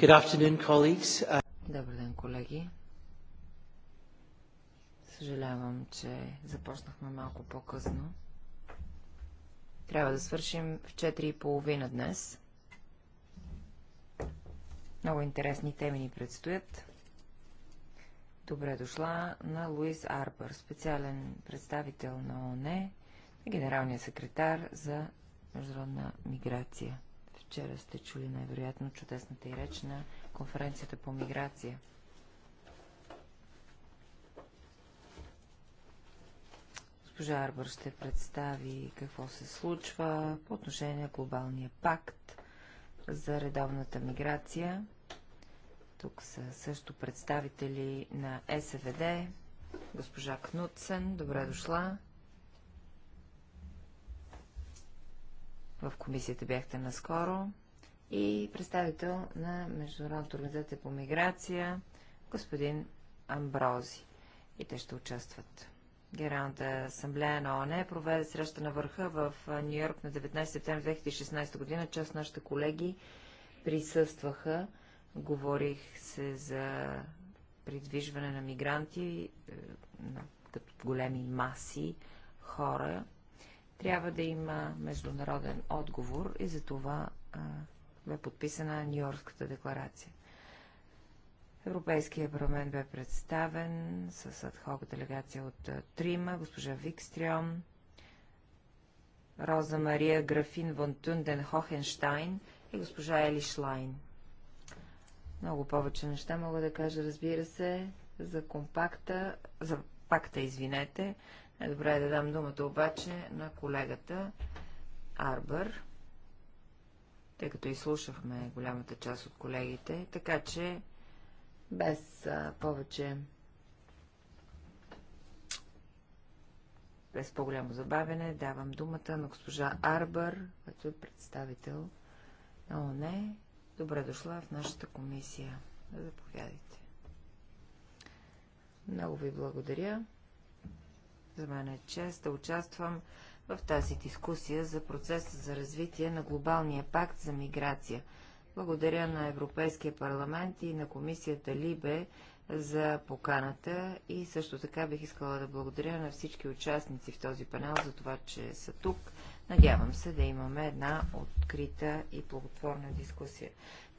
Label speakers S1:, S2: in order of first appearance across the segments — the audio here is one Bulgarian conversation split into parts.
S1: Добър ден, колеги. Съжалявам, че започнахме малко по-късно. Трябва да свършим в 4.30 днес. Много интересни теми ни предстоят. Добре дошла на Луис Арбър, специален представител на ОНЕ, генералния секретар за международна миграция. Вчера сте чули най-вероятно чудесната и реч на конференцията по миграция. Госпожа Арбър ще представи какво се случва по отношение на глобалния пакт за редовната миграция. Тук са също представители на СВД, госпожа Кнутсен, добре дошла. В комисията бяхте наскоро и представител на Международната организация по миграция, господин Амбрози. И те ще участват. Генералната асамблея на ОНЕ проведе среща на върха в Нью Йорк на 19 септември 2016 година. Част нашите колеги присъстваха. Говорих се за придвижване на мигранти е, като големи маси хора трябва да има международен отговор и за това а, бе подписана Нью-Йоркската декларация. Европейския парламент бе представен с адхок делегация от Трима, госпожа Викстрион, Роза Мария Графин Вон Тунден Хохенштайн и госпожа Ели Шлайн. Много повече неща мога да кажа, разбира се, за компакта, за пакта, извинете, е добре да дам думата обаче на колегата Арбър, тъй като изслушахме голямата част от колегите, така че без а, повече без по-голямо забавене давам думата на госпожа Арбър, който е представител на ОНЕ. Добре дошла в нашата комисия. Заповядайте. Много ви благодаря. За мен е чест да участвам в тази дискусия за процеса за развитие на глобалния пакт за миграция. Благодаря на Европейския парламент и на комисията Либе за поканата и също така бих искала да благодаря на всички участници в този панел за това, че са тук. Надявам се да имаме една открита и плодотворна дискусия.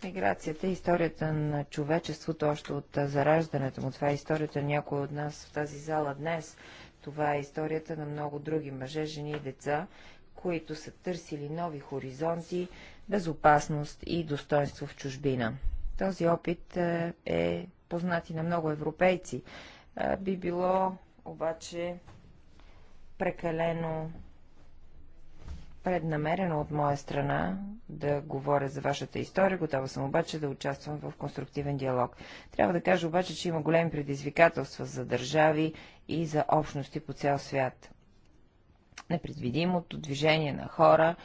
S1: Миграцията е историята на човечеството още от зараждането му. Това е историята на някой от нас в тази зала днес. Това е историята на много други мъже, жени и деца, които са търсили нови хоризонти, безопасност и достоинство в чужбина. Този опит е, е познат и на много европейци. Е, би било обаче прекалено преднамерено от моя страна да говоря за вашата история, готова съм обаче да участвам в конструктивен диалог. Трябва да кажа обаче, че има големи предизвикателства за държави и за общности по цял свят. Непредвидимото движение на хора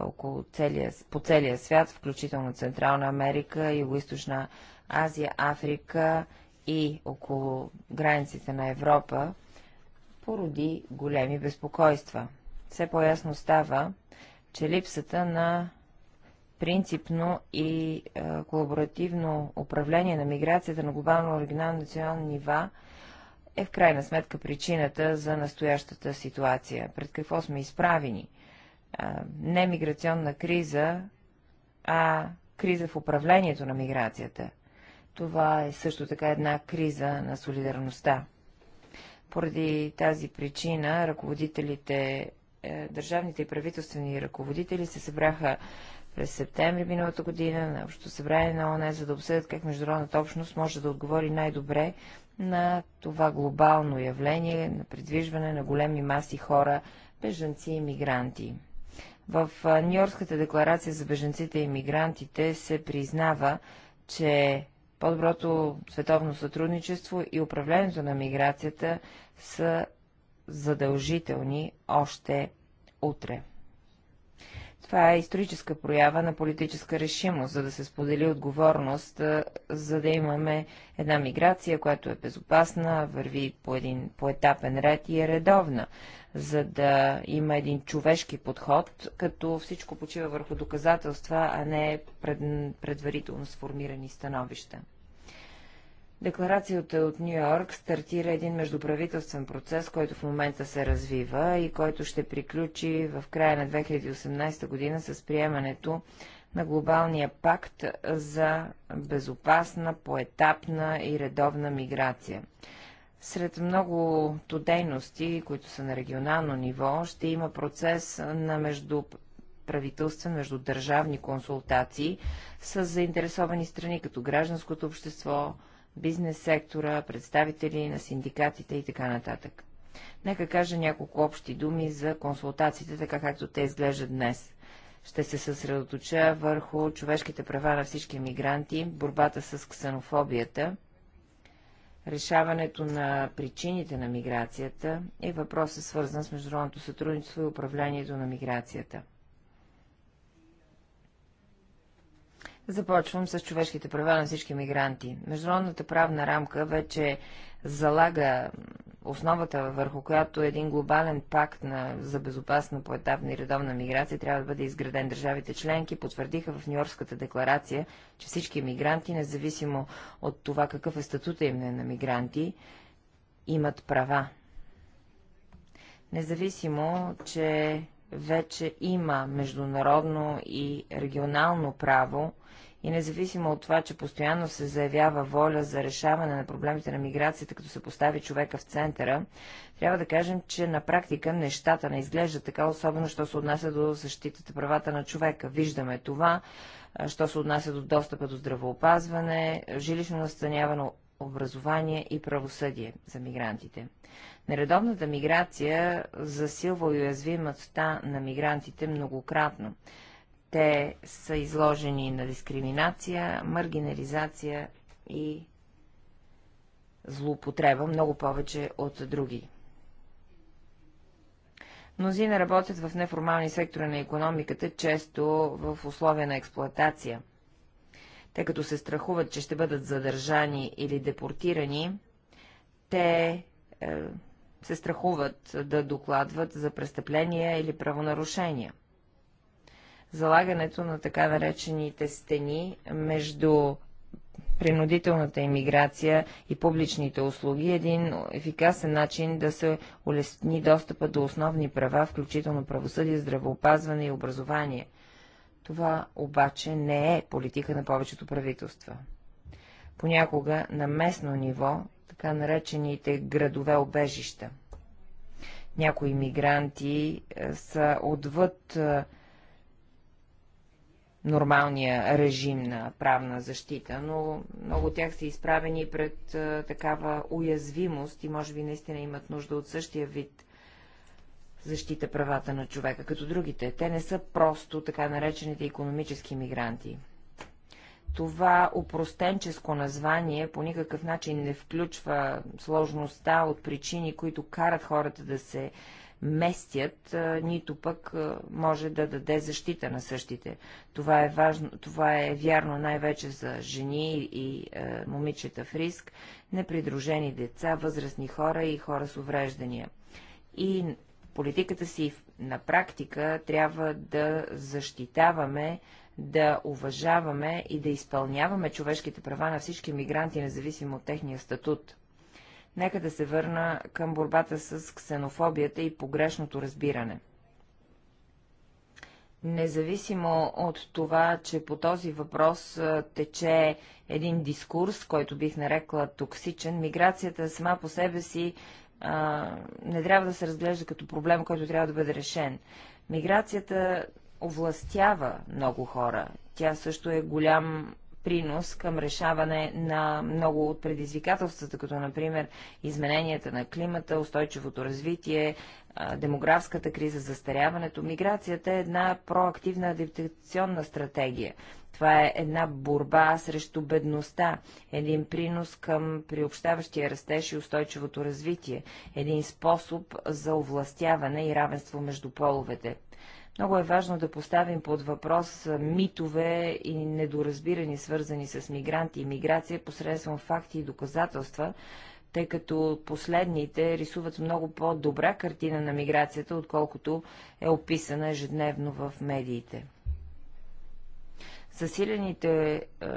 S1: около целия, по целия свят, включително Централна Америка, Юго-Источна Азия, Африка и около границите на Европа, породи големи безпокойства все по-ясно става, че липсата на принципно и е, колаборативно управление на миграцията на глобално, оригинално, национално нива е в крайна сметка причината за настоящата ситуация. Пред какво сме изправени? Е, не миграционна криза, а криза в управлението на миграцията. Това е също така една криза на солидарността. Поради тази причина ръководителите е, държавните и правителствени ръководители се събраха през септември миналата година на Общо събрание на ОНЕ, за да обсъдят как международната общност може да отговори най-добре на това глобално явление на придвижване на големи маси хора, бежанци и мигранти. В Нью-Йоркската декларация за бежанците и мигрантите се признава, че по-доброто световно сътрудничество и управлението на миграцията са задължителни още утре. Това е историческа проява на политическа решимост, за да се сподели отговорност, за да имаме една миграция, която е безопасна, върви по един поетапен ред и е редовна, за да има един човешки подход, като всичко почива върху доказателства, а не пред, предварително сформирани становища. Декларацията от Нью Йорк стартира един междуправителствен процес, който в момента се развива и който ще приключи в края на 2018 година с приемането на глобалния пакт за безопасна, поетапна и редовна миграция. Сред многото дейности, които са на регионално ниво, ще има процес на между правителства, между държавни консултации с заинтересовани страни, като гражданското общество, бизнес сектора, представители на синдикатите и така нататък. Нека кажа няколко общи думи за консултациите, така както те изглеждат днес. Ще се съсредоточа върху човешките права на всички мигранти, борбата с ксенофобията, решаването на причините на миграцията и въпроса свързан с международното сътрудничество и управлението на миграцията. Започвам с човешките права на всички мигранти. Международната правна рамка вече залага основата, върху която един глобален пакт на, за безопасна поетапна и редовна миграция трябва да бъде изграден. Държавите членки потвърдиха в Нью-Йоркската декларация, че всички мигранти, независимо от това какъв е статута им на мигранти, имат права. Независимо, че вече има международно и регионално право, и независимо от това, че постоянно се заявява воля за решаване на проблемите на миграцията, като се постави човека в центъра, трябва да кажем, че на практика нещата не изглеждат така, особено, що се отнася до защитата правата на човека. Виждаме това, що се отнася до достъпа до здравоопазване, жилищно настаняване, образование и правосъдие за мигрантите. Нередовната миграция засилва уязвимостта на мигрантите многократно. Те са изложени на дискриминация, маргинализация и злоупотреба много повече от други. Мнозина работят в неформални сектори на економиката, често в условия на експлоатация. Те като се страхуват, че ще бъдат задържани или депортирани, те е, се страхуват да докладват за престъпления или правонарушения – залагането на така наречените стени между принудителната иммиграция и публичните услуги е един ефикасен начин да се улесни достъпа до основни права, включително правосъдие, здравеопазване и образование. Това обаче не е политика на повечето правителства. Понякога на местно ниво, така наречените градове обежища. Някои мигранти е, са отвъд е, нормалния режим на правна защита, но много от тях са изправени пред а, такава уязвимост и може би наистина имат нужда от същия вид защита правата на човека, като другите. Те не са просто така наречените економически мигранти. Това упростенческо название по никакъв начин не включва сложността от причини, които карат хората да се местят, нито пък може да даде защита на същите. Това е, важно, това е вярно най-вече за жени и е, момичета в риск, непридружени деца, възрастни хора и хора с увреждания. И политиката си на практика трябва да защитаваме да уважаваме и да изпълняваме човешките права на всички мигранти, независимо от техния статут. Нека да се върна към борбата с ксенофобията и погрешното разбиране. Независимо от това, че по този въпрос тече един дискурс, който бих нарекла токсичен, миграцията сама по себе си а, не трябва да се разглежда като проблем, който трябва да бъде решен. Миграцията овластява много хора. Тя също е голям принос към решаване на много от предизвикателствата, като например измененията на климата, устойчивото развитие, демографската криза, застаряването. Миграцията е една проактивна адаптационна стратегия. Това е една борба срещу бедността, един принос към приобщаващия растеж и устойчивото развитие, един способ за овластяване и равенство между половете. Много е важно да поставим под въпрос митове и недоразбирани, свързани с мигранти и миграция, посредством факти и доказателства, тъй като последните рисуват много по-добра картина на миграцията, отколкото е описана ежедневно в медиите. Засилените е,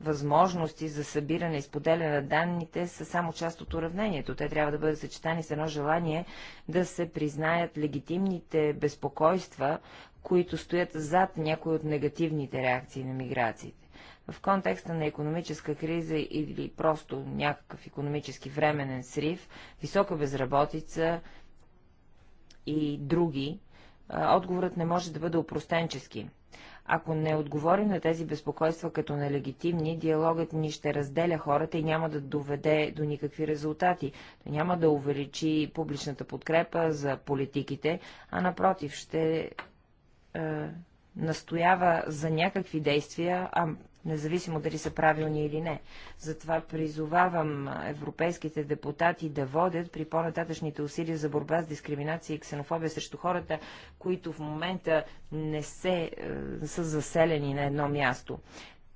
S1: възможности за събиране и споделяне на данните са само част от уравнението. Те трябва да бъдат съчетани с едно желание да се признаят легитимните безпокойства, които стоят зад някои от негативните реакции на миграциите. В контекста на економическа криза или просто някакъв економически временен срив, висока безработица и други, отговорът не може да бъде опростенчески. Ако не отговорим на тези безпокойства като нелегитимни, диалогът ни ще разделя хората и няма да доведе до никакви резултати. няма да увеличи публичната подкрепа за политиките, а напротив ще е, настоява за някакви действия, а независимо дали са правилни или не. Затова призовавам европейските депутати да водят при по-нататъчните усилия за борба с дискриминация и ксенофобия срещу хората, които в момента не се, е, са заселени на едно място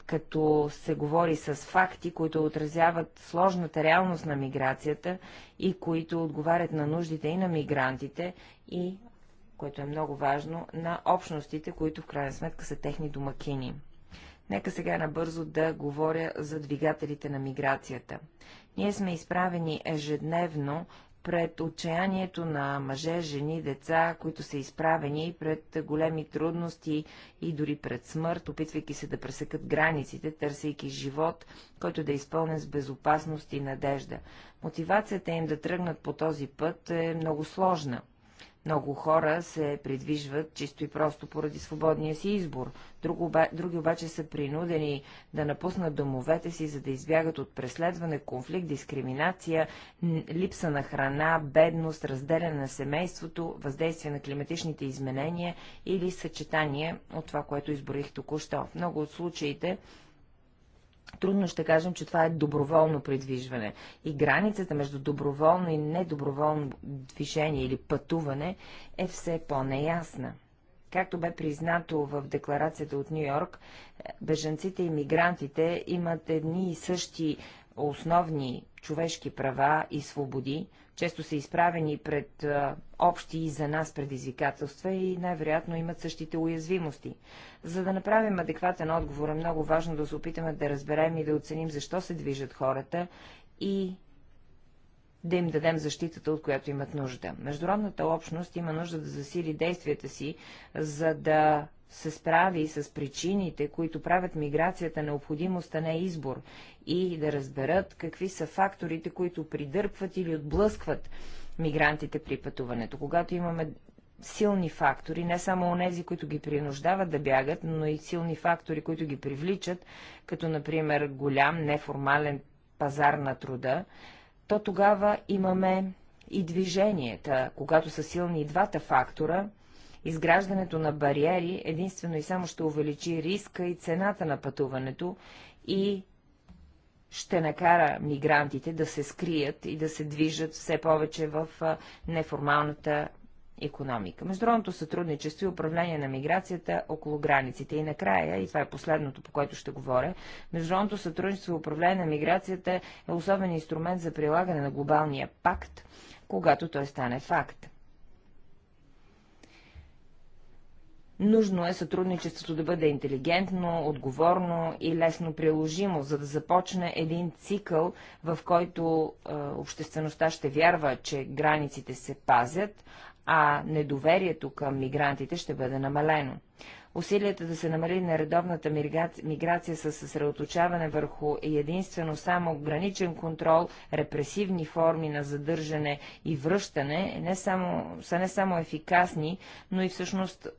S1: като се говори с факти, които отразяват сложната реалност на миграцията и които отговарят на нуждите и на мигрантите, и, което е много важно, на общностите, които в крайна сметка са техни домакини. Нека сега набързо да говоря за двигателите на миграцията. Ние сме изправени ежедневно пред отчаянието на мъже, жени, деца, които са изправени пред големи трудности и дори пред смърт, опитвайки се да пресекат границите, търсейки живот, който да е изпълнен с безопасност и надежда. Мотивацията им да тръгнат по този път е много сложна. Много хора се придвижват чисто и просто поради свободния си избор. други обаче са принудени да напуснат домовете си, за да избягат от преследване, конфликт, дискриминация, липса на храна, бедност, разделяне на семейството, въздействие на климатичните изменения или съчетание от това, което изборих току-що. В много от случаите трудно ще кажем, че това е доброволно придвижване. И границата между доброволно и недоброволно движение или пътуване е все по-неясна. Както бе признато в декларацията от Нью Йорк, бежанците и мигрантите имат едни и същи основни човешки права и свободи, често са изправени пред а, общи и за нас предизвикателства и най-вероятно имат същите уязвимости. За да направим адекватен отговор е много важно да се опитаме да разберем и да оценим защо се движат хората и да им дадем защитата, от която имат нужда. Международната общност има нужда да засили действията си, за да се справи с причините, които правят миграцията необходимостта, а не избор, и да разберат какви са факторите, които придърпват или отблъскват мигрантите при пътуването. Когато имаме силни фактори, не само онези, които ги принуждават да бягат, но и силни фактори, които ги привличат, като например голям неформален пазар на труда, то тогава имаме и движенията, когато са силни и двата фактора, изграждането на бариери единствено и само ще увеличи риска и цената на пътуването и ще накара мигрантите да се скрият и да се движат все повече в неформалната економика. Международното сътрудничество и управление на миграцията около границите. И накрая, и това е последното, по което ще говоря, международното сътрудничество и управление на миграцията е особен инструмент за прилагане на глобалния пакт, когато той стане факт. Нужно е сътрудничеството да бъде интелигентно, отговорно и лесно приложимо, за да започне един цикъл, в който е, обществеността ще вярва, че границите се пазят, а недоверието към мигрантите ще бъде намалено. Усилията да се намали нередовната миграция с съсредоточаване върху единствено само граничен контрол, репресивни форми на задържане и връщане е не само, са не само ефикасни, но и всъщност е,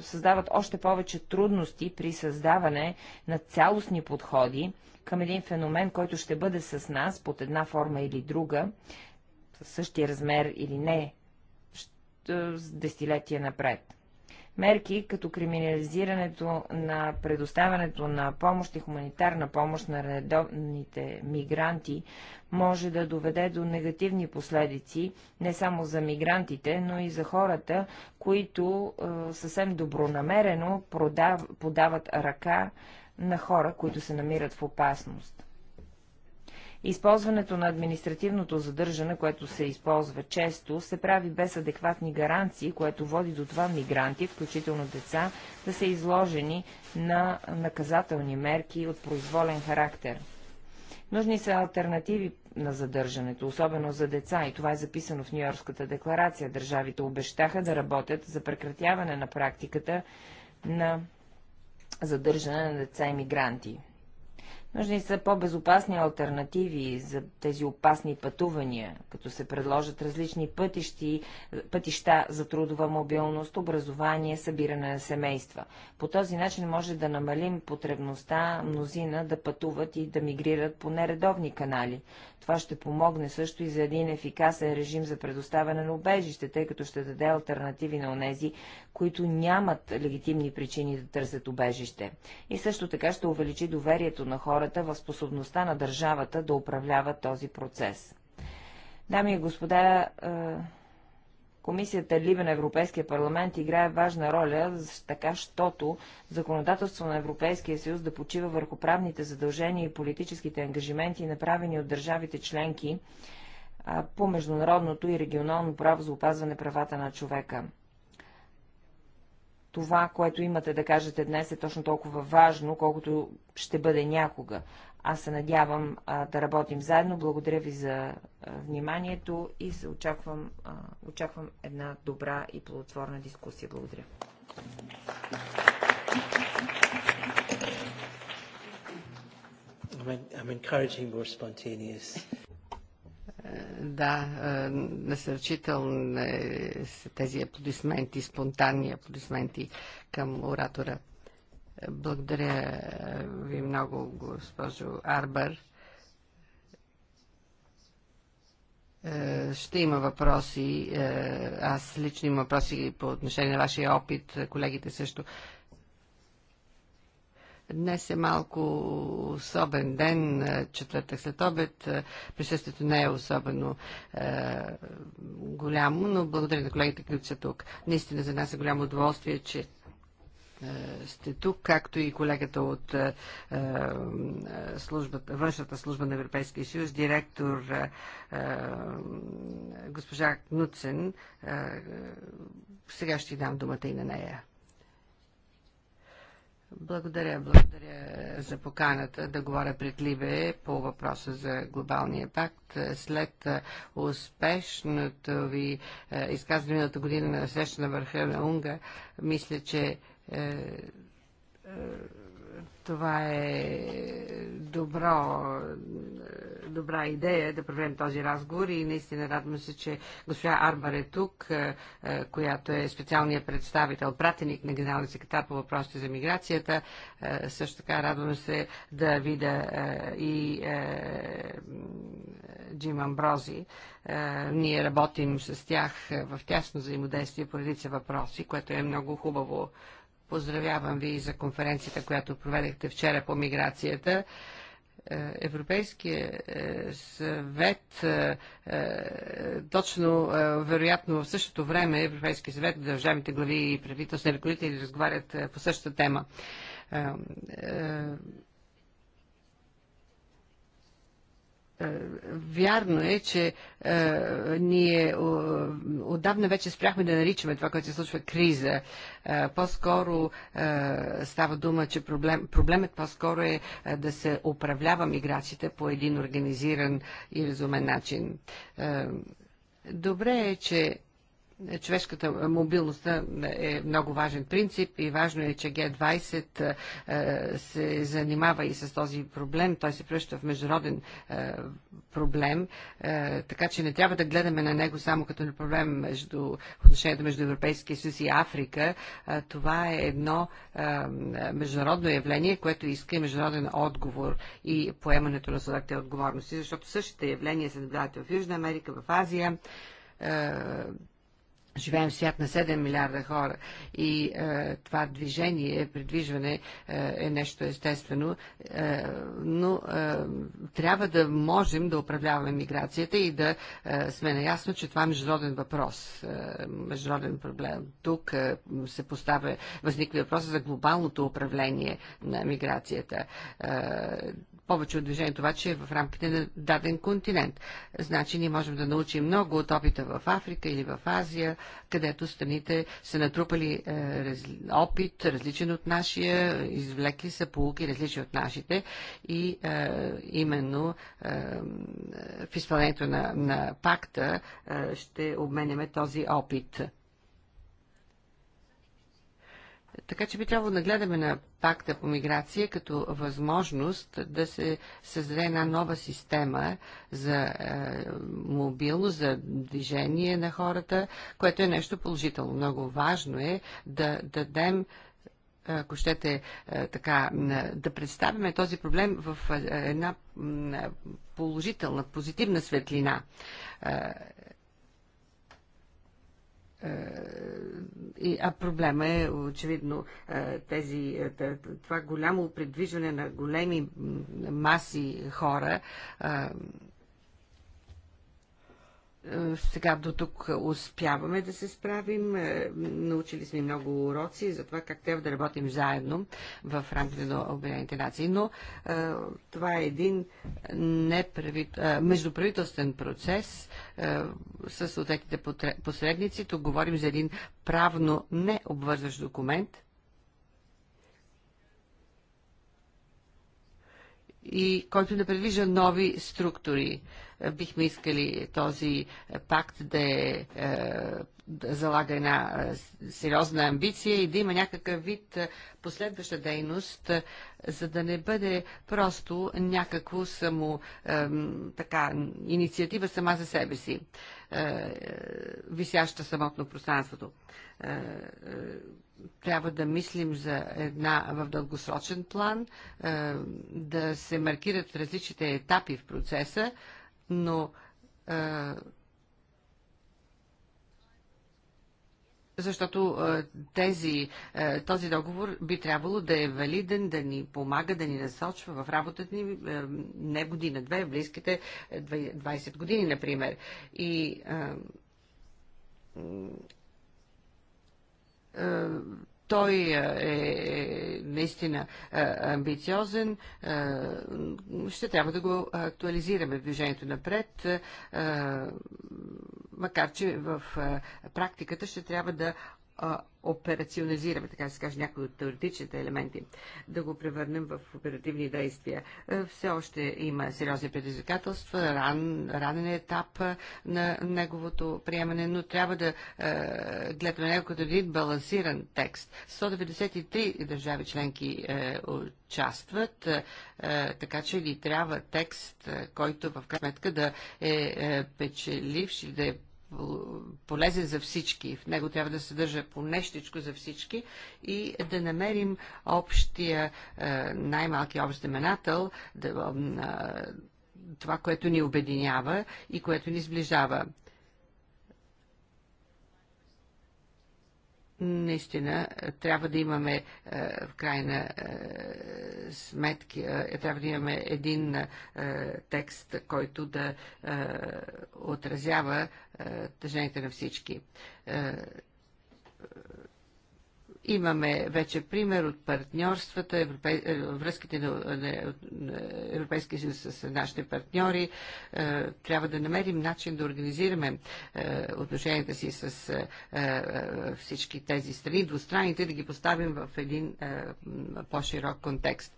S1: създават още повече трудности при създаване на цялостни подходи към един феномен, който ще бъде с нас под една форма или друга, същия размер или не е, с десетилетия напред. Мерки като криминализирането на предоставянето на помощ и хуманитарна помощ на редовните мигранти може да доведе до негативни последици не само за мигрантите, но и за хората, които е, съвсем добронамерено продав, подават ръка на хора, които се намират в опасност. Използването на административното задържане, което се използва често, се прави без адекватни гаранции, което води до това мигранти, включително деца, да са изложени на наказателни мерки от произволен характер. Нужни са альтернативи на задържането, особено за деца, и това е записано в Нью-Йоркската декларация. Държавите обещаха да работят за прекратяване на практиката на задържане на деца и мигранти. Нужни са по-безопасни альтернативи за тези опасни пътувания, като се предложат различни пътищи, пътища за трудова мобилност, образование, събиране на семейства. По този начин може да намалим потребността мнозина да пътуват и да мигрират по нередовни канали. Това ще помогне също и за един ефикасен режим за предоставяне на убежище, тъй като ще даде альтернативи на онези, които нямат легитимни причини да търсят убежище. И също така ще увеличи доверието на хората хората в способността на държавата да управлява този процес. Дами и господа, е, Комисията Либе на Европейския парламент играе важна роля, така щото законодателство на Европейския съюз да почива върху правните задължения и политическите ангажименти, направени от държавите членки по международното и регионално право за опазване правата на човека това, което имате да кажете днес е точно толкова важно, колкото ще бъде някога. Аз се надявам а, да работим заедно. Благодаря ви за а, вниманието и се очаквам, а, очаквам една добра и плодотворна дискусия. Благодаря.
S2: I'm encouraging more spontaneous да, е, насърчителни е са тези аплодисменти, спонтанни аплодисменти към оратора. Благодаря е, ви много, госпожо Арбър. Ще има въпроси. Аз лично имам въпроси по отношение на вашия опит. Колегите също Днес е малко особен ден, е, четвъртък след обед. Е, присъствието не е особено е, голямо, но благодаря на колегите, които са тук. Наистина за нас е голямо удоволствие, че е, сте тук, както и колегата от е, службата, външната служба на Европейския съюз, директор е, госпожа Кнуцен. Е, сега ще дам думата и на нея. Благодаря, благодаря за поканата да говоря пред Либе по въпроса за глобалния пакт. След успешното ви изказване миналата година на среща на върха на Унга, мисля, че е, е, това е добро е, добра идея да проведем този разговор и наистина радвам се, че госпожа Арбар е тук, е, е, която е специалният представител, пратеник на генералния секретар по въпросите за миграцията. Е, също така радвам се да видя и Джим Амбрози. Ние работим с тях в тясно взаимодействие по редица въпроси, което е много хубаво Поздравявам ви за конференцията, която проведехте вчера по миграцията. Е, Европейския е, съвет е, точно вероятно в същото време Европейския съвет, държавните глави и правителствени ръководители разговарят по същата тема Е, вярно е, че е, ние е, отдавна вече спряхме да наричаме това, което се случва криза. Е, по-скоро е, става дума, че проблем, проблемът по-скоро е, е да се управлява миграцията по един организиран и разумен начин. Е, добре е, че човешката мобилност е много важен принцип и важно е, че Г-20 е, се занимава и с този проблем. Той се превръща в международен е, проблем, е, така че не трябва да гледаме на него само като на проблем между отношението между Европейския съюз и Африка. Това е едно международно явление, което иска и международен отговор и поемането на съдъкте отговорности, защото същите явления се наблюдават в Южна Америка, в Азия Живеем в свят на 7 милиарда хора и е, това движение, придвижване е, е нещо естествено, е, но е, трябва да можем да управляваме миграцията и да е, сме наясно, че това е международен въпрос, е, международен проблем. Тук е, се поставя, възниква въпроса за глобалното управление на миграцията. Е, повече от движението, обаче е в рамките на даден континент. Значи ние можем да научим много от опита в Африка или в Азия, където страните са натрупали е, раз, опит, различен от нашия, извлекли са полуки, различни от нашите и е, именно е, в изпълнението на, на пакта е, ще обменяме този опит. Така че би трябвало да гледаме на пакта по миграция като възможност да се създаде една нова система за е, мобилност, за движение на хората, което е нещо положително. Много важно е да дадем е, ако щете е, така, да представяме този проблем в е, една положителна, позитивна светлина. Е, а проблема е очевидно е, тези, е, това голямо предвижване на големи маси хора е, сега до тук успяваме да се справим. Е, научили сме много уроци за това как трябва да работим заедно в рамките на Обединените нации. Но е, това е един междуправителствен процес с съответните посредници. Тук говорим за един правно необвързващ документ. И който не предвижда нови структури. Бихме искали този пакт да е, е да залага една е, сериозна амбиция и да има някакъв вид е, последваща дейност, за да не бъде просто някакво само е, така, инициатива сама за себе си, е, е, висяща самотно в пространството. Трябва да мислим за една в дългосрочен план, да се маркират различните етапи в процеса, но а, защото тези, този договор би трябвало да е валиден, да ни помага, да ни насочва в работата ни не година, две, близките 20 години, например. И а, а, той е, е наистина е, амбициозен. Е, ще трябва да го актуализираме в движението напред, макар че в практиката ще трябва да операционализираме, така да се каже, някои от теоретичните елементи, да го превърнем в оперативни действия. Е, все още има сериозни предизвикателства, ран, ранен етап е, на неговото приемане, но трябва да е, гледаме него като един балансиран текст. 193 държави членки е, участват, е, е, така че ни трябва текст, който в крайна сметка да е, е печеливш и да е полезен за всички. В него трябва да се държа по нещичко за всички и да намерим общия, е, най-малки общ знаменател, да, е, това, което ни обединява и което ни сближава. наистина е, трябва да имаме е, в крайна е, сметки, трябва да имаме един текст, който да отразява тъжените на всички Имаме вече пример от партньорствата, европей... Е, връзките на, на, на Европейския съюз с нашите партньори. Е, трябва да намерим начин да организираме е, отношенията си с всички тези страни, двустраните, да ги поставим в един по-широк контекст.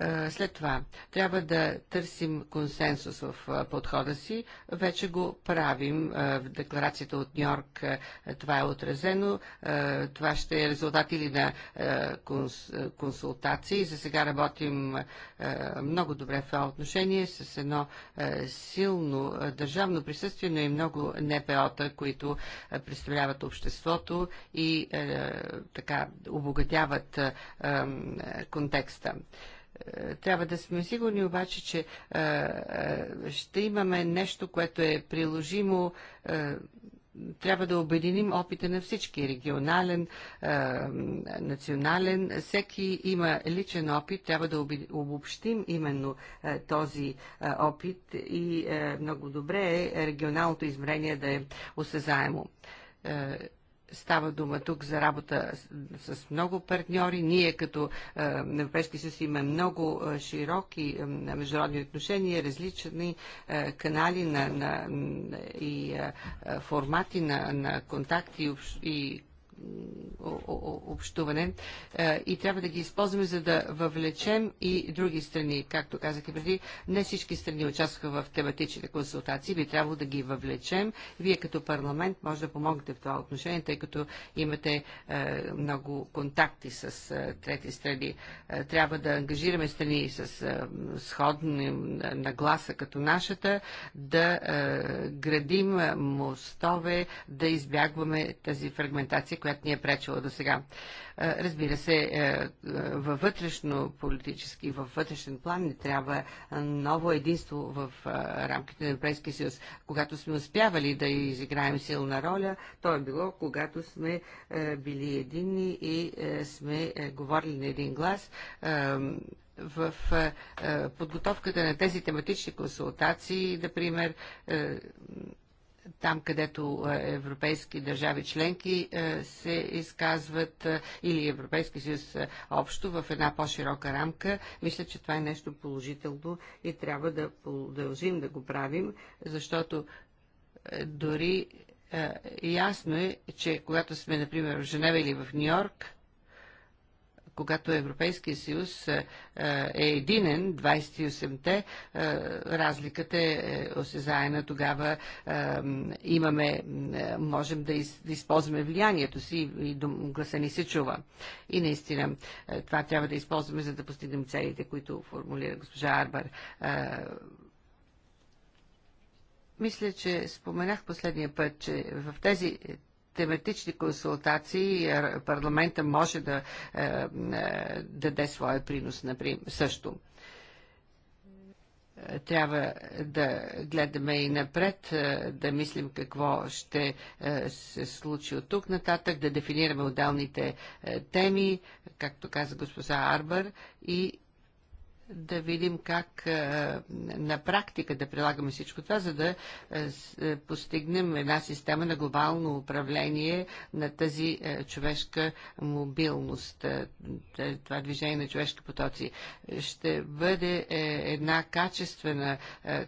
S2: Е, след това трябва да търсим консенсус в е, подхода си. Вече го правим е, в декларацията от Нью-Йорк. Това е отразено. Това ще е резултат или на консултации. За сега работим много добре в това отношение с едно силно държавно присъствие, но и много НПО-та, които представляват обществото и така обогатяват контекста. Е, трябва да сме сигурни обаче, че е, е, ще имаме нещо, което е приложимо. трябва да обединим опита на всички регионален, национален. Всеки има личен опит, трябва да обобщим именно този опит и много добре е регионалното измерение да е осезаемо. Става дума тук за работа с, с много партньори. Ние като е, Европейски съюз има много е, широки е, международни отношения, различни е, канали на, на, и е, е формати на, на контакти и, и общуване е, и трябва да ги използваме, за да въвлечем и други страни. Както казах и преди, не всички страни участваха в тематичните консултации, би трябвало да ги въвлечем. Вие като парламент може да помогнете в това отношение, тъй като имате е, много контакти с е, трети страни. Трябва да ангажираме страни с сходни нагласа като нашата, да градим мостове, да избягваме тази фрагментация, която ни е пречила до сега. Е, разбира се, е, е, във вътрешно политически, във вътрешен план ни трябва ново единство в рамките на Европейския съюз. Когато сме успявали да изиграем силна роля, то е било, когато сме били единни и сме говорили на един глас в подготовката на тези тематични консултации, например, там, където е, европейски държави членки е, се изказват е, или Европейски съюз общо в една по-широка рамка. Мисля, че това е нещо положително и трябва да продължим да го правим, защото дори ясно е, че когато сме, например, в Женева или в Нью-Йорк, когато Европейския съюз е, е единен, 28-те, е, разликата е, е осезаена, тогава имаме, можем да използваме влиянието си и гласа ни се чува. И наистина това трябва да използваме, за да постигнем целите, които формулира госпожа Арбар. Мисля, че споменах последния път, че в тези тематични консултации е, парламента може да е, е, даде своя принос например, също трябва да гледаме и напред, да мислим какво ще се случи от тук нататък, да дефинираме отделните теми, както каза госпожа Арбър, и да видим как на практика да прилагаме всичко това, за да постигнем една система на глобално управление на тази човешка мобилност, това движение на човешки потоци. Ще бъде е, една качествена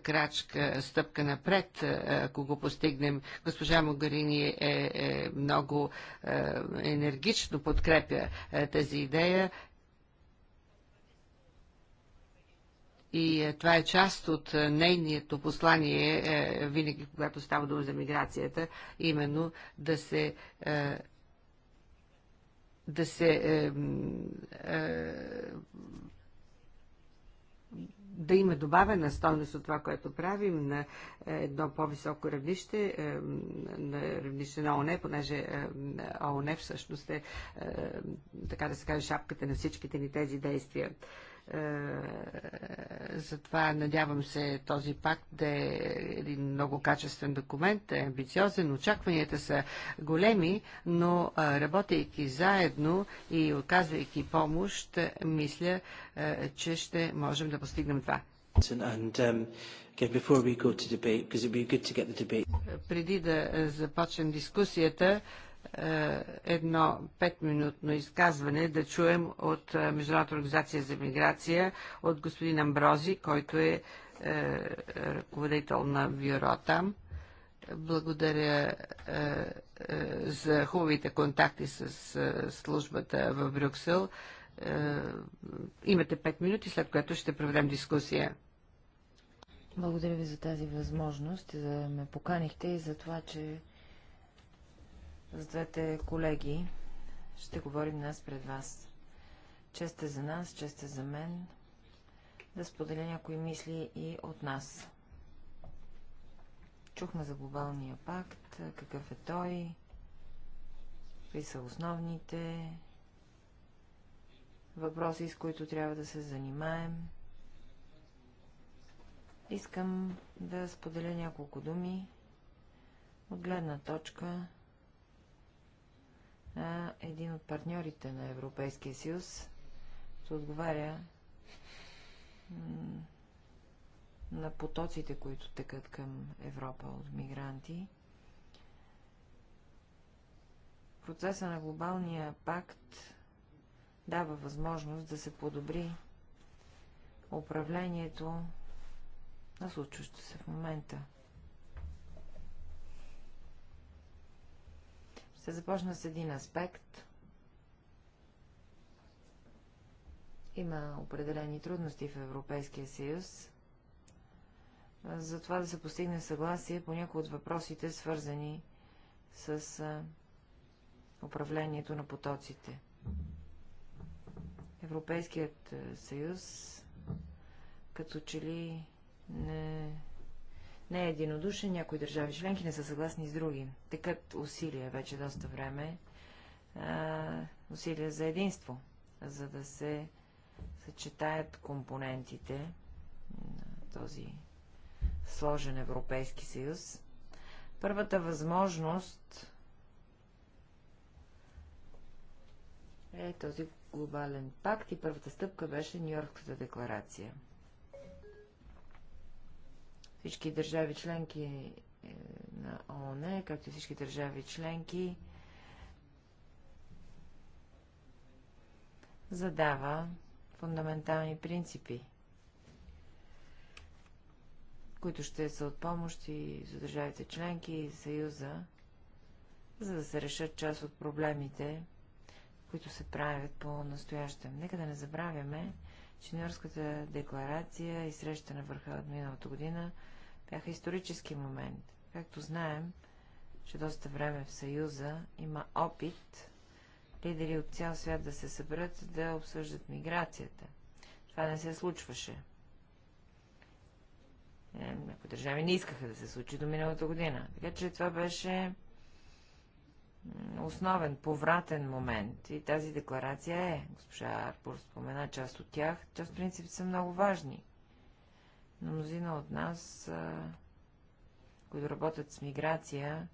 S2: крачка, стъпка напред, ако го постигнем. Госпожа Могарини е, е много енергично подкрепя тази идея и е, това е част от е, нейното послание е, винаги, когато става дума за миграцията, именно да се да се да има добавена стойност от това, което правим на едно по-високо равнище, на равнище на ОНЕ, понеже ООН всъщност е, така да се каже, шапката на всичките ни тези действия. Е, затова надявам се този пакт да е един много качествен документ, е амбициозен, очакванията са големи, но е, работейки заедно и оказвайки помощ, мисля, е, че ще можем да постигнем това. Um, Преди да започнем дискусията, е, едно петминутно изказване да чуем от е, Международната организация за миграция, от господин Амбрози, който е, е ръководител на бюро там. Благодаря за хубавите контакти с службата в Брюксел. Имате 5 минути, след което ще проведем дискусия.
S1: Благодаря ви за тази възможност, за да ме поканихте и за това, че с двете колеги. Ще говорим днес пред вас. Честа е за нас, честа е за мен да споделя някои мисли и от нас. Чухме за глобалния пакт, какъв е той, какви са основните въпроси, с които трябва да се занимаем. Искам да споделя няколко думи от гледна точка на един от партньорите на Европейския съюз, се отговаря на потоците, които текат към Европа от мигранти. Процеса на глобалния пакт дава възможност да се подобри управлението на случващо се в момента. Ще започна с един аспект. Има определени трудности в Европейския съюз за това да се постигне съгласие по някои от въпросите, свързани с управлението на потоците. Европейският съюз като че ли не не е единодушен, някои държави членки не са съгласни с други. Текат усилия вече доста време, а, усилия за единство, за да се съчетаят компонентите на този сложен Европейски съюз. Първата възможност е този глобален пакт и първата стъпка беше Нью-Йоркската декларация – всички държави членки е, на ООН, както и всички държави членки, задава фундаментални принципи, които ще са от помощ и за държавите членки и Съюза, за да се решат част от проблемите, които се правят по-настоящем. Нека да не забравяме, Чинорската декларация и среща на върха от миналата година бяха исторически момент. Както знаем, че доста време в Съюза има опит лидери от цял свят да се съберат да обсъждат миграцията. Това не се случваше. Е, някои държави не искаха да се случи до миналата година. Така че това беше основен, повратен момент. И тази декларация е, госпожа Арпур спомена част от тях, част в принцип са много важни. Но мнозина от нас, които работят с миграция,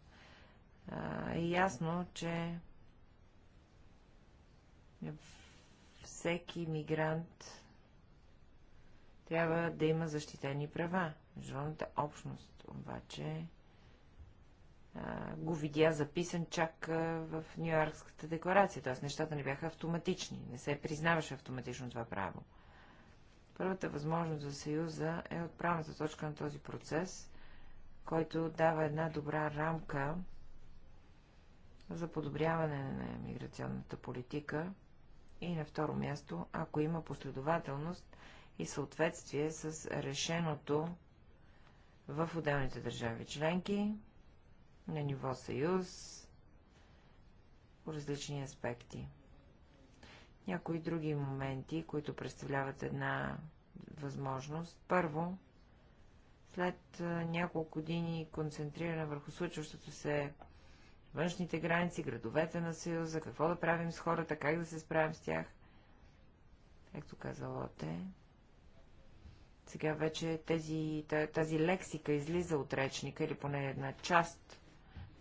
S1: е ясно, че всеки мигрант трябва да има защитени права. Международната общност обаче го видя записан чак в Нью-Йоркската декларация, т.е. нещата не бяха автоматични, не се признаваше автоматично това право. Първата възможност за Съюза е отправната точка на този процес, който дава една добра рамка за подобряване на миграционната политика и на второ място, ако има последователност и съответствие с решеното в отделните държави членки, на ниво съюз по различни аспекти. Някои други моменти, които представляват една възможност. Първо, след няколко години концентриране върху случващото се външните граници, градовете на Съюза, какво да правим с хората, как да се справим с тях, както каза Лоте. Сега вече тези, тази лексика излиза от речника или поне една част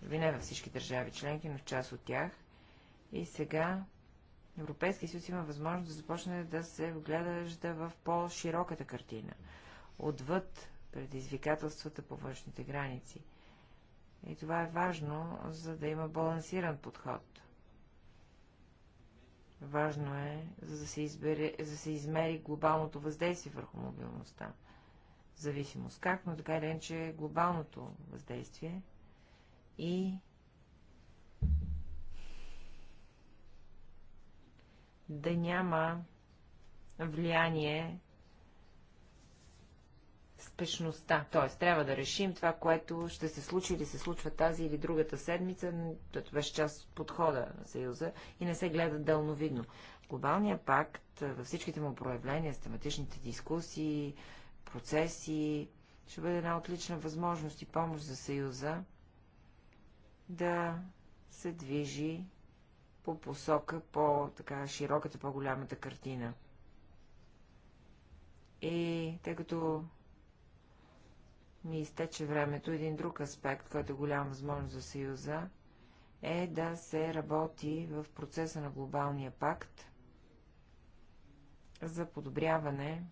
S1: дори не във всички държави членки, но в част от тях. И сега Европейския съюз има възможност да започне да се вглежда в по-широката картина, отвъд предизвикателствата по външните граници. И това е важно, за да има балансиран подход. Важно е, за да се, избере, за да се измери глобалното въздействие върху мобилността. Зависимост как, но така или иначе глобалното въздействие – и да няма влияние спешността. Т.е. трябва да решим това, което ще се случи или се случва тази или другата седмица, Това беше част от подхода на Съюза и не се гледа дълновидно. Глобалният пакт във всичките му проявления, с тематичните дискусии, процеси, ще бъде една отлична възможност и помощ за Съюза да се движи по посока по-широката, така по-голямата картина. И тъй като ми изтече времето, един друг аспект, който е голяма възможност за Съюза, е да се работи в процеса на глобалния пакт за подобряване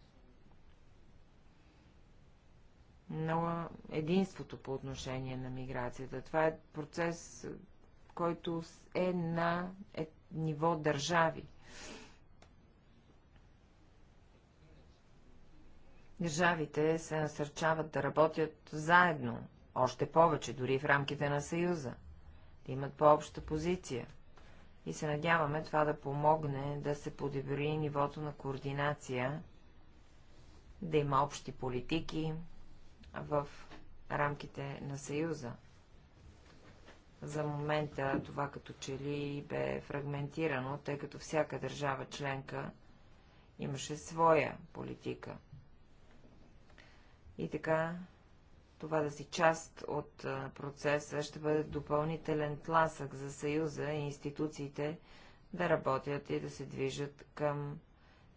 S1: на единството по отношение на миграцията. Това е процес, който е на е, ниво държави. Държавите се насърчават да работят заедно, още повече, дори в рамките на Съюза, да имат по-обща позиция. И се надяваме това да помогне да се подобри нивото на координация, да има общи политики, в рамките на Съюза. За момента това като че ли бе фрагментирано, тъй като всяка държава членка имаше своя политика. И така, това да си част от процеса ще бъде допълнителен тласък за Съюза и институциите да работят и да се движат към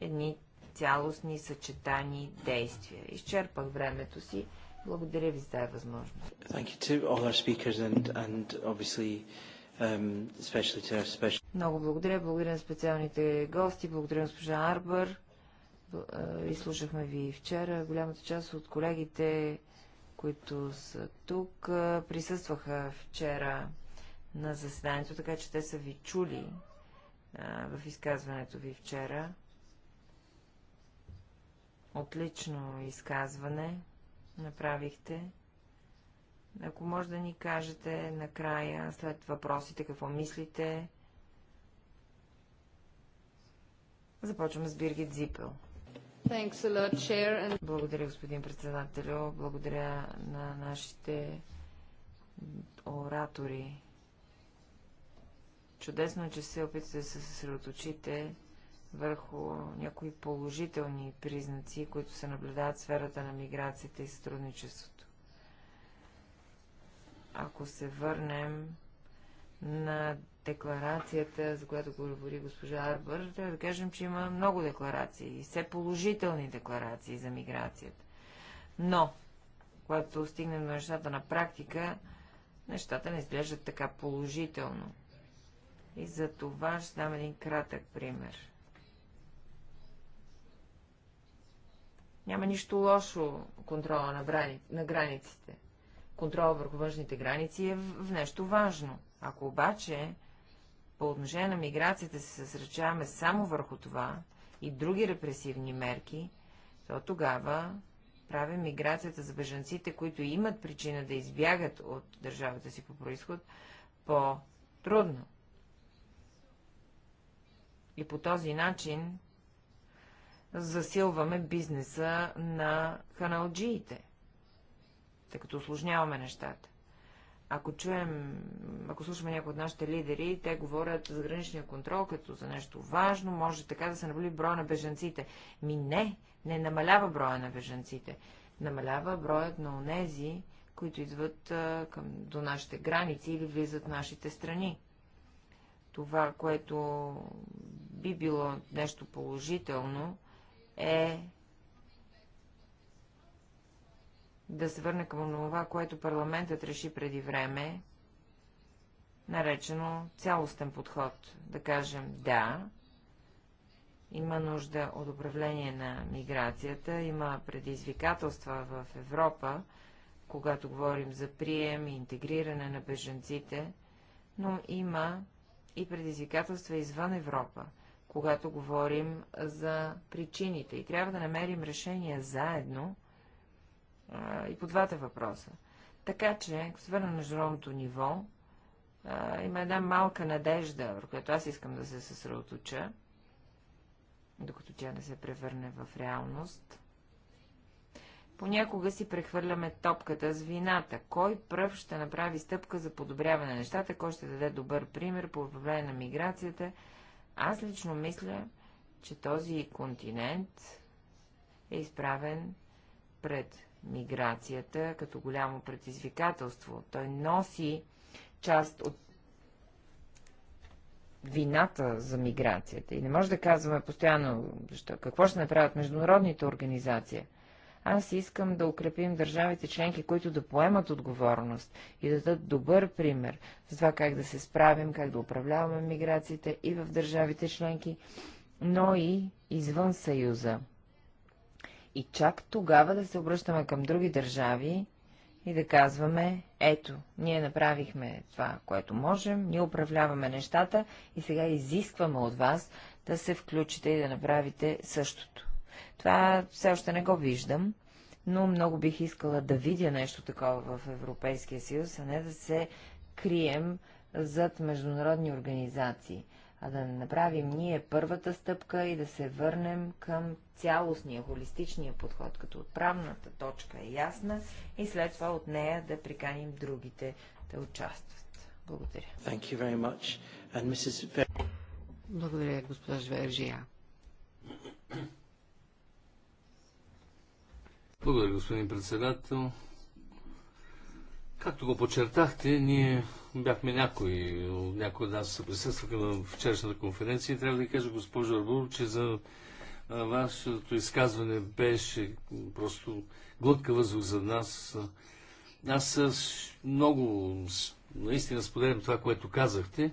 S1: едни цялостни съчетани действия. Изчерпах времето си. Благодаря ви за тази възможност.
S2: And,
S3: and um, special...
S1: Много благодаря. Благодаря на специалните гости. Благодаря на госпожа Арбър. Изслушахме ви вчера. Голямата част от колегите, които са тук, присъстваха вчера на заседанието, така че те са ви чули в изказването ви вчера. Отлично изказване направихте. Ако може да ни кажете накрая, след въпросите, какво мислите. Започваме с Биргит Зипел. Благодаря, господин председателю. Благодаря на нашите оратори. Чудесно е, че се опитате да се съсредоточите върху някои положителни признаци, които се наблюдават в сферата на миграцията и сътрудничеството. Ако се върнем на декларацията, за която го говори госпожа Арбър, трябва да кажем, че има много декларации и все положителни декларации за миграцията. Но, когато стигнем до нещата на практика, нещата не изглеждат така положително. И за това ще дам един кратък пример. Няма нищо лошо контрола на, брани... на границите. Контрола върху външните граници е в нещо важно. Ако обаче по отношение на миграцията се съсречаваме само върху това и други репресивни мерки, то тогава правим миграцията за бежанците, които имат причина да избягат от държавата си по происход, по-трудно. И по този начин засилваме бизнеса на каналджиите, тъй като осложняваме нещата. Ако чуем, ако слушаме някои от нашите лидери, те говорят за граничния контрол като за нещо важно, може така да се наболи броя на бежанците. Ми не, не намалява броя на бежанците. Намалява броят на онези, които идват а, към, до нашите граници или влизат в нашите страни. Това, което би било нещо положително, е да се върне към това, което парламентът реши преди време, наречено цялостен подход. Да кажем да, има нужда от управление на миграцията, има предизвикателства в Европа, когато говорим за прием и интегриране на беженците, но има и предизвикателства извън Европа когато говорим за причините. И трябва да намерим решение заедно а, и по двата въпроса. Така че, ако се върна на международното ниво, а, има една малка надежда, върху която аз искам да се съсредоточа, докато тя не се превърне в реалност. Понякога си прехвърляме топката с вината. Кой пръв ще направи стъпка за подобряване на нещата, кой ще даде добър пример по управление на миграцията – аз лично мисля, че този континент е изправен пред миграцията като голямо предизвикателство. Той носи част от вината за миграцията. И не може да казваме постоянно, защо, какво ще направят международните организации. Аз искам да укрепим държавите членки, които да поемат отговорност и да дадат добър пример за това как да се справим, как да управляваме миграциите и в държавите членки, но и извън Съюза. И чак тогава да се обръщаме към други държави и да казваме, ето, ние направихме това, което можем, ние управляваме нещата и сега изискваме от вас да се включите и да направите същото. Това все още не го виждам, но много бих искала да видя нещо такова в Европейския съюз, а не да се крием зад международни организации, а да направим ние първата стъпка и да се върнем към цялостния, холистичния подход, като отправната точка е ясна и след това от нея да приканим другите да участват.
S2: Благодаря. Thank you very much. And Mrs. Благодаря, госпожа
S3: Вержия. Благодаря, господин председател. Както го подчертахте, ние бяхме някои, някои от нас присъстваха на вчерашната конференция и трябва да кажа, госпожо Арбур, че за вашето изказване беше просто глътка въздух за нас. Аз много наистина споделям това, което казахте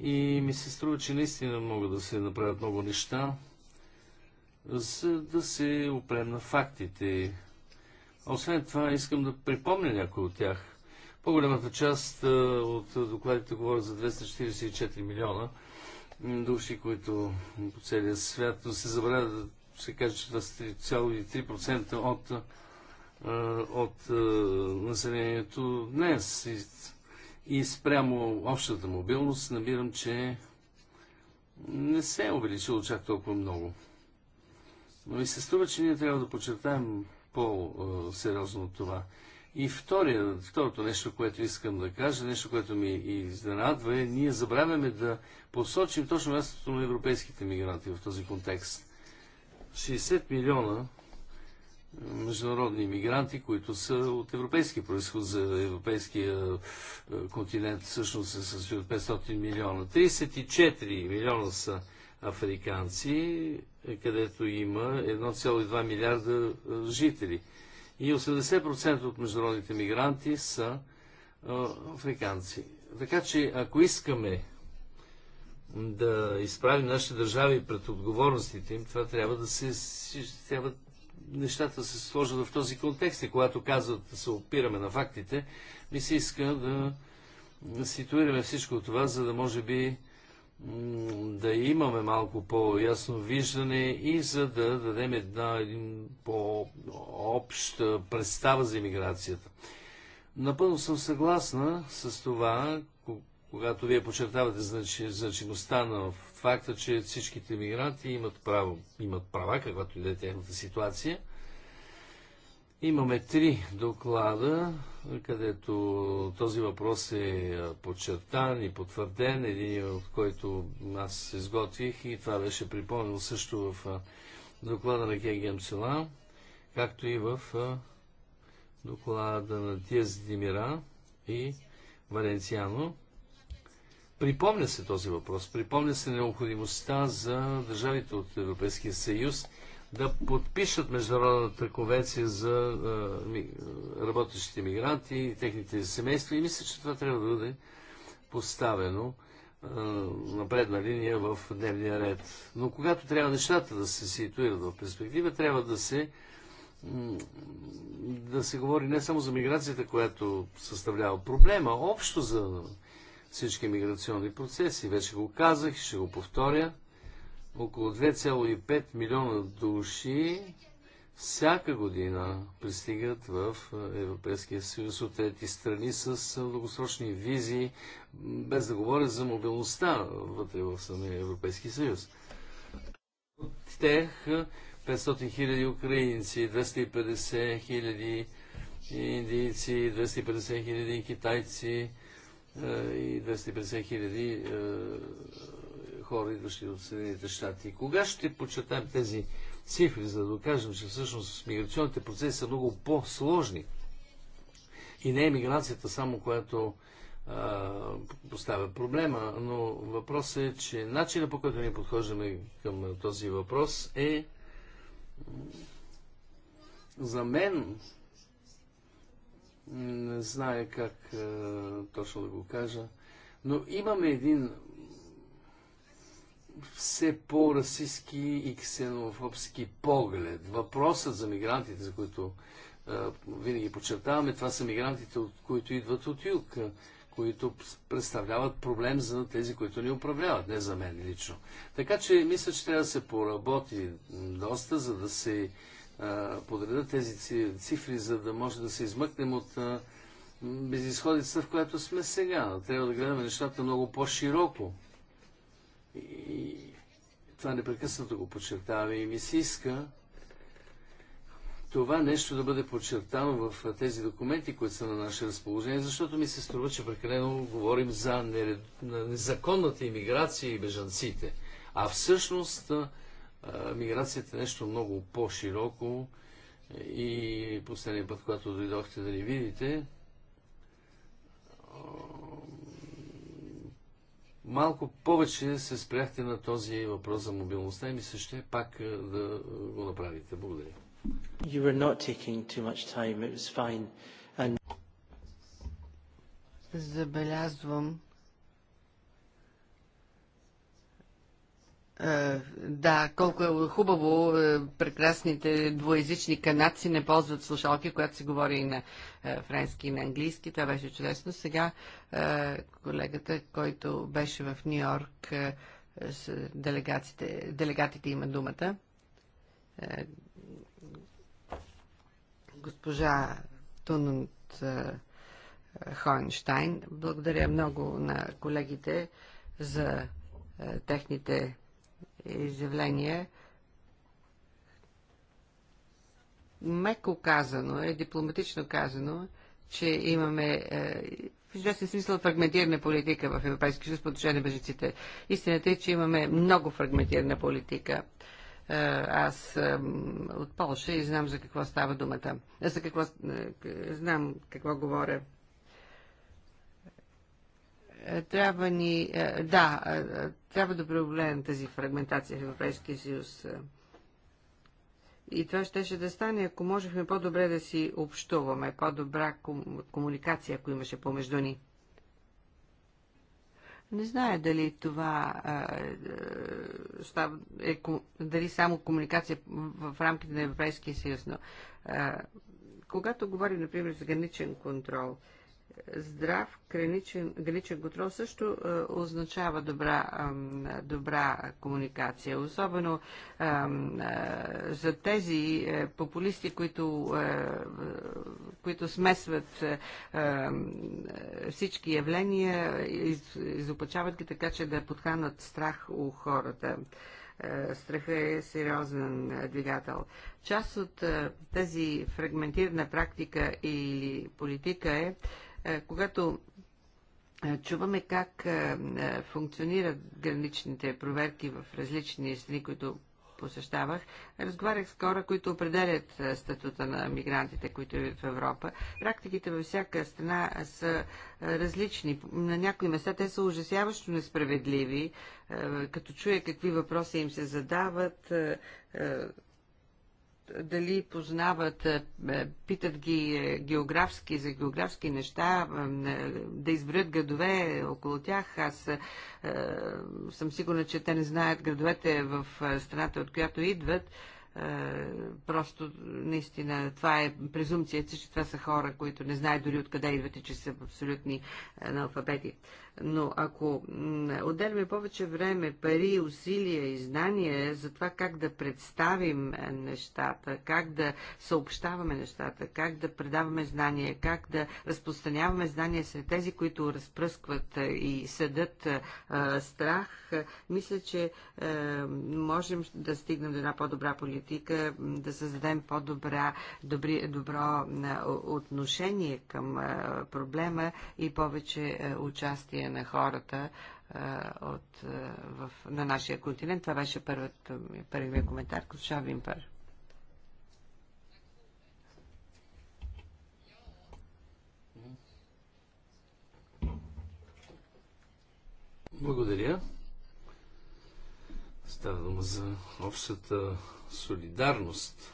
S3: и ми се струва, че наистина могат да се направят много неща за да се опрем на фактите. Освен това, искам да припомня някои от тях. По-голямата част от докладите говорят за 244 милиона души, които по целия свят, но се забравя да се каже, че това са 3,3% от, от населението днес. И, и спрямо общата мобилност набирам, че не се е увеличило чак толкова много. Но ми се струва, че ние трябва да подчертаем по-сериозно това. И втория, второто нещо, което искам да кажа, нещо, което ми изненадва е, ние забравяме да посочим точно мястото на европейските мигранти в този контекст. 60 милиона международни мигранти, които са от европейски происход за европейския е, континент, всъщност се състои от 500 милиона. 34 милиона са африканци, където има 1,2 милиарда жители. И 80% от международните мигранти са африканци. Така че, ако искаме да изправим нашите държави пред отговорностите им, това трябва да се... Трябва нещата се сложат в този контекст. И когато казват да се опираме на фактите, ми се иска да, да ситуираме всичко това, за да може би да имаме малко по-ясно виждане и за да дадем една един по-обща представа за иммиграцията. Напълно съм съгласна с това, когато вие подчертавате значи, значимостта на факта, че всичките мигранти имат, право, имат права, каквато и да е тяхната ситуация. Имаме три доклада където този въпрос е подчертан и потвърден, един от който аз изготвих и това беше припомнено също в доклада на Кегем Цела, както и в доклада на Тиез Димира и Валенциано. Припомня се този въпрос, припомня се необходимостта за държавите от Европейския съюз да подпишат Международната конвенция за работещите мигранти и техните семейства. И мисля, че това трябва да бъде поставено на предна линия в дневния ред. Но когато трябва нещата да се ситуират в перспектива, трябва да се да се говори не само за миграцията, която съставлява проблема, общо за всички миграционни процеси. Вече го казах, ще го повторя около 2,5 милиона души всяка година пристигат в Европейския съюз от трети страни с дългосрочни визии, без да говоря за мобилността вътре в самия Европейски съюз. От тях 500 хиляди украинци, 250 хиляди индийци, 250 хиляди китайци и 250 хиляди хора, идващи от Съединените щати. Кога ще почетаем тези цифри, за да докажем, че всъщност миграционните процеси са много по-сложни и не е миграцията само, която а, поставя проблема, но въпросът е, че начинът по който ние подхождаме към този въпрос е за мен не знае как а, точно да го кажа, но имаме един все по-расистски и ксенофобски поглед. Въпросът за мигрантите, за които а, винаги подчертаваме, това са мигрантите, от които идват от юг, които представляват проблем за тези, които ни управляват, не за мен лично. Така че мисля, че трябва да се поработи доста, за да се а, подредат тези цифри, за да може да се измъкнем от а, безисходица, в която сме сега. Трябва да гледаме нещата много по-широко и това непрекъснато го подчертаваме и ми се иска това нещо да бъде подчертано в тези документи, които са на наше разположение, защото ми се струва, че прекалено говорим за незаконната иммиграция и бежанците. А всъщност миграцията е нещо много по-широко и последния път, когато дойдохте да ни видите, Малко повече се спряхте на този въпрос за мобилността и ми се ще пак е, да е, го направите. Благодаря.
S2: You were not taking too much time. It was fine. And... Забелязвам, Е, да, колко е хубаво, е, прекрасните двоязични канадци не ползват слушалки, когато се говори и на е, френски и на английски. Това беше чудесно. Сега колегата, който беше в Нью Йорк, делегатите, делегатите има думата. Госпожа Тунунт Хойнштайн. Благодаря много на колегите за техните изявления. Меко казано е, дипломатично казано, че имаме е, в известен смисъл фрагментирана политика в Европейския съюз по отношение на бежиците. Истината е, че имаме много фрагментирана политика. Е, аз е, от Польша и знам за какво става думата. За какво, е, е знам какво говоря. Е, трябва ни, е, да, е, трябва да преодолеем тази фрагментация в Европейския съюз. И това щеше да стане, ако можехме по-добре да си общуваме, по-добра комуникация, ако имаше помежду ни. Не зная дали това а, е, дали само комуникация в рамките на Европейския съюз, но а, когато говорим, например, за граничен контрол, а, здрав граничен, граничен контрол също е, означава добра, е, добра комуникация. Особено е, е, за тези е, популисти, които, е, които смесват е, е, всички явления, из, изопачават ги така, че да подханат страх у хората е, страха е сериозен е, двигател. Част от е, тази фрагментирана практика или политика е е, когато е, чуваме как е, функционират граничните проверки в различни страни, които посещавах, разговарях с хора, които определят статута на мигрантите, които е в Европа. Практиките във всяка страна са различни. На някои места те са ужасяващо несправедливи. Като чуя какви въпроси им се задават, дали познават, е, е, питат ги е, географски, за географски неща, да изберат градове около тях. Аз съм сигурна, че те не знаят градовете в страната, от която идват. просто, наистина, това е презумцията, че това са хора, които не знаят дори откъде идват и че са абсолютни аналфабети. Но ако отделяме повече време, пари, усилия и знания за това как да представим е, нещата, как да съобщаваме нещата, как да предаваме знания, как да разпространяваме знания сред тези, които разпръскват е, и съдат е, страх, мисля, че можем да стигнем до една по-добра политика, да създадем по-добра, добро отношение към проблема и повече участие отношение на хората а, от, а, в, на нашия континент. Това беше първият ми коментар. Госпожа Вимпер.
S3: Благодаря. Става дума за общата солидарност.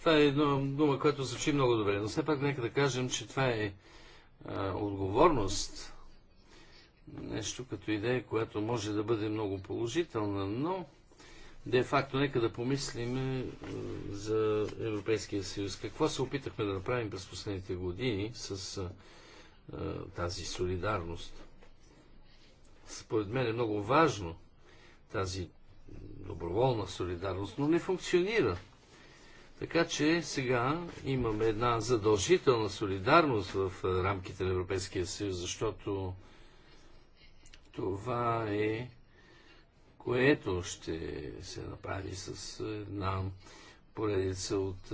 S3: Това е една дума, която звучи много добре, но все пак нека да кажем, че това е а, отговорност нещо като идея, която може да бъде много положителна, но де-факто нека да помислим е, за Европейския съюз. Какво се опитахме да направим през последните години с е, е, тази солидарност? Според мен е много важно тази доброволна солидарност, но не функционира. Така че сега имаме една задължителна солидарност в рамките на Европейския съюз, защото това е което ще се направи с една поредица от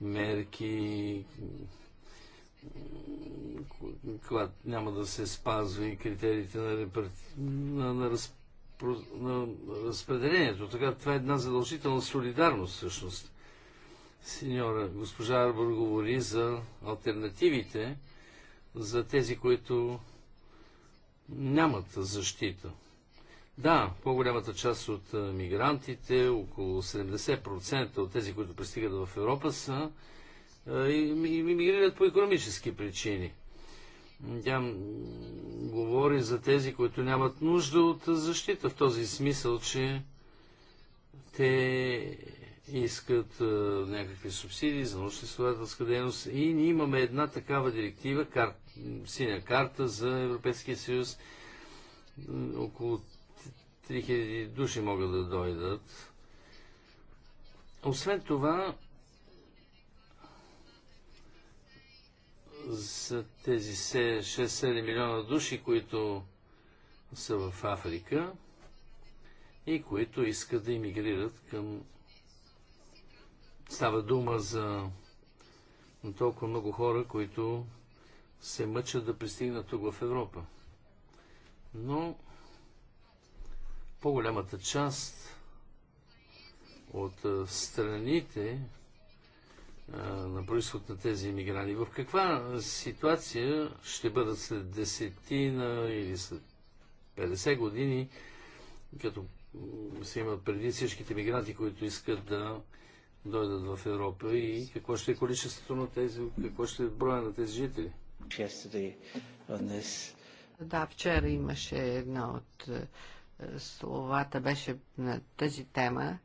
S3: мерки, когато няма да се спазва и критериите на, репар... на, на, на разпределението. Така, това е една задължителна солидарност, всъщност. Сеньора, госпожа Арбор говори за альтернативите, за тези, които нямат защита. Да, по-голямата част от мигрантите, около 70% от тези, които пристигат в Европа, са мигрират по економически причини. Тя говори за тези, които нямат нужда от защита в този смисъл, че те искат а, някакви субсидии за научно-изследователска дейност. И ние имаме една такава директива, кар... синя карта за Европейския съюз. Около 3000 души могат да дойдат. Освен това, за тези 6-7 милиона души, които са в Африка и които искат да иммигрират към Става дума за толкова много хора, които се мъчат да пристигнат тук в Европа. Но по-голямата част от страните на происход на тези иммигранти, в каква ситуация ще бъдат след десетина или след 50 години, като се имат преди всичките мигранти, които искат да дойдат в Европа и какво ще е количеството на тези, какво ще е броя на тези жители?
S2: Да, вчера имаше една от е, словата, беше на тази тема.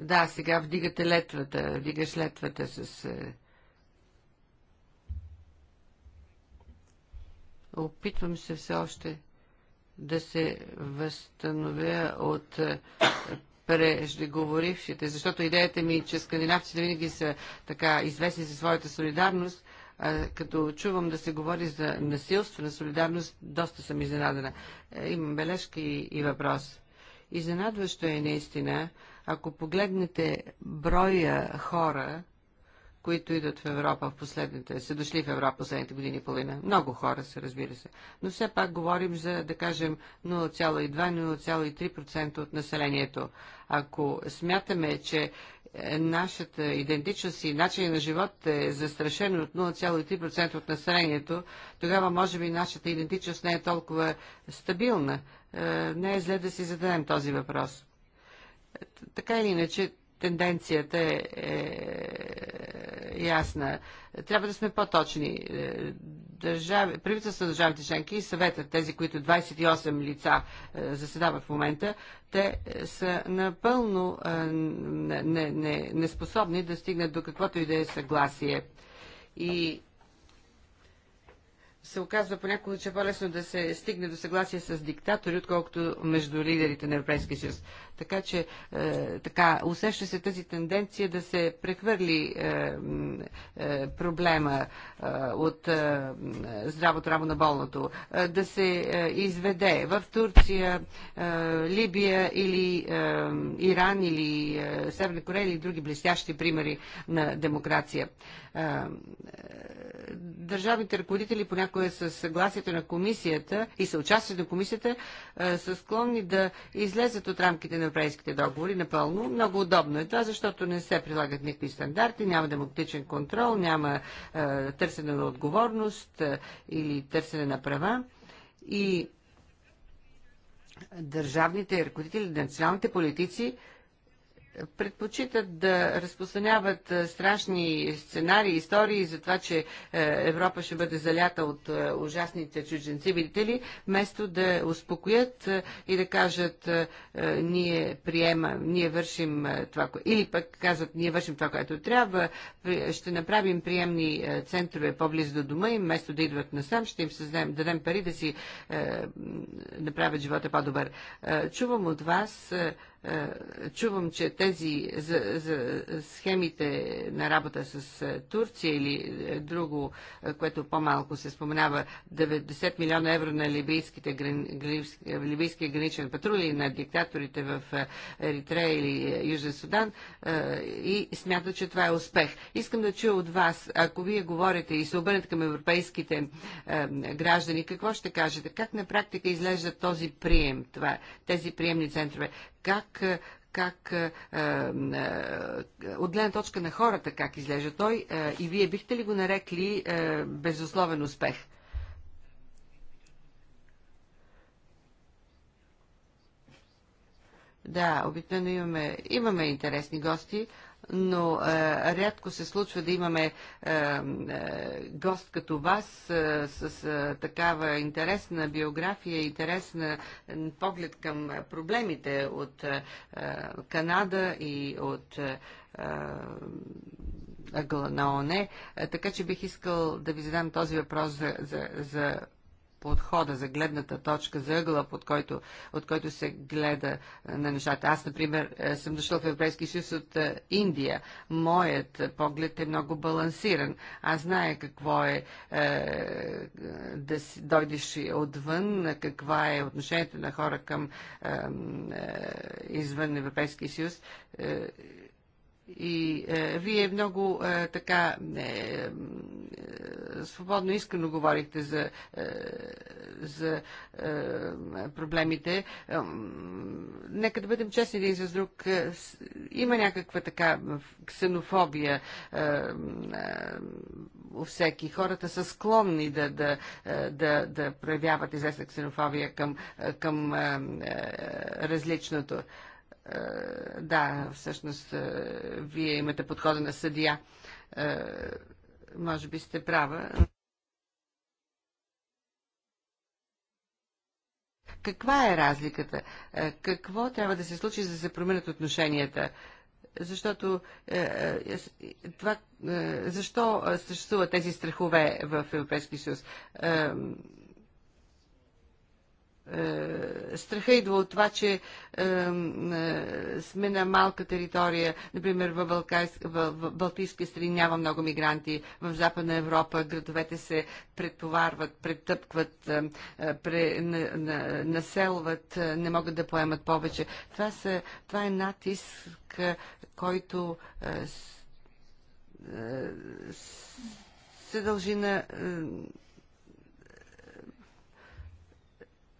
S2: Да, сега вдигате летвата, вдигаш летвата с е, Опитвам се все още да се възстановя от е, преждеговорившите, защото идеята ми е, че скандинавците винаги са така известни за своята солидарност, а, като чувам да се говори за насилство на солидарност, доста съм изненадана. Е, имам бележка и, и въпрос. Изненадващо е наистина, ако погледнете броя хора, които идват в Европа в последните, са дошли в Европа последните години и половина. Много хора са, разбира се. Но все пак говорим за, да кажем, 0,2-0,3% от населението. Ако смятаме, че е, нашата идентичност и начин на живот е застрашен от 0,3% от населението, тогава може би нашата идентичност не е толкова стабилна. Е, не е зле да си зададем този въпрос. Е, така или иначе, тенденцията е, е ясна. Трябва да сме по-точни. Е, държави, правителството на държавите членки и съвета, тези, които 28 лица е, заседават в момента, те е, са напълно неспособни не, не, не да стигнат до каквото и да е съгласие. И се оказва понякога, че е по-лесно да се стигне до съгласие с диктатори, отколкото между лидерите на Европейския съюз. Така че е, така, усеща се тази тенденция да се прехвърли е, е, проблема е, от е, здравото рамо на болното, е, да се е, изведе в Турция, е, Либия или е, Иран или е, Северна Корея или други блестящи примери на демокрация. Е, е, държавните ръководители понякога с съгласието на комисията и съучастието на комисията са склонни да излезат от рамките на европейските договори напълно. Много удобно е това, защото не се прилагат никакви стандарти, няма демократичен контрол, няма търсене на отговорност или търсене на права. И държавните ръководители, националните политици предпочитат да разпространяват страшни сценарии, истории за това, че Европа ще бъде залята от ужасните чужденци, видите ли, вместо да успокоят и да кажат ние приема, ние вършим това, или пък казват ние вършим това, което трябва, ще направим приемни центрове по-близо до дома и вместо да идват насам, ще им създадем, дадем пари да си направят живота по-добър. Чувам от вас е, чувам, че тези за, за схемите на работа с е, Турция или е, друго, което по-малко се споменава, 90 милиона евро на либийските, либийския, граничен патрули и на диктаторите в Еритрея или Южен Судан и смята, че това е успех. Искам да чуя от вас, ако вие говорите и се обърнете към европейските граждани, какво ще кажете? Как на практика излежда този прием, това, тези приемни центрове? как как е, е, от гледна точка на хората как излежа той е, и вие бихте ли го нарекли безусловен успех? Да, обикновено имаме, имаме интересни гости но а, е, рядко се случва да имаме а, е, а, е, гост като вас а, с а, такава интересна биография, интересна поглед към проблемите от а, Канада и от е, ъгъла на ОНЕ. Така че бих искал да ви задам този въпрос за, за, за подхода, за гледната точка, за ъгъла, под който, от който се гледа е, на нещата. Аз, например, е, съм дошъл в Европейския съюз от е, Индия. Моят поглед е много балансиран. Аз знае какво е, е да си дойдеш отвън, каква е отношението на хора към е, е, извън Европейския съюз. Е, и е, вие много е, така е, е, свободно, искрено говорихте за, е, за е, проблемите. Е, нека да бъдем честни един с друг. Е, има някаква така ксенофобия е, е, у всеки. Хората са склонни да, да, е, да, да проявяват известна ксенофобия към, е, към е, е, различното. Е, е, да, всъщност, е, вие имате подхода на съдия. Е, може би сте права. Каква е разликата? Какво трябва да се случи, за да се променят отношенията? защото това, защо съществуват тези страхове в Европейския съюз? Е, страха идва от това, че е, сме на малка територия. Например, в, Балкайск, в, страни няма много мигранти. В Западна Европа градовете се претоварват, претъпкват, е, пре, на, на, населват, не могат да поемат повече. Това, са, това е натиск, който се дължи на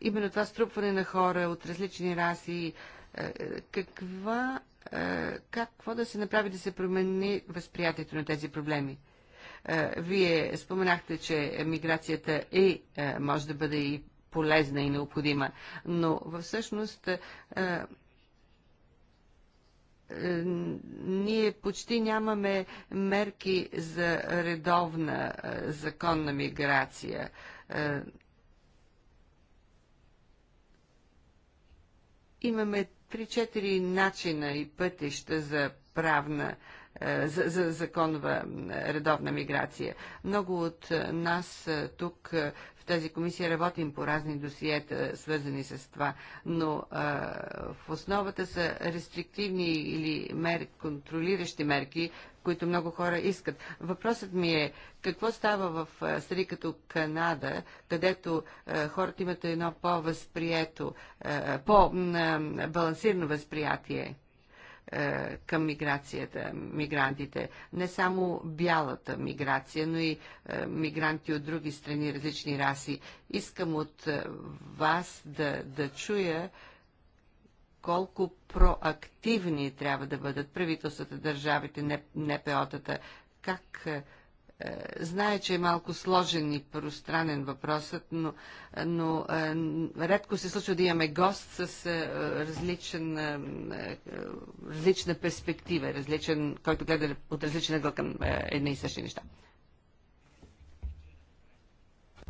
S2: именно това струпване на хора от различни раси, е, каква, е, какво да се направи да се промени възприятието на тези проблеми? Е, вие споменахте, че миграцията е, може да бъде и полезна и необходима, но всъщност ние почти нямаме мерки за редовна законна миграция. Имаме 3-4 начина и пътища за правна е, за, за законова редовна миграция. Много от е, нас е, тук тази комисия работим по разни досиета, свързани с това, но а, в основата са рестриктивни или мер... контролиращи мерки, които много хора искат. Въпросът ми е какво става в страни като Канада, където а, хората имат едно по-възприето, по-балансирано възприятие е, към миграцията, мигрантите. Не само бялата миграция, но и е, мигранти от други страни, различни раси. Искам от е, вас да, да чуя колко проактивни трябва да бъдат правителствата, държавите, НПО-тата, как е, знае, че е малко сложен и пространен въпросът, но, е, но е, редко се случва да имаме гост с различен, различна перспектива, различен, който гледа от различен ъгъл към едни и същи неща.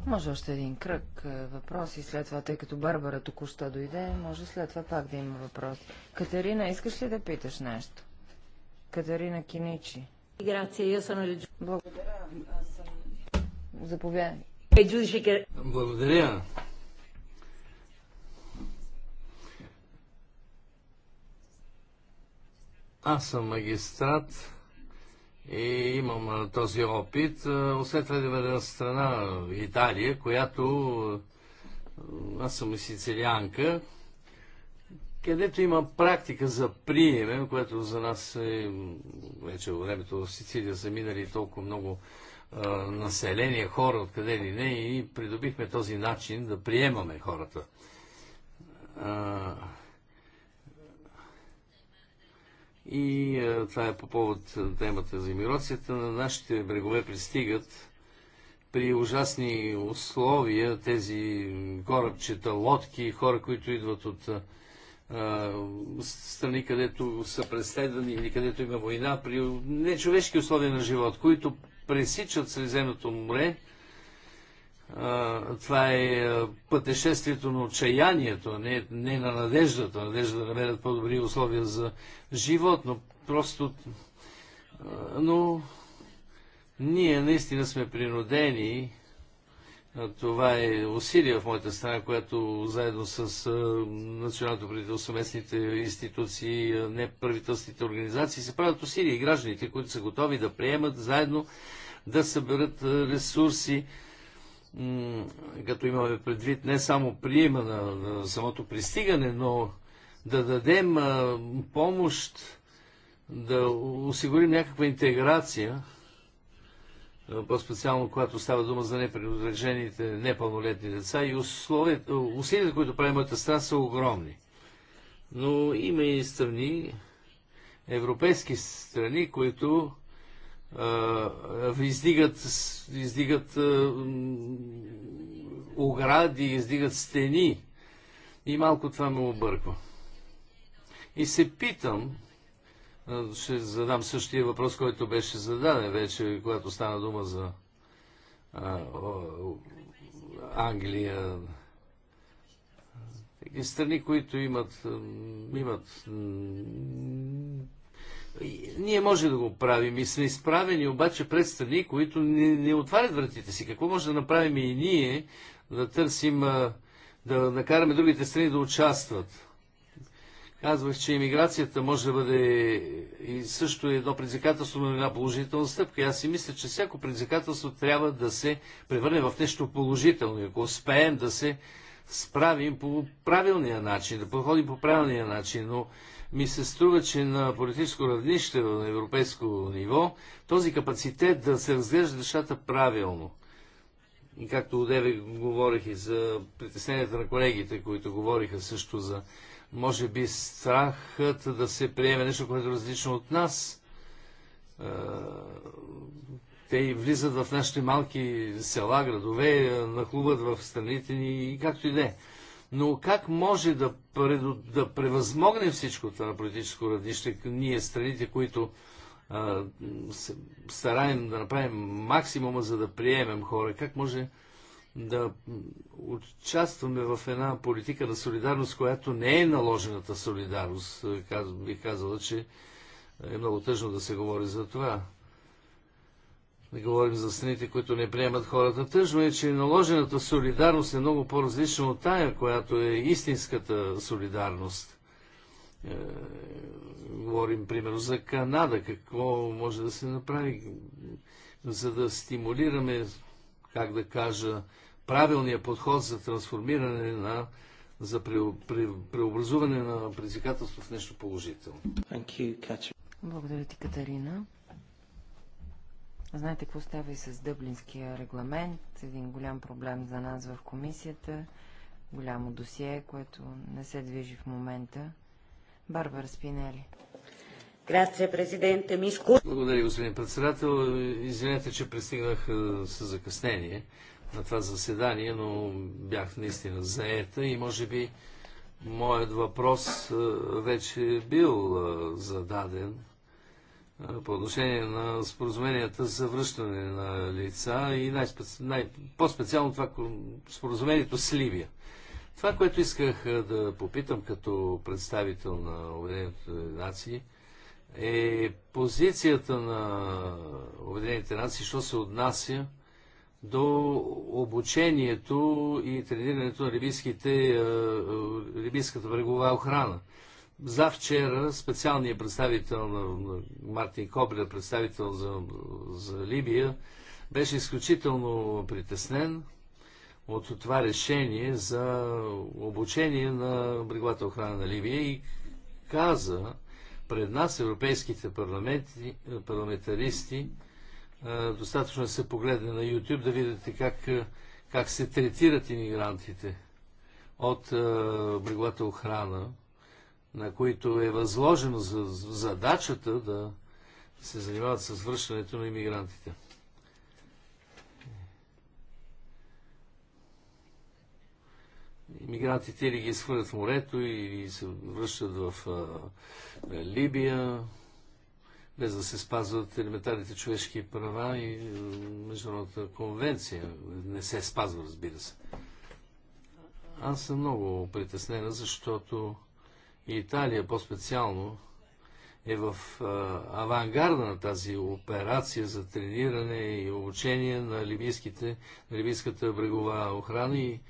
S1: Може още един кръг въпроси след това, тъй като Барбара току-що дойде, може след това пак да има въпрос. Катерина, искаш ли да питаш нещо? Катерина Киничи. Благодаря. Аз съм... Благодаря.
S3: Аз съм магистрат и имам този опит. Освен това да една страна Италия, която аз съм сицилианка, където има практика за приеме, което за нас е вече във времето в Сицилия са минали толкова много е, население, хора, откъде ли не, и придобихме този начин да приемаме хората. А, и е, това е по повод темата за иммиграцията. На нашите брегове пристигат при ужасни условия тези корабчета, лодки, хора, които идват от страни, където са преследвани или където има война, при нечовешки условия на живот, които пресичат Средиземното море, това е пътешествието на отчаянието, не, не на надеждата, надежда да намерят по-добри условия за живот, но просто... Но ние наистина сме принудени това е усилие в моята страна, което заедно с националното правителство, местните институции, неправителствените организации се правят усилия и гражданите, които са готови да приемат заедно, да съберат ресурси, като имаме предвид не само приема на, на самото пристигане, но да дадем помощ, да осигурим някаква интеграция по-специално когато става дума за непредражените непълнолетни деца и усилията, които прави моята страна, са огромни. Но има и страни, европейски страни, които а, издигат, издигат а, огради, издигат стени. И малко това ме обърква. И се питам, ще задам същия въпрос, който беше зададен вече, когато стана дума за а, о, Англия. Таки страни, които имат, имат ние може да го правим и сме изправени обаче пред страни, които не, не отварят вратите си. Какво може да направим и ние да търсим, да накараме другите страни да участват? Казвах, че иммиграцията може да бъде и също едно предизвикателство, но една положителна стъпка. аз си мисля, че всяко предизвикателство трябва да се превърне в нещо положително. ако успеем да се справим по правилния начин, да подходим по правилния начин, но ми се струва, че на политическо равнище, на европейско ниво, този капацитет да се разглежда нещата правилно. И както одеве говорих и за притесненията на колегите, които говориха също за може би страхът да се приеме нещо, което е различно от нас. Те влизат в нашите малки села, градове, нахлуват в страните ни и както и да е. Но как може да, предо... да превъзмогнем всичко това на политическо радище, ние страните, които а, се стараем да направим максимума, за да приемем хора, как може да участваме в една политика на солидарност, която не е наложената солидарност. бих казала, че е много тъжно да се говори за това. Да говорим за страните, които не приемат хората. Тъжно е, че наложената солидарност е много по-различна от тая, която е истинската солидарност. Е, говорим, примерно, за Канада. Какво може да се направи, за да стимулираме, как да кажа, правилния подход за трансформиране на за преобразуване на предизвикателство в нещо положително.
S1: Благодаря ти, Катерина. Знаете какво става и с Дъблинския регламент. Един голям проблем за нас в комисията. Голямо досие, което не се движи в момента. Барбара Спинели. Грация, президента Миско.
S3: Благодаря, господин председател. Извинете, че пристигнах е, с закъснение на това заседание, но бях наистина заета и може би моят въпрос е, вече е бил зададен е, по отношение на споразуменията за връщане на лица и най- по-специално това споразумението с Ливия. Това, което исках е, да попитам като представител на Обединените нации, е позицията на Обединените нации, що се отнася до обучението и тренирането на рибийските, рибийската е, е, брегова охрана. За вчера специалният представител на Мартин Коблер, представител за, за Либия, беше изключително притеснен от това решение за обучение на бреговата охрана на Ливия и каза пред нас, европейските парламенти, парламентаристи, достатъчно да се погледне на YouTube, да видите как, как се третират иммигрантите от бреговата охрана, на които е възложено за, задачата да се занимават с връщането на иммигрантите. Имигрантите или ги изхвърлят в морето, или се връщат в а, Либия, без да се спазват елементарните човешки права и е, Международната конвенция. Не се спазва, разбира се. Аз съм много притеснена, защото и Италия по-специално е в е, авангарда на тази операция за трениране и обучение на, либийските, на либийската брегова охрана и,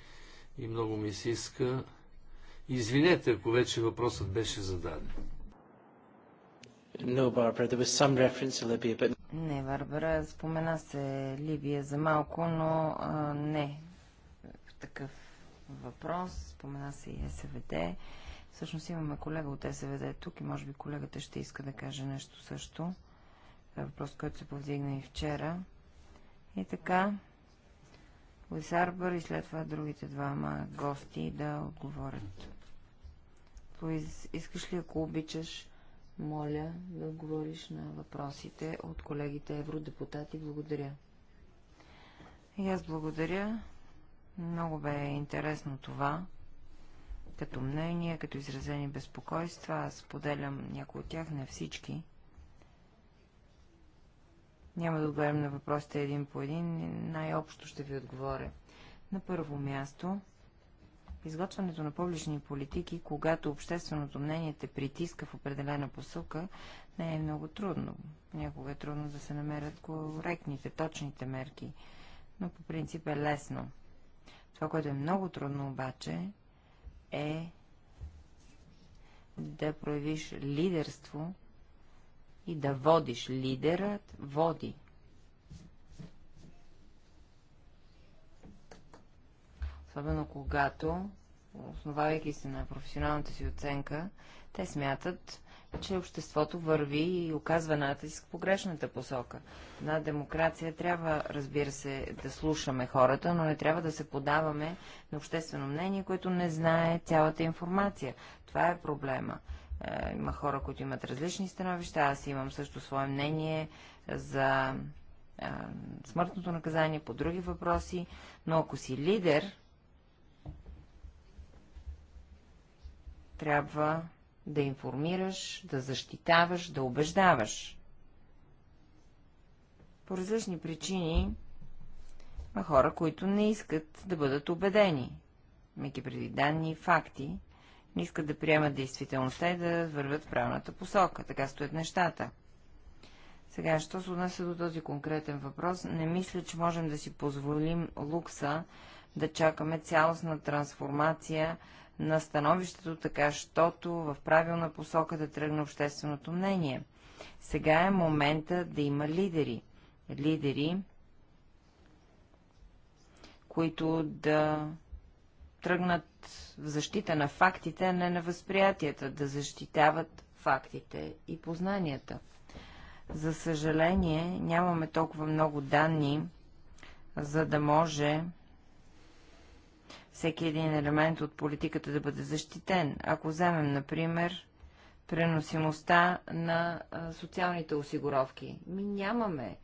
S3: и много ми се иска. Извинете, ако вече въпросът беше зададен. No, Barbara, there was some reference to Libya, but...
S1: Не, Барбара, спомена се Либия за малко, но а, не в такъв въпрос. Спомена се и СВД. Всъщност имаме колега от СВД тук и може би колегата ще иска да каже нещо също. Това е въпрос, който се повдигна и вчера. И така, Луис Арбър и след това другите двама гости да отговорят. Луис, искаш ли, ако обичаш, моля да отговориш на въпросите от колегите евродепутати. Благодаря. И аз благодаря. Много бе интересно това. Като мнение, като изразени безпокойства, аз поделям някои от тях, не всички. Няма да отговарям на въпросите един по един, най-общо ще ви отговоря. На първо място, Изготвянето на публични политики, когато общественото мнение те притиска в определена посока, не е много трудно. Някога е трудно да се намерят коректните, точните мерки, но по принцип е лесно. Това, което е много трудно обаче, е да проявиш лидерство и да водиш. Лидерът води. Особено когато, основавайки се на професионалната си оценка, те смятат, че обществото върви и оказва натиск в погрешната посока. На демокрация трябва, разбира се, да слушаме хората, но не трябва да се подаваме на обществено мнение, което не знае цялата информация. Това е проблема. Е, има хора, които имат различни становища. Аз имам също свое мнение за е, смъртното наказание по други въпроси. Но ако си лидер, трябва да информираш, да защитаваш, да убеждаваш. По различни причини има хора, които не искат да бъдат убедени, меки преди данни и факти, не искат да приемат действителността и да вървят в правилната посока. Така стоят нещата. Сега, що се отнася до този конкретен въпрос, не мисля, че можем да си позволим лукса да чакаме цялостна трансформация на становището, така щото в правилна посока да тръгне общественото мнение. Сега е момента да има лидери. Лидери, които да тръгнат в защита на фактите, а не на възприятията, да защитават фактите и познанията. За съжаление, нямаме толкова много данни, за да може всеки един елемент от политиката да бъде защитен. Ако вземем, например, преносимостта на социалните осигуровки. Ми нямаме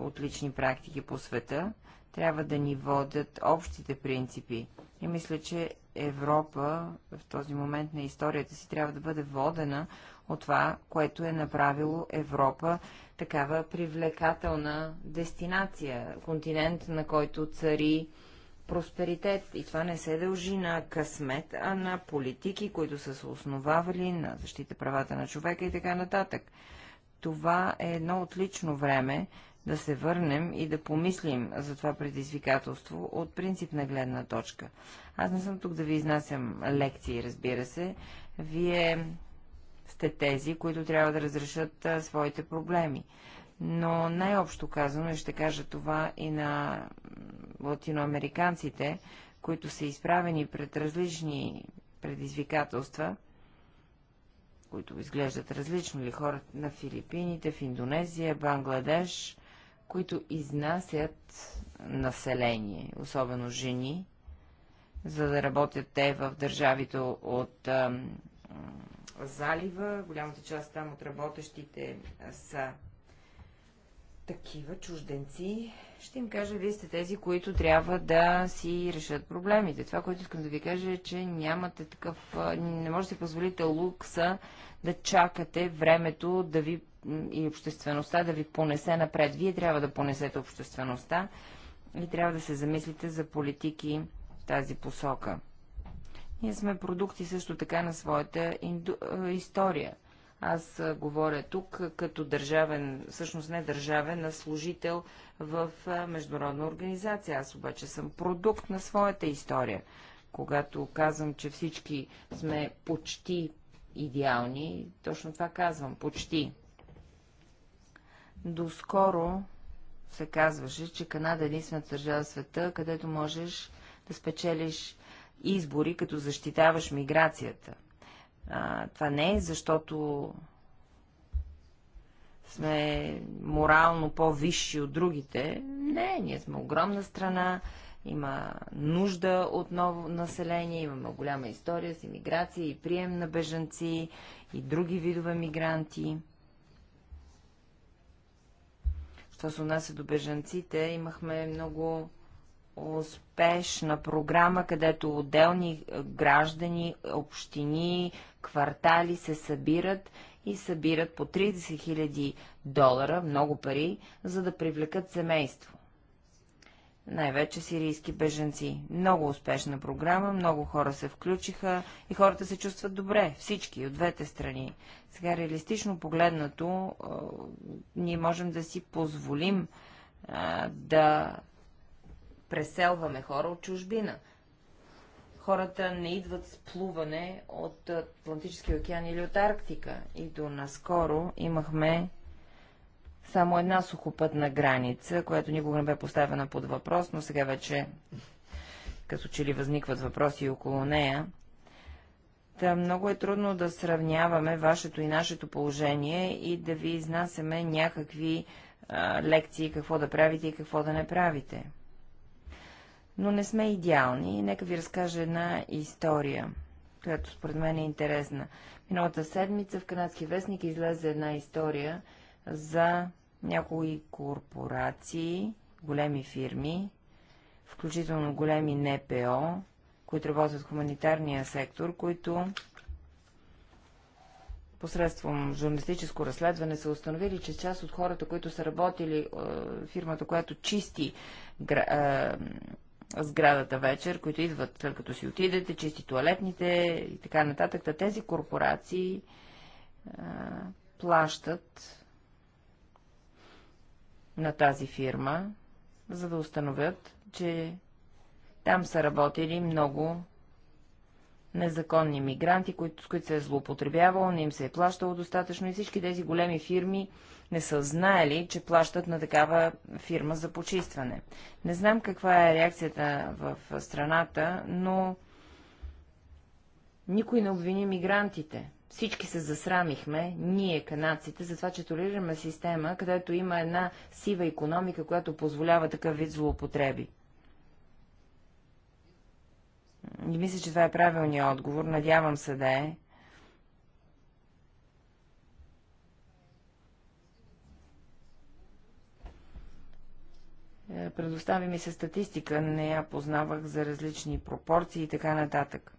S1: отлични практики по света. Трябва да ни водят общите принципи. И мисля, че Европа в този момент на историята си трябва да бъде водена от това, което е направило Европа такава привлекателна дестинация, континент, на който цари просперитет. И това не се дължи на късмет, а на политики, които са се основавали на защита правата на човека и така нататък. Това е едно отлично време да се върнем и да помислим за това предизвикателство от принципна гледна точка. Аз не съм тук да ви изнасям лекции, разбира се. Вие сте тези, които трябва да разрешат своите проблеми. Но най-общо казано, и ще кажа това и на латиноамериканците, които са изправени пред различни предизвикателства, които изглеждат различно, или хората на Филипините, в Индонезия, Бангладеш, които изнасят население, особено жени, за да работят те в държавите от а, залива. Голямата част там от работещите са такива чужденци, ще им кажа, вие сте тези, които трябва да си решат проблемите. Това, което искам да ви кажа е, че нямате такъв, не може да си позволите лукса да чакате времето да ви и обществеността да ви понесе напред. Вие трябва да понесете обществеността и трябва да се замислите за политики в тази посока. Ние сме продукти също така на своята инду... история. Аз говоря тук като държавен, всъщност не държавен, а служител в международна организация. Аз обаче съм продукт на своята история. Когато казвам, че всички сме почти идеални, точно това казвам, почти. Доскоро се казваше, че Канада е единствената държава в света, където можеш да спечелиш избори, като защитаваш миграцията. А, това не е, защото сме морално по-висши от другите. Не, ние сме огромна страна, има нужда от ново население, имаме голяма история с иммиграция и прием на бежанци и други видове мигранти. Що се отнася до бежанците, имахме много успешна програма, където отделни граждани, общини, квартали се събират и събират по 30 000 долара, много пари, за да привлекат семейство. Най-вече сирийски беженци. Много успешна програма, много хора се включиха и хората се чувстват добре, всички, от двете страни. Сега реалистично погледнато, ние можем да си позволим да преселваме хора от чужбина. Хората не идват с плуване от Атлантическия океан или от Арктика. И до наскоро имахме само една сухопътна граница, която никога не бе поставена под въпрос, но сега вече като че ли възникват въпроси около нея. Та много е трудно да сравняваме вашето и нашето положение и да ви изнасяме някакви а, лекции, какво да правите и какво да не правите. Но не сме идеални. Нека ви разкажа една история, която според мен е интересна. Миналата седмица в Канадски вестник излезе една история за някои корпорации, големи фирми, включително големи НПО, които работят в хуманитарния сектор, които посредством журналистическо разследване са установили, че част от хората, които са работили, е, фирмата, която чисти е, сградата вечер, които идват след като си отидете, чисти туалетните и така нататък. Та тези корпорации а, плащат на тази фирма, за да установят, че там са работили много незаконни мигранти, които, с които се е злоупотребявало, не им се е плащало достатъчно и всички тези големи фирми не са знаели, че плащат на такава фирма за почистване. Не знам каква е реакцията в страната, но никой не обвини мигрантите. Всички се засрамихме, ние, канадците, за това, че толерираме система, където има една сива економика, която позволява такъв вид злоупотреби. И мисля, че това е правилният отговор. Надявам се да е. Е, предостави ми се статистика, не я познавах за различни пропорции и така нататък.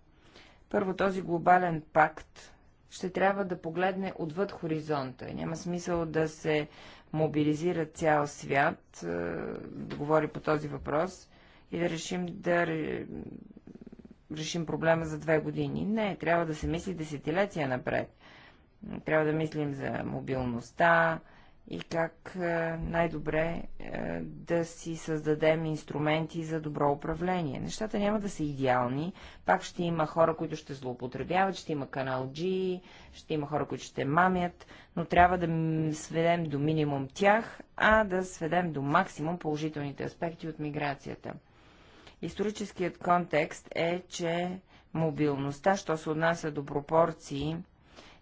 S1: Първо, този глобален пакт ще трябва да погледне отвъд хоризонта. Няма смисъл да се мобилизира цял свят, е, да говори по този въпрос и да решим да решим проблема за две години. Не, трябва да се мисли десетилетия напред. Трябва да мислим за мобилността, и как е, най-добре е, да си създадем инструменти за добро управление. Нещата няма да са идеални, пак ще има хора, които ще злоупотребяват, ще има канал G, ще има хора, които ще мамят, но трябва да сведем до минимум тях, а да сведем до максимум положителните аспекти от миграцията. Историческият контекст е, че мобилността, що се отнася до пропорции,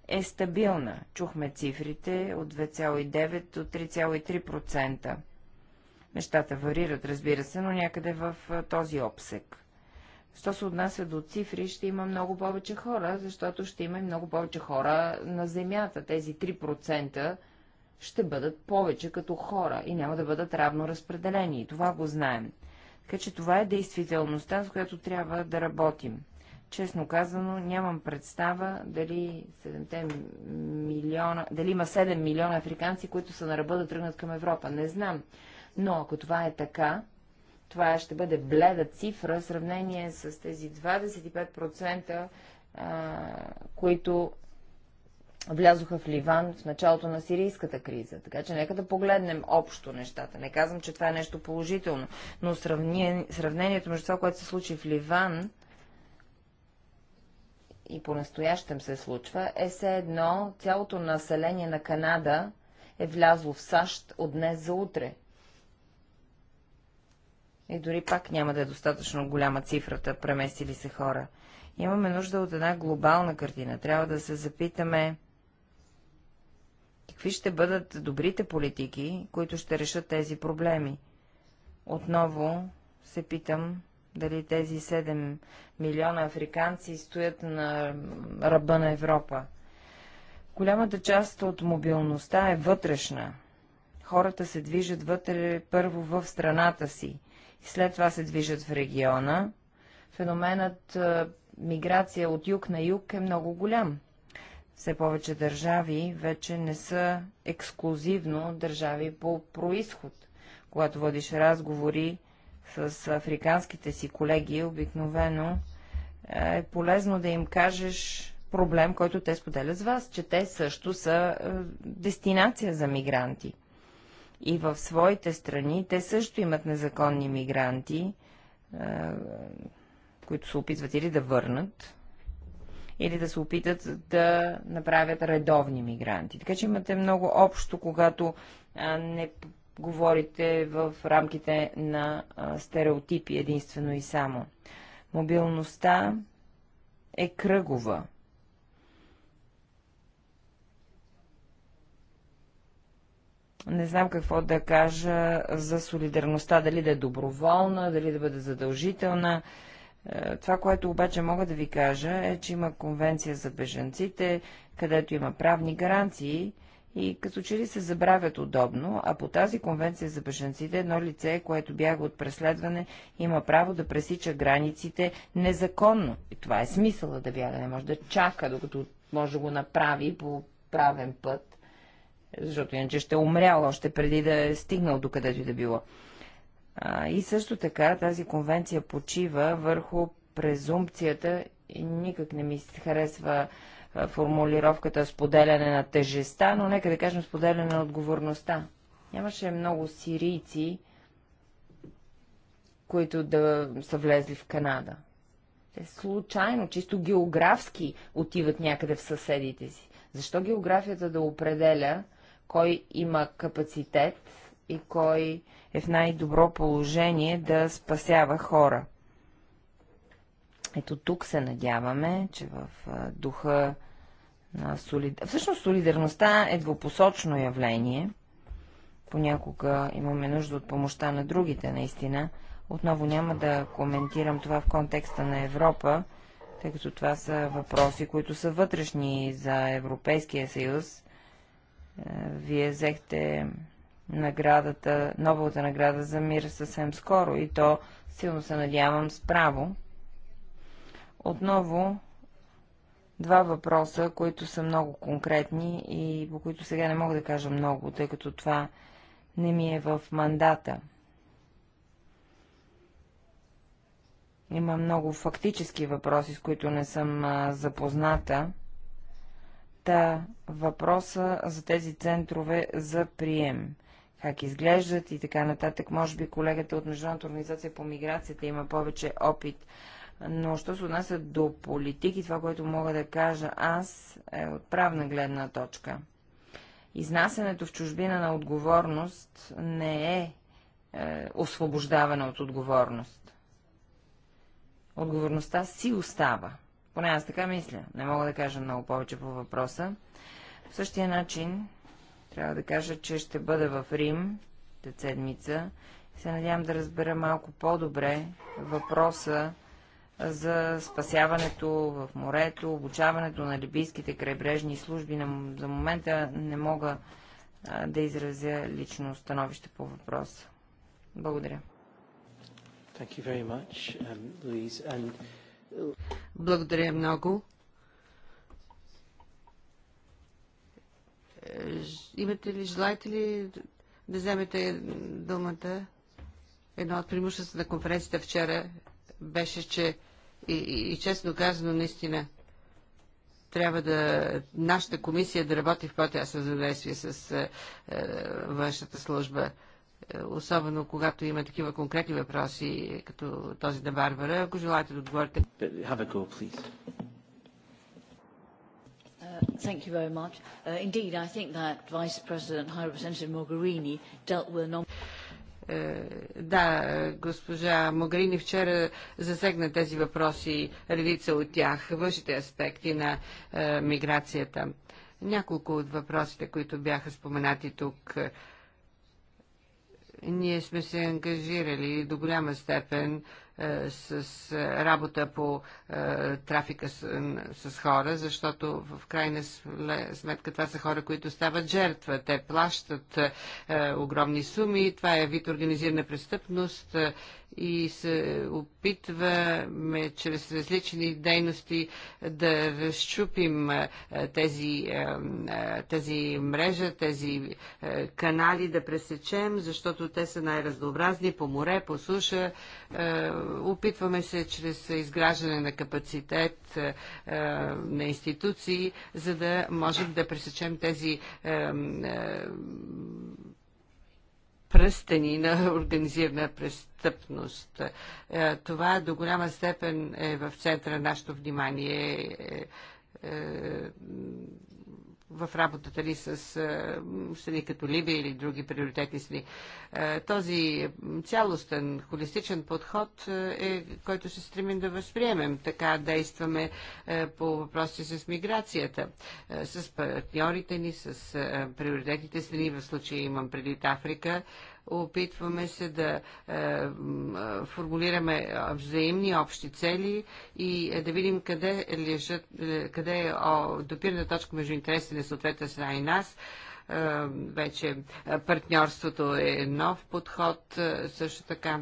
S1: е стабилна. Чухме цифрите от 2,9 до 3,3%. Нещата варират, разбира се, но някъде в този обсек. Що се отнася до цифри, ще има много повече хора, защото ще има и много повече хора на Земята. Тези 3% ще бъдат повече като хора и няма да бъдат равно разпределени. това го знаем. Така че това е действителността, с която трябва да работим. Честно казано, нямам представа дали, 7 милиона, дали има 7 милиона африканци, които са на ръба да тръгнат към Европа. Не знам. Но ако това е така, това ще бъде бледа цифра в сравнение с тези 25%, а, които влязоха в Ливан в началото на сирийската криза. Така че нека да погледнем общо нещата. Не казвам, че това е нещо положително, но сравнение, сравнението между това, което се случи в Ливан и по-настоящем се случва, е все едно цялото население на Канада е влязло в САЩ от днес за утре. И дори пак няма да е достатъчно голяма цифрата, преместили се хора. Имаме нужда от една глобална картина. Трябва да се запитаме какви ще бъдат добрите политики, които ще решат тези проблеми. Отново се питам, дали тези 7 милиона африканци стоят на ръба на Европа. Голямата част от мобилността е вътрешна. Хората се движат вътре първо в страната си и след това се движат в региона. Феноменът миграция от юг на юг е много голям. Все повече държави вече не са ексклюзивно държави по происход. Когато водиш разговори с африканските си колеги обикновено е полезно да им кажеш проблем, който те споделят с вас, че те също са е, дестинация за мигранти. И в своите страни те също имат незаконни мигранти, е, които се опитват или да върнат, или да се опитат да направят редовни мигранти. Така че имате много общо, когато не говорите в рамките на стереотипи единствено и само. Мобилността е кръгова. Не знам какво да кажа за солидарността, дали да е доброволна, дали да бъде задължителна. Е, това, което обаче мога да ви кажа е, че има конвенция за бежанците, където има правни гаранции, и като че ли се забравят удобно, а по тази конвенция за бежанците едно лице, което бяга от преследване, има право да пресича границите незаконно. И това е смисъла да бяга, не може да чака, докато може да го направи по правен път, защото иначе ще е умрял още преди да е стигнал до където и да било. А, и също така тази конвенция почива върху презумпцията, и никак не ми се харесва формулировката споделяне на тежеста, но нека да кажем споделяне на отговорността. Нямаше много сирийци, които да са влезли в Канада. Те случайно, чисто географски отиват някъде в съседите си. Защо географията да определя кой има капацитет и кой е в най-добро положение да спасява хора? Ето тук се надяваме, че в духа на Всъщност солидарността е двупосочно явление. Понякога имаме нужда от помощта на другите, наистина. Отново няма да коментирам това в контекста на Европа, тъй като това са въпроси, които са вътрешни за Европейския съюз. Е, вие взехте наградата, новата награда за мир съвсем скоро и то силно се надявам справо. Отново два въпроса, които са много конкретни и по които сега не мога да кажа много, тъй като това не ми е в мандата. Има много фактически въпроси, с които не съм а, запозната. Та въпроса за тези центрове за прием. Как изглеждат и така нататък. Може би колегата от Международната организация по миграцията има повече опит но, що се отнася до политики, това, което мога да кажа аз, е от правна гледна точка. Изнасянето в чужбина на отговорност не е, е освобождаване от отговорност. Отговорността си остава. Поне аз така мисля. Не мога да кажа много повече по въпроса. В същия начин трябва да кажа, че ще бъда в Рим тази седмица. Се надявам да разбера малко по-добре въпроса за спасяването в морето, обучаването на либийските крайбрежни служби. За момента не мога да изразя лично становище по въпроса. Благодаря.
S3: Much, um, and...
S2: Благодаря много. Имате ли, желаете ли да вземете думата? Едно от преимуществата на конференцията вчера беше, че и, и, и честно казано, наистина, трябва да нашата комисия да работи в задействие с е, е, външната служба, е, особено когато има такива конкретни въпроси, като този на Барбара. Ако желаете да отговорите.
S3: Have a go, please.
S2: Uh, thank you very much. Uh, indeed, I think that Vice President High Representative Mogherini dealt with е, да, госпожа Могрини вчера засегна тези въпроси, редица от тях, външните аспекти на е, миграцията. Няколко от въпросите, които бяха споменати тук, ние сме се ангажирали до голяма степен е, с е, работа по е, трафика с, с хора, защото в крайна сметка това са хора, които стават жертва. Те плащат огромни суми, това е вид организирана престъпност и се опитваме чрез различни дейности да разчупим тези, тези мрежа, тези канали да пресечем, защото те са най-разнообразни по море, по суша. Опитваме се чрез изграждане на капацитет на институции, за да можем да пресечем тези пръстени на организирана престъпност. Е, това до голяма степен е в центъра на нашето внимание е, е, в работата ли с страни като Либия или други приоритетни страни. Този цялостен, холистичен подход е, който се стремим да възприемем. Така действаме по въпроси с миграцията, с партньорите ни, с приоритетните страни, в случая имам предвид Африка, опитваме се да е, е, формулираме взаимни общи цели и е, да видим къде, лежат, къде е допирна точка между интересите на съответната страна и нас вече партньорството е нов подход също така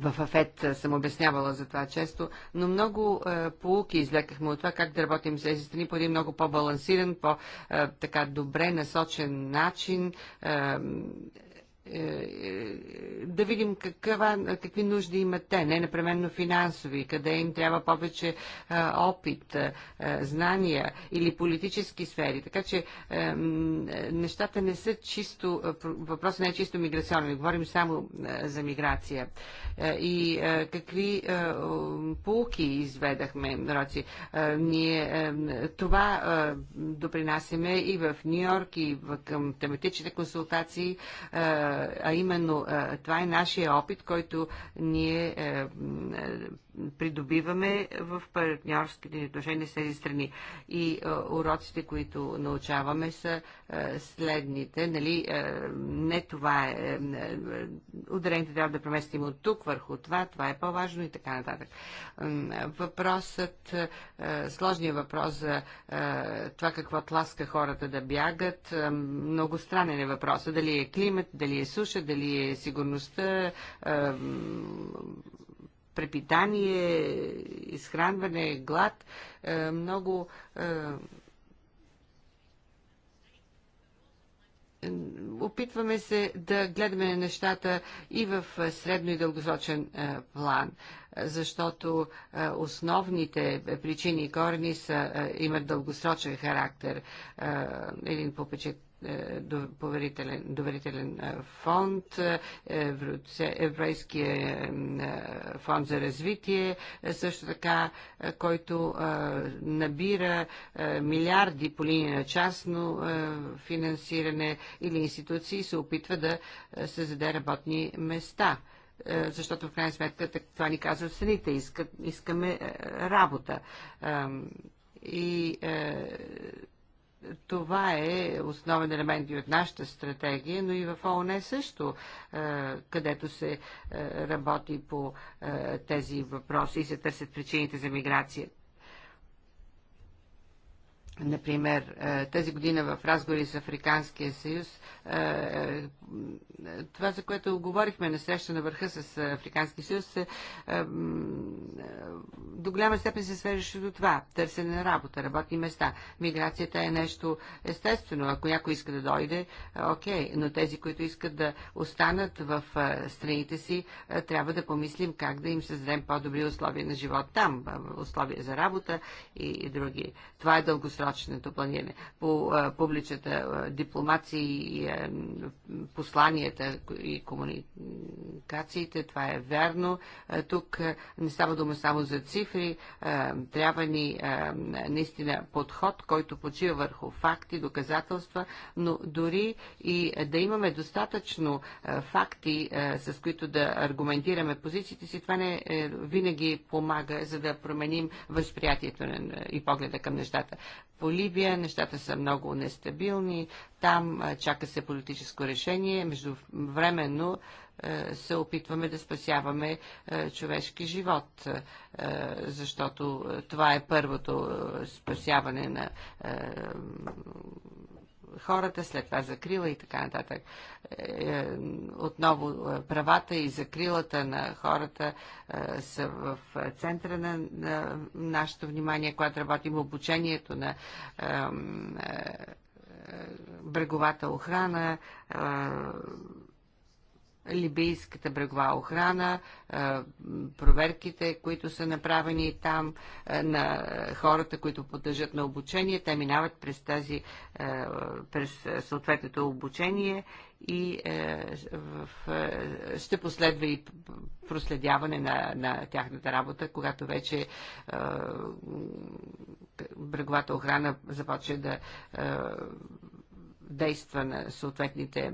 S2: в Афет съм обяснявала за това често, но много е, полуки излекахме от това как да работим с тези страни по един много по-балансиран, по-така е, добре насочен начин. Е, е, да видим каква, какви нужди имат те, не непременно финансови, къде им трябва повече е, опит, е, знания или политически сфери. Така че нещата не са чисто, въпросът не е чисто миграционен, говорим само за миграция. И какви полки изведахме, Роци. Ние това допринасяме и в Нью-Йорк, и към тематичните консултации а именно това е нашия опит, който ние е, е, придобиваме в партньорските ни отношения с тези страни. И уроците, които научаваме са следните. Нали, не това е, е, е. Ударените трябва да преместим от тук върху това, това е по-важно и така нататък. Въпросът, сложният въпрос за това какво тласка хората да бягат, много странен е въпросът. Дали е климат, дали е суша, дали е сигурността, препитание, изхранване, глад, е, много е, опитваме се да гледаме нещата и в средно и дългосрочен е, план, защото основните причини и корени са, имат дългосрочен характер. Един попечет е, доверителен, доверителен фонд, е, Европейския е, фонд за развитие, също така, който набира милиарди по линия на частно финансиране или институции и се опитва да създаде работни места защото в крайна сметка това ни казва страните. искаме работа. И това е основен елемент и от нашата стратегия, но и в ООН също, е, където се е, работи по е, тези въпроси и се търсят причините за миграция. Например, е, тази година в разговори с Африканския съюз, е, е, това, за което говорихме на среща на върха с Африканския съюз, до голяма степен се свежеше до това. Търсене на работа, работни места. Миграцията е нещо естествено. Ако някой иска да дойде, окей, okay. но тези, които искат да останат в страните си, трябва да помислим как да им създадем по-добри условия на живот там, условия за работа и други. Това е дългосрочно дългосрочното планиране, по публичната дипломация и посланията и комуникациите. Това е вярно. Тук не става дума само за цифри. Трябва ни наистина подход, който почива върху факти, доказателства, но дори и да имаме достатъчно факти, с които да аргументираме позициите си, това не е, винаги помага, за да променим възприятието и погледа към нещата по Либия нещата са много нестабилни, там чака се политическо решение, междувременно се опитваме да спасяваме човешки живот, защото това е първото спасяване на хората, след това закрила и така нататък. Е, отново е, правата и закрилата на хората е, са в центъра на, на нашето внимание, когато работим обучението на бреговата охрана, либийската брегова охрана, е, проверките, които са направени там е, на хората, които поддържат на обучение. Те минават през, тази, е, през съответното обучение и ще последва и проследяване на, на тяхната работа, когато вече бреговата охрана започва да действа на съответните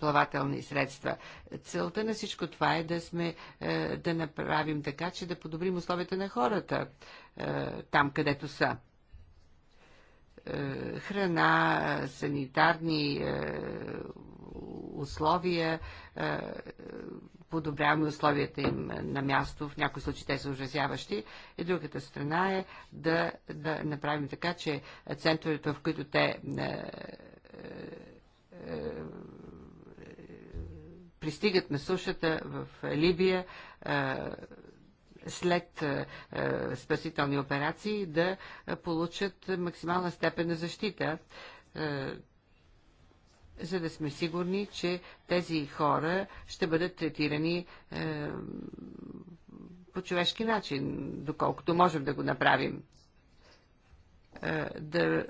S2: плавателни средства. Целта на всичко това е да, сме, е, да направим така, че да подобрим условията на хората е, там, където са е, храна, санитарни условия, подобряваме условията им на място, в някои случаи те са ужасяващи. И другата страна е да, да направим така, че центровете, в които те пристигат на сушата в Либия след спасителни операции да получат максимална степен на защита за да сме сигурни, че тези хора ще бъдат третирани по човешки начин, доколкото можем да го направим. да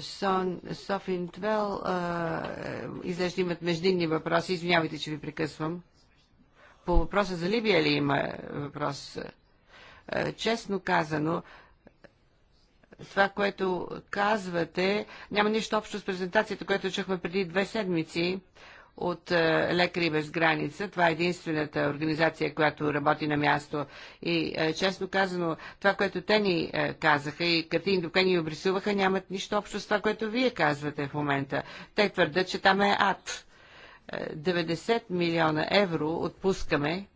S2: Сон, Софин Твел, изглежда имат междинни въпроси. Извинявайте, че ви прекъсвам. По въпроса за Либия ли има въпрос? Честно казано, това, което казвате, няма нищо общо с презентацията, която чухме преди две седмици от е, Лекари без граница. Това е единствената организация, която работи на място. И е, честно казано, това, което те ни е, казаха и картините, които ни обрисуваха, нямат нищо общо с това, което вие казвате в момента. Те твърдят, че там е ад. 90 милиона евро отпускаме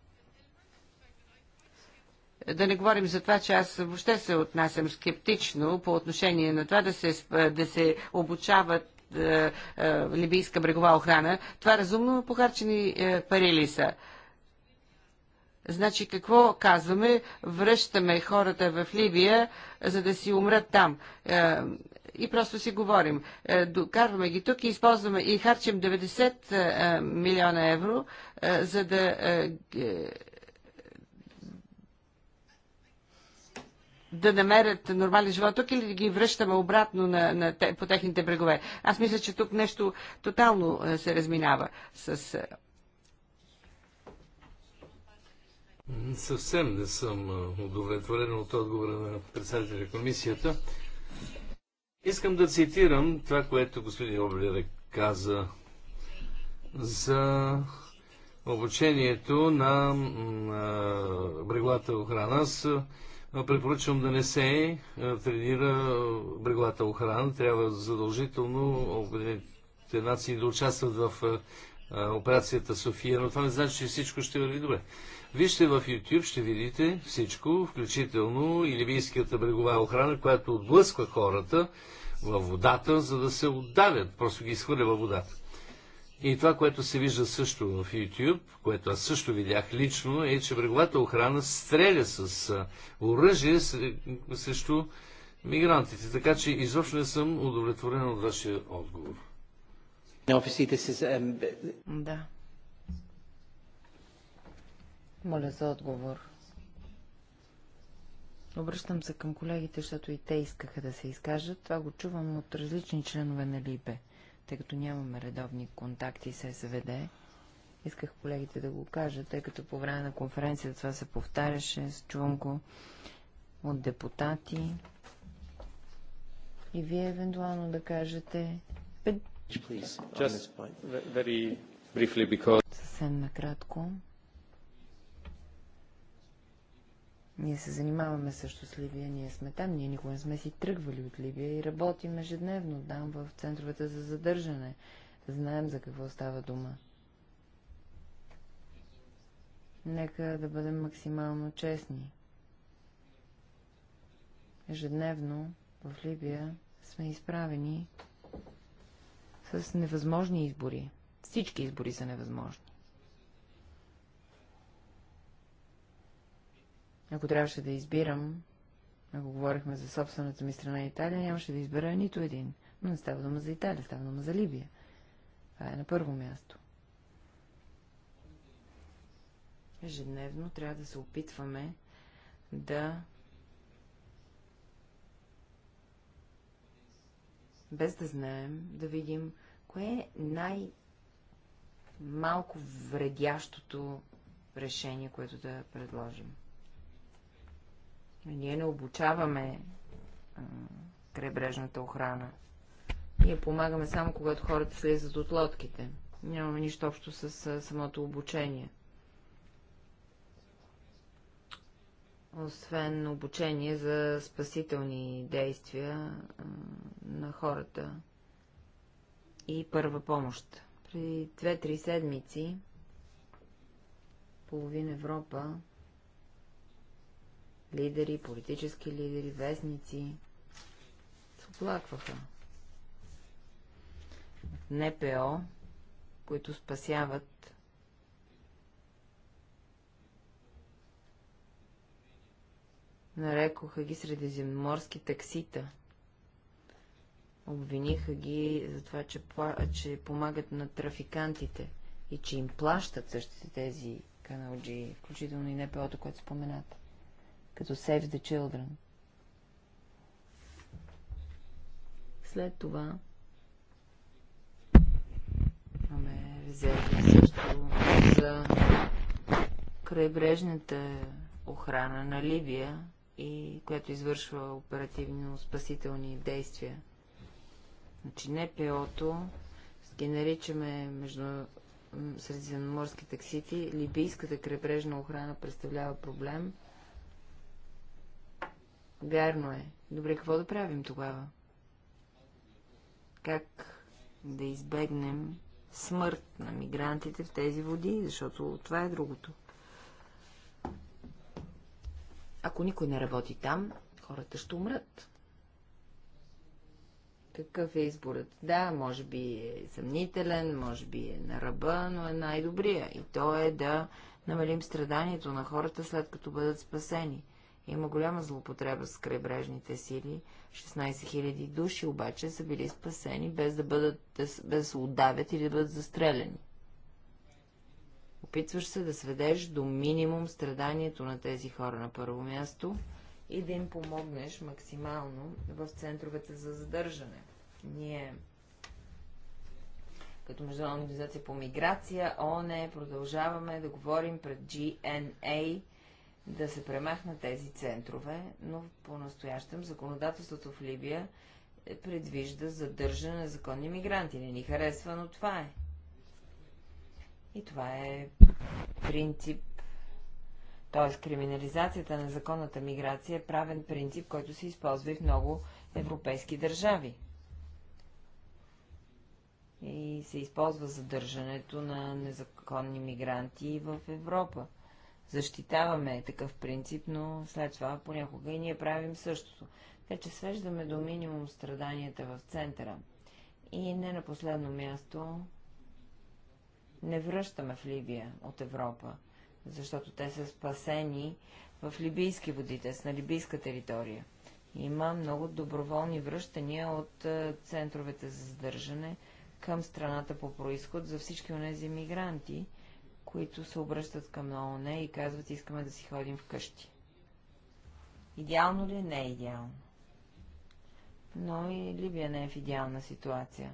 S2: да не говорим за това, че аз въобще се отнасям скептично по отношение на това да се, да се обучават е, е, либийска брегова охрана. Това разумно похарчени е, пари ли са? Значи какво казваме? Връщаме хората в Либия, за да си умрат там. Е, и просто си говорим. Е, докарваме ги тук и използваме и харчим 90 е, милиона евро, за да да намерят нормален живот тук или да ги връщаме обратно на, на, на, по техните брегове. Аз мисля, че тук нещо тотално е, се разминава с. Е,
S3: Съвсем не съм е, удовлетворен от отговора на председателя комисията. Искам да цитирам това, което господин Облер каза за обучението на, на бреговата охрана. с препоръчвам да не се тренира бреговата охрана. Трябва задължително Обединените нации да участват в операцията София, но това не значи, че всичко ще върви добре. Вижте в YouTube, ще видите всичко, включително и ливийската брегова охрана, която отблъсква хората във водата, за да се отдавят. Просто ги изхвърля във водата. И това, което се вижда също в YouTube, което аз също видях лично, е, че бреговата охрана стреля с оръжие срещу мигрантите. Така че изобщо не съм удовлетворен от вашия отговор. Um,
S2: да.
S1: Моля за отговор. Обръщам се към колегите, защото и те искаха да се изкажат. Това го чувам от различни членове на Либе тъй като нямаме редовни контакти с СВД. Исках колегите да го кажат, тъй като по време на конференцията това се повтаряше с чунко от депутати. И вие евентуално да кажете...
S3: Please, Just very briefly, because...
S1: Съвсем накратко. Ние се занимаваме също с Либия, ние сме там, ние никога не сме си тръгвали от Либия и работим ежедневно там в центровете за задържане. Знаем за какво става дума. Нека да бъдем максимално честни. Ежедневно в Либия сме изправени с невъзможни избори. Всички избори са невъзможни. Ако трябваше да избирам, ако говорихме за собствената ми страна Италия, нямаше да избера нито един. Но не става дума за Италия, става дума за Либия. Това е на първо място. Ежедневно трябва да се опитваме да без да знаем, да видим кое е най-малко вредящото решение, което да предложим. Ние не обучаваме а, крайбрежната охрана. Ние помагаме само когато хората слизат от лодките. Нямаме нищо общо с а, самото обучение. Освен обучение за спасителни действия а, на хората и първа помощ. При 2-3 седмици половин Европа лидери, политически лидери, вестници се оплакваха. НПО, които спасяват нарекоха ги средиземноморски таксита. Обвиниха ги за това, че, пла... че помагат на трафикантите и че им плащат същите тези каналджи, включително и НПО-то, което споменате като Save the Children. След това имаме резерви също за крайбрежната охрана на Либия, и която извършва оперативно-спасителни действия. Значи не ПО-то, ги наричаме между средиземноморски таксити, либийската крайбрежна охрана представлява проблем Вярно е. Добре, какво да правим тогава? Как да избегнем смърт на мигрантите в тези води, защото това е другото. Ако никой не работи там, хората ще умрат. Какъв е изборът? Да, може би е съмнителен, може би е на ръба, но е най-добрия. И то е да намалим страданието на хората, след като бъдат спасени. Има голяма злоупотреба с крайбрежните сили. 16 000 души обаче са били спасени, без да, бъдат, без да се отдавят или да бъдат застреляни. Опитваш се да сведеш до минимум страданието на тези хора на първо място и да им помогнеш максимално в центровете за задържане. Ние като Международна организация по миграция, ОНЕ, продължаваме да говорим пред GNA да се премахнат тези центрове, но по-настоящем законодателството в Либия е предвижда задържане на законни мигранти. Не ни харесва, но това е. И това е принцип, т.е. криминализацията на законната миграция е правен принцип, който се използва и в много европейски държави. И се използва задържането на незаконни мигранти в Европа защитаваме такъв принцип, но след това понякога и ние правим същото. Така че свеждаме до минимум страданията в центъра. И не на последно място не връщаме в Либия от Европа, защото те са спасени в либийски водите, на либийска територия. Има много доброволни връщания от е, центровете за задържане към страната по происход за всички онези мигранти, които се обръщат към ООН и казват, искаме да си ходим вкъщи. Идеално ли? Е? Не е идеално. Но и Либия не е в идеална ситуация.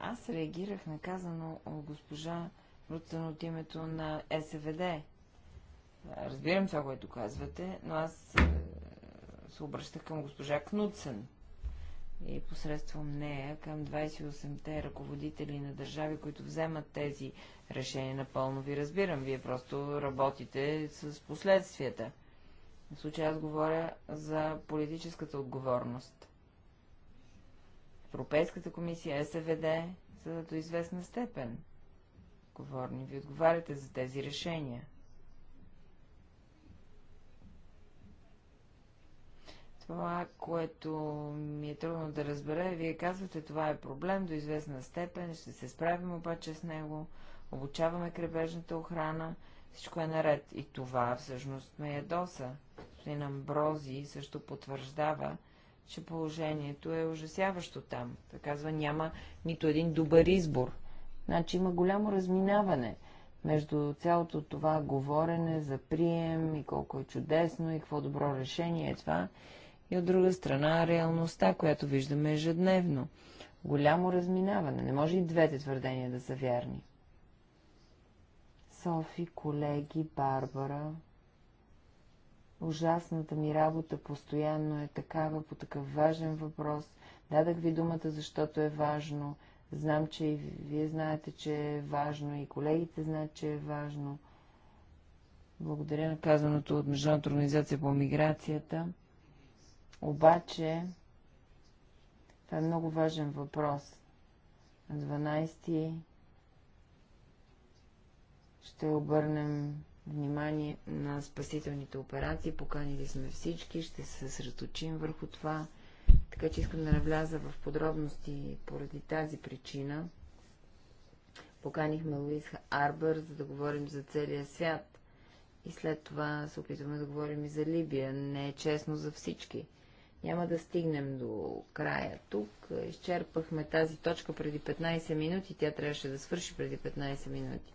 S1: Аз реагирах наказано от госпожа Руцен от името на СВД. Разбирам това, което казвате, но аз е, се обръщах към госпожа Кнуцен и посредством нея към 28-те ръководители на държави, които вземат тези решения напълно. Ви разбирам, вие просто работите с последствията. В случая аз говоря за политическата отговорност. Европейската комисия, СВД са до известна степен отговорни. Ви отговаряте за тези решения. Това, което ми е трудно да разбера, вие казвате, това е проблем до известна степен, ще се справим обаче с него, обучаваме крепежната охрана, всичко е наред. И това всъщност ме е доса Господин Амбрози също потвърждава, че положението е ужасяващо там. Той казва, няма нито един добър избор. Значи има голямо разминаване между цялото това говорене за прием и колко е чудесно и какво добро решение е това и от друга страна реалността, която виждаме ежедневно. Голямо разминаване. Не може и двете твърдения да са вярни. Софи, колеги, Барбара. Ужасната ми работа постоянно е такава по такъв важен въпрос. Дадах ви думата, защото е важно. Знам, че и вие знаете, че е важно, и колегите знаят, че е важно. Благодаря на казаното от Международната организация по миграцията. Обаче, това е много важен въпрос. На 12 ще обърнем внимание на спасителните операции. Поканили сме всички, ще се съсредоточим върху това. Така че искам да навляза в подробности поради тази причина. Поканихме Луис Арбър, за да говорим за целия свят. И след това се опитваме да говорим и за Либия. Не е честно за всички. Няма да стигнем до края тук. Изчерпахме тази точка преди 15 минути. Тя трябваше да свърши преди 15 минути.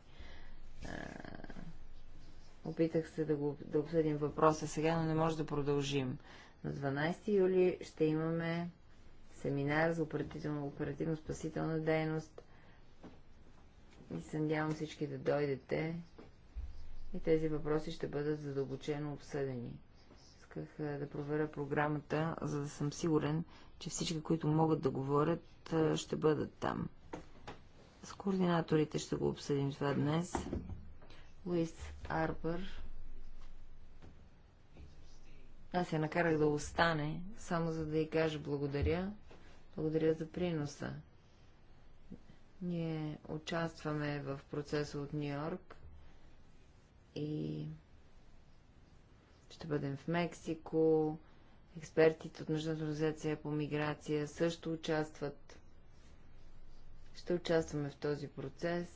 S1: Опитах се да, го, да обсъдим въпроса сега, но не може да продължим. На 12 юли ще имаме семинар за оперативно-спасителна дейност. И се надявам всички да дойдете. И тези въпроси ще бъдат задълбочено обсъдени. Исках е, да проверя програмата, за да съм сигурен, че всички, които могат да говорят, е, ще бъдат там. С координаторите ще го обсъдим това днес. Луис Арбър. Аз я накарах да остане, само за да й кажа благодаря. Благодаря за приноса. Ние участваме в процеса от Нью-Йорк и ще бъдем в Мексико. Експертите от Международната организация по миграция също участват. Ще участваме в този процес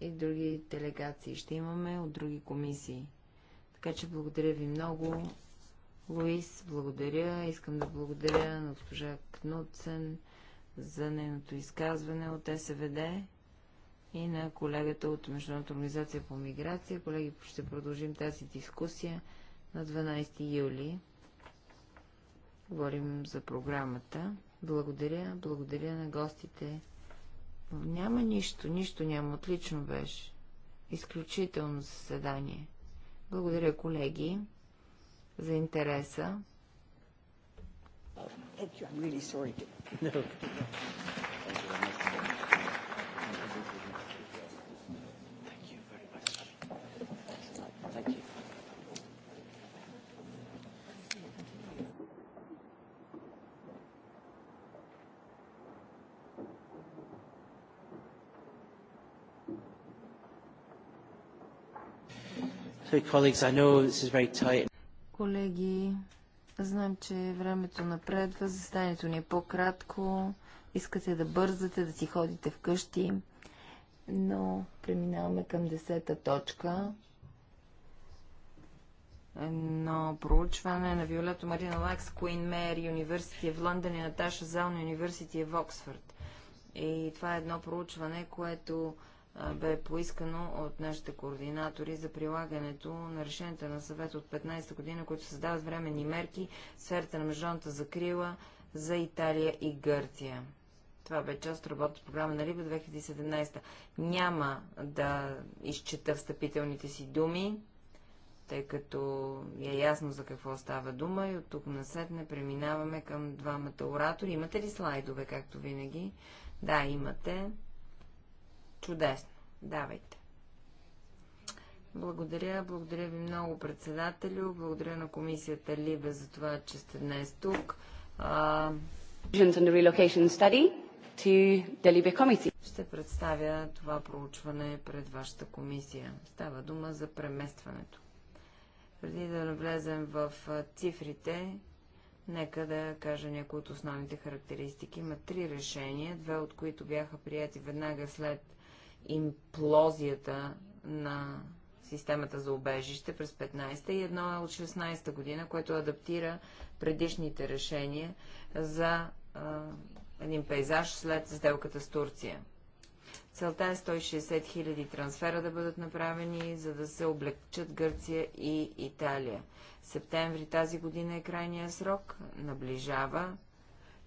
S1: и други делегации ще имаме от други комисии. Така че благодаря ви много. Луис, благодаря. Искам да благодаря на госпожа Кнутсен за нейното изказване от СВД и на колегата от Международната организация по миграция. Колеги, ще продължим тази дискусия на 12 юли. Говорим за програмата. Благодаря, благодаря на гостите. Няма нищо, нищо няма. Отлично беше. Изключително заседание. Благодаря, колеги, за интереса.
S2: Thank you. I'm really sorry. No. Thank
S3: you
S1: Колеги, знам, че времето напредва, застанието ни е по-кратко, искате да бързате, да си ходите вкъщи, но преминаваме към десета точка. Едно проучване на Виолето Марина Лакс, Куин Мейер, Юниверсити в Лондон и Наташа Зелна, Юниверсити в Оксфорд. И това е едно проучване, което бе поискано от нашите координатори за прилагането на решенията на съвет от 15 та година, които създават временни мерки в сферата на международната закрила за Италия и Гърция. Това бе част от работната програма на Либа 2017. Няма да изчета встъпителните си думи, тъй като е ясно за какво става дума и от тук на не преминаваме към двамата оратори. Имате ли слайдове, както винаги? Да, имате. Чудесно. Давайте. Благодаря, благодаря ви много, председателю. Благодаря на комисията Либе за това, че сте днес тук. Ще представя това проучване пред вашата комисия. Става дума за преместването. Преди да навлезем в цифрите, нека да кажа някои от основните характеристики. Има три решения, две от които бяха прияти веднага след имплозията на системата за убежище през 15-та и едно е от 16-та година, което адаптира предишните решения за а, един пейзаж след сделката с Турция. Целта е 160 хиляди трансфера да бъдат направени, за да се облегчат Гърция и Италия. Септември тази година е крайния срок, наближава.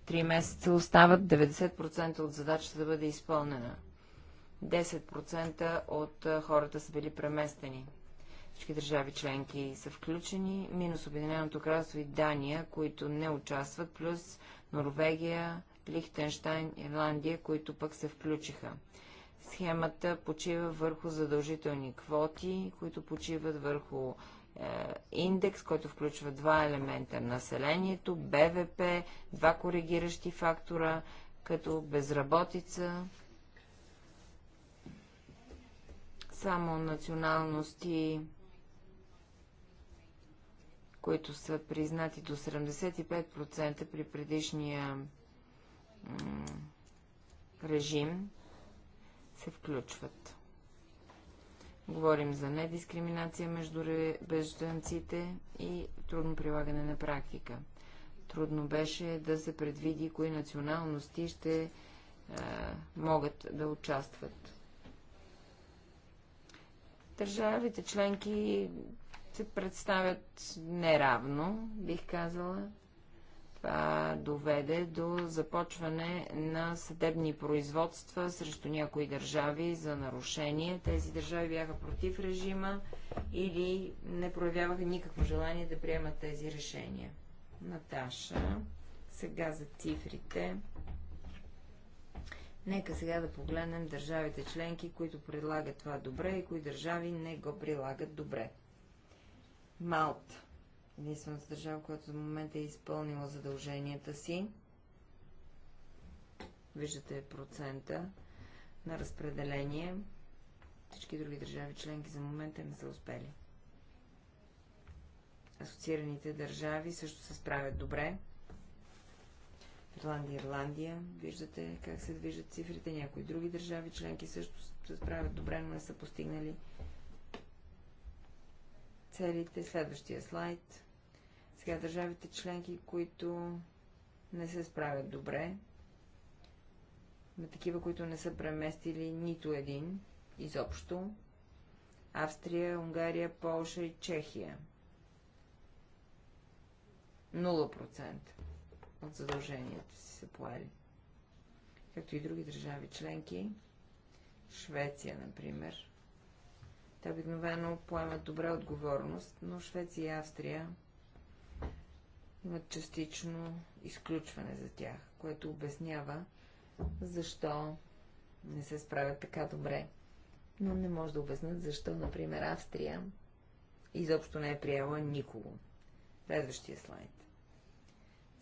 S1: Три месеца остават 90% от задачата да бъде изпълнена. 10% от хората са били преместени. Всички държави членки са включени, минус Обединеното кралство и Дания, които не участват, плюс Норвегия, Лихтенштайн, Ирландия, които пък се включиха. Схемата почива върху задължителни квоти, които почиват върху е, индекс, който включва два елемента – населението, БВП, два коригиращи фактора, като безработица – само националности, които са признати до 75% при предишния режим, се включват. Говорим за недискриминация между бежданците и трудно прилагане на практика. Трудно беше да се предвиди кои националности ще е, могат да участват. Държавите членки се представят неравно, бих казала. Това доведе до започване на съдебни производства срещу някои държави за нарушение. Тези държави бяха против режима или не проявяваха никакво желание да приемат тези решения. Наташа, сега за цифрите. Нека сега да погледнем държавите членки, които предлагат това добре и кои държави не го прилагат добре. Малта. Единствената държава, която за момента е изпълнила задълженията си. Виждате процента на разпределение. Всички други държави членки за момента не са успели. Асоциираните държави също се справят добре. Шотландия, Ирландия. Виждате как се движат цифрите. Някои други държави членки също се справят добре, но не са постигнали целите. Следващия слайд. Сега държавите членки, които не се справят добре. на такива, които не са преместили нито един изобщо. Австрия, Унгария, Полша и Чехия. 0% от задълженията си са поели. Както и други държави членки, Швеция, например, те обикновено поемат добра отговорност, но Швеция и Австрия имат частично изключване за тях, което обяснява защо не се справят така добре. Но не може да обяснат защо, например, Австрия изобщо не е приела никого. Следващия слайд.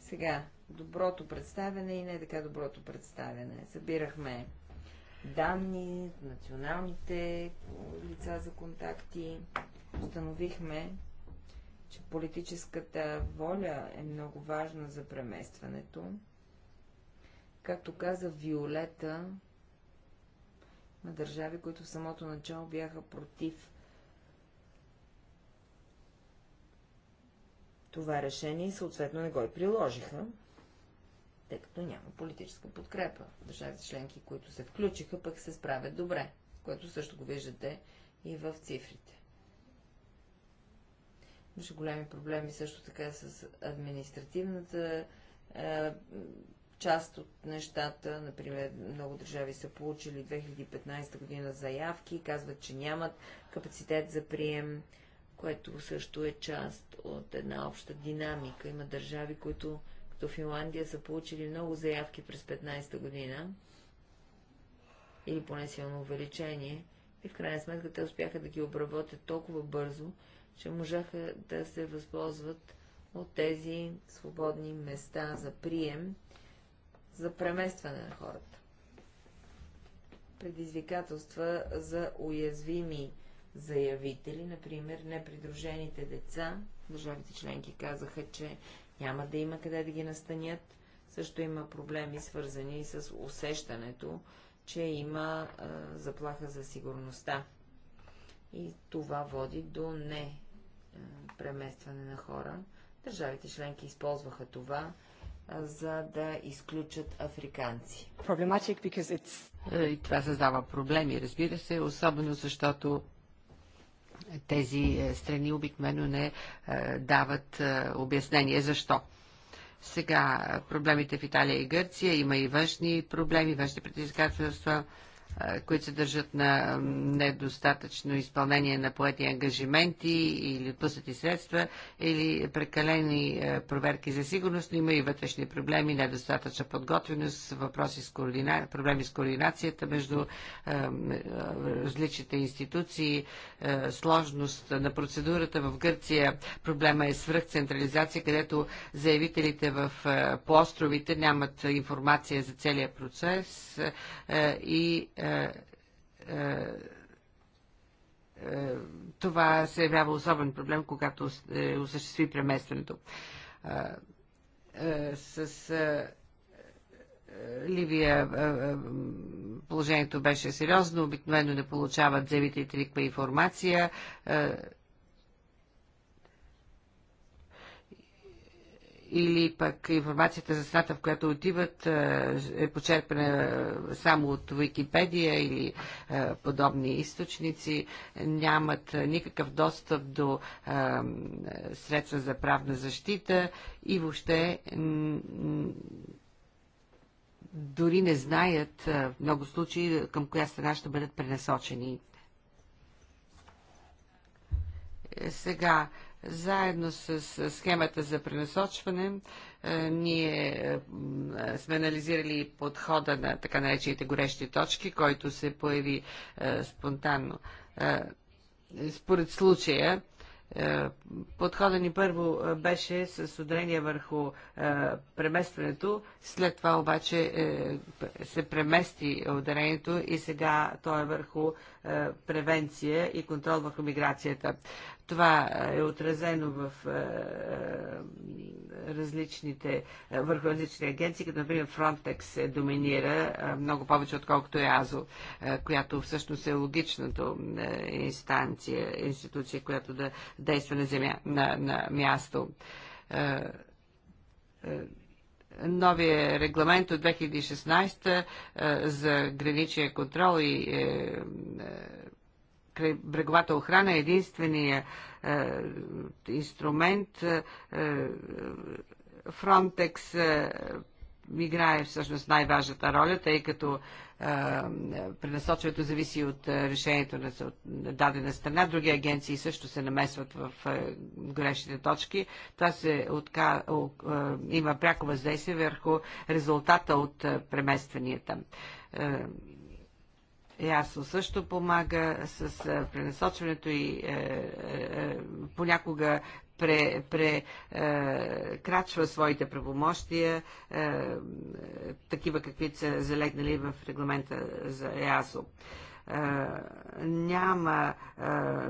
S1: Сега, доброто представяне и не така доброто представяне. Събирахме данни, националните лица за контакти. Установихме, че политическата воля е много важна за преместването. Както каза Виолета, на държави, които в самото начало бяха против това решение и съответно не го и приложиха, тъй като няма политическа подкрепа. Държавите членки, които се включиха, пък се справят добре, което също го виждате и в цифрите. Имаше големи проблеми също така с административната е, част от нещата. Например, много държави са получили 2015 година заявки, казват, че нямат капацитет за прием което също е част от една обща динамика. Има държави, които като Финландия са получили много заявки през 15-та година, или поне силно увеличение, и в крайна сметка те успяха да ги обработят толкова бързо, че можаха да се възползват от тези свободни места за прием, за преместване на хората. Предизвикателства за уязвими заявители, например непридружените деца. Държавите членки казаха, че няма да има къде да ги настанят. Също има проблеми, свързани с усещането, че има а, заплаха за сигурността. И това води до не а, преместване на хора. Държавите членки използваха това за да изключат африканци.
S2: Е, и това създава проблеми, разбира се, особено защото тези е, страни обикновено не е, дават е, обяснение защо. Сега проблемите в Италия и Гърция, има и външни проблеми, външни предизвикателства които се държат на недостатъчно изпълнение на поети ангажименти или отпуснати средства, или прекалени проверки за сигурност, но има и вътрешни проблеми, недостатъчна подготвеност, въпроси с координа... проблеми с координацията между различните институции, сложност на процедурата в Гърция. Проблема е свръхцентрализация, където заявителите в по островите нямат информация за целия процес и е, е, е, това се явява особен проблем, когато осъществи преместването. С Ливия положението беше сериозно, обикновено не получават заявителите никаква информация, или пък информацията за страната, в която отиват, е, е почерпена само от Википедия или е, подобни източници, нямат никакъв достъп до е, средства за правна защита и въобще дори не знаят в много случаи към коя страна ще бъдат пренасочени. Сега, заедно с схемата за пренасочване е, ние е, сме анализирали подхода на така наречените горещи точки, който се появи е, спонтанно. Според случая, подхода ни първо беше с ударение върху преместването, след това обаче се премести ударението и сега то е върху превенция и контрол върху миграцията. Това е отразено в е, е, различните, е, върху различни агенции, като например Frontex доминира много повече, отколкото е АЗО, която всъщност е логичната инстанция, институция, която да действа на, земя, на, на място новия регламент от 2016 за граничния контрол и бреговата охрана е единствения е, инструмент. Е, Фронтекс е, играе всъщност най-важната роля, тъй като е, пренасочването зависи от е, решението на, на дадена страна. Други агенции също се намесват в е, горещите точки. Това се отка, о, е, има пряко въздействие върху резултата от е, преместванията. Е, Ясно, също помага с пренасочването и е, е, е, понякога прекрачва пре, своите правомощия, а, такива какви са залегнали в регламента за ЕАСО няма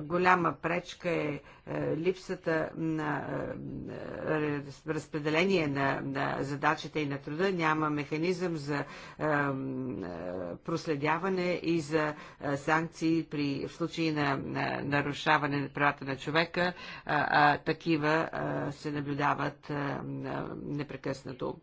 S2: голяма пречка е, е липсата на разпределение на, на задачите и на труда, няма механизъм за проследяване и за санкции при в случаи на, на нарушаване на правата на човека, а, а такива а, се наблюдават а, непрекъснато.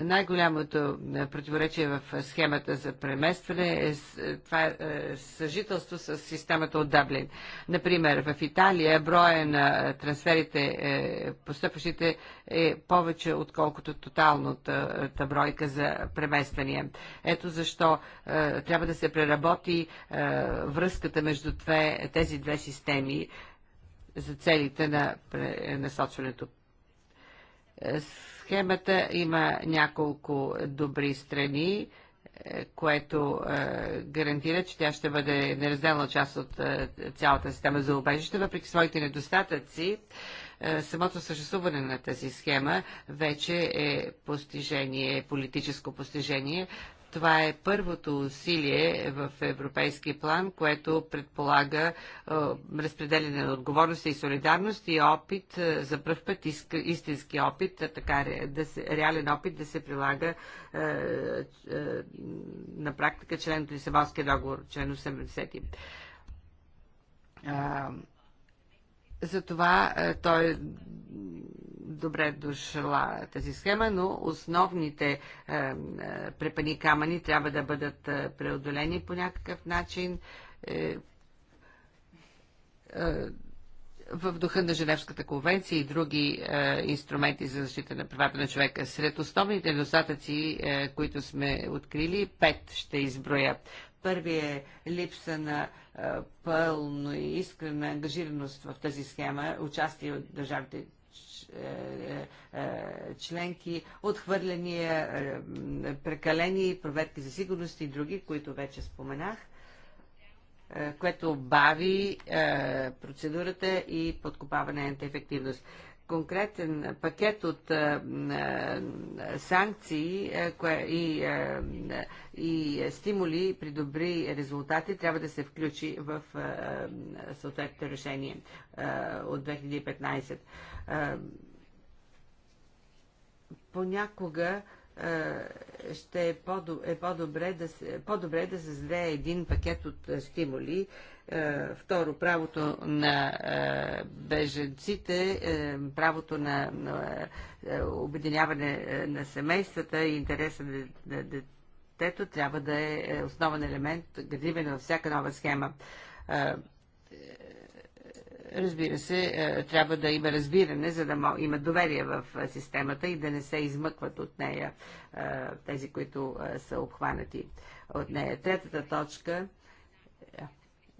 S2: Най-голямото е, противоречие в схемата за преместване е, е това е, е, съжителство с системата от Даблин. Например, в Италия броя на трансферите, постъпващите е повече отколкото тоталната бройка за премествания. Ето защо е, трябва да се преработи връзката между две, тези две системи за целите на насочването. Схемата има няколко добри страни, е, което е, гарантира, че тя ще бъде неразделна част от е, цялата система за убежище, въпреки своите недостатъци самото съществуване на тази схема вече е постижение, политическо постижение, това е първото усилие в европейски план, което предполага е, разпределение на отговорност и солидарност и опит е, за пръв път, иск, истински опит, е, така, да се, реален опит да се прилага на практика член от Лисабонския договор, член 80. Затова той добре дошла тази схема, но основните е, е, препани камъни трябва да бъдат е, преодолени по някакъв начин в духа на Женевската конвенция и други е, инструменти за защита на правата на човека. Сред основните недостатъци, е, които сме открили, пет ще изброя. Първият е липса на е, пълно и искрена ангажираност в тази схема, участие от държавите е, е, членки, отхвърляния, е, прекалени проверки за сигурност и други, които вече споменах, което бави процедурата и подкопаване на ефективност конкретен пакет от а, а, санкции а, кое, и, а, и стимули при добри резултати трябва да се включи в а, съответното решение а, от 2015. А, понякога а, ще е, по-добре, е по-добре да се, по-добре да създаде един пакет от стимули, а, е, второ, правото на е, беженците, е, правото на, обединяване на семействата и интереса на, на детето трябва да е основен елемент, градивен във всяка нова схема разбира се, трябва да има разбиране, за да има доверие в системата и да не се измъкват от нея тези, които са обхванати от нея. Третата точка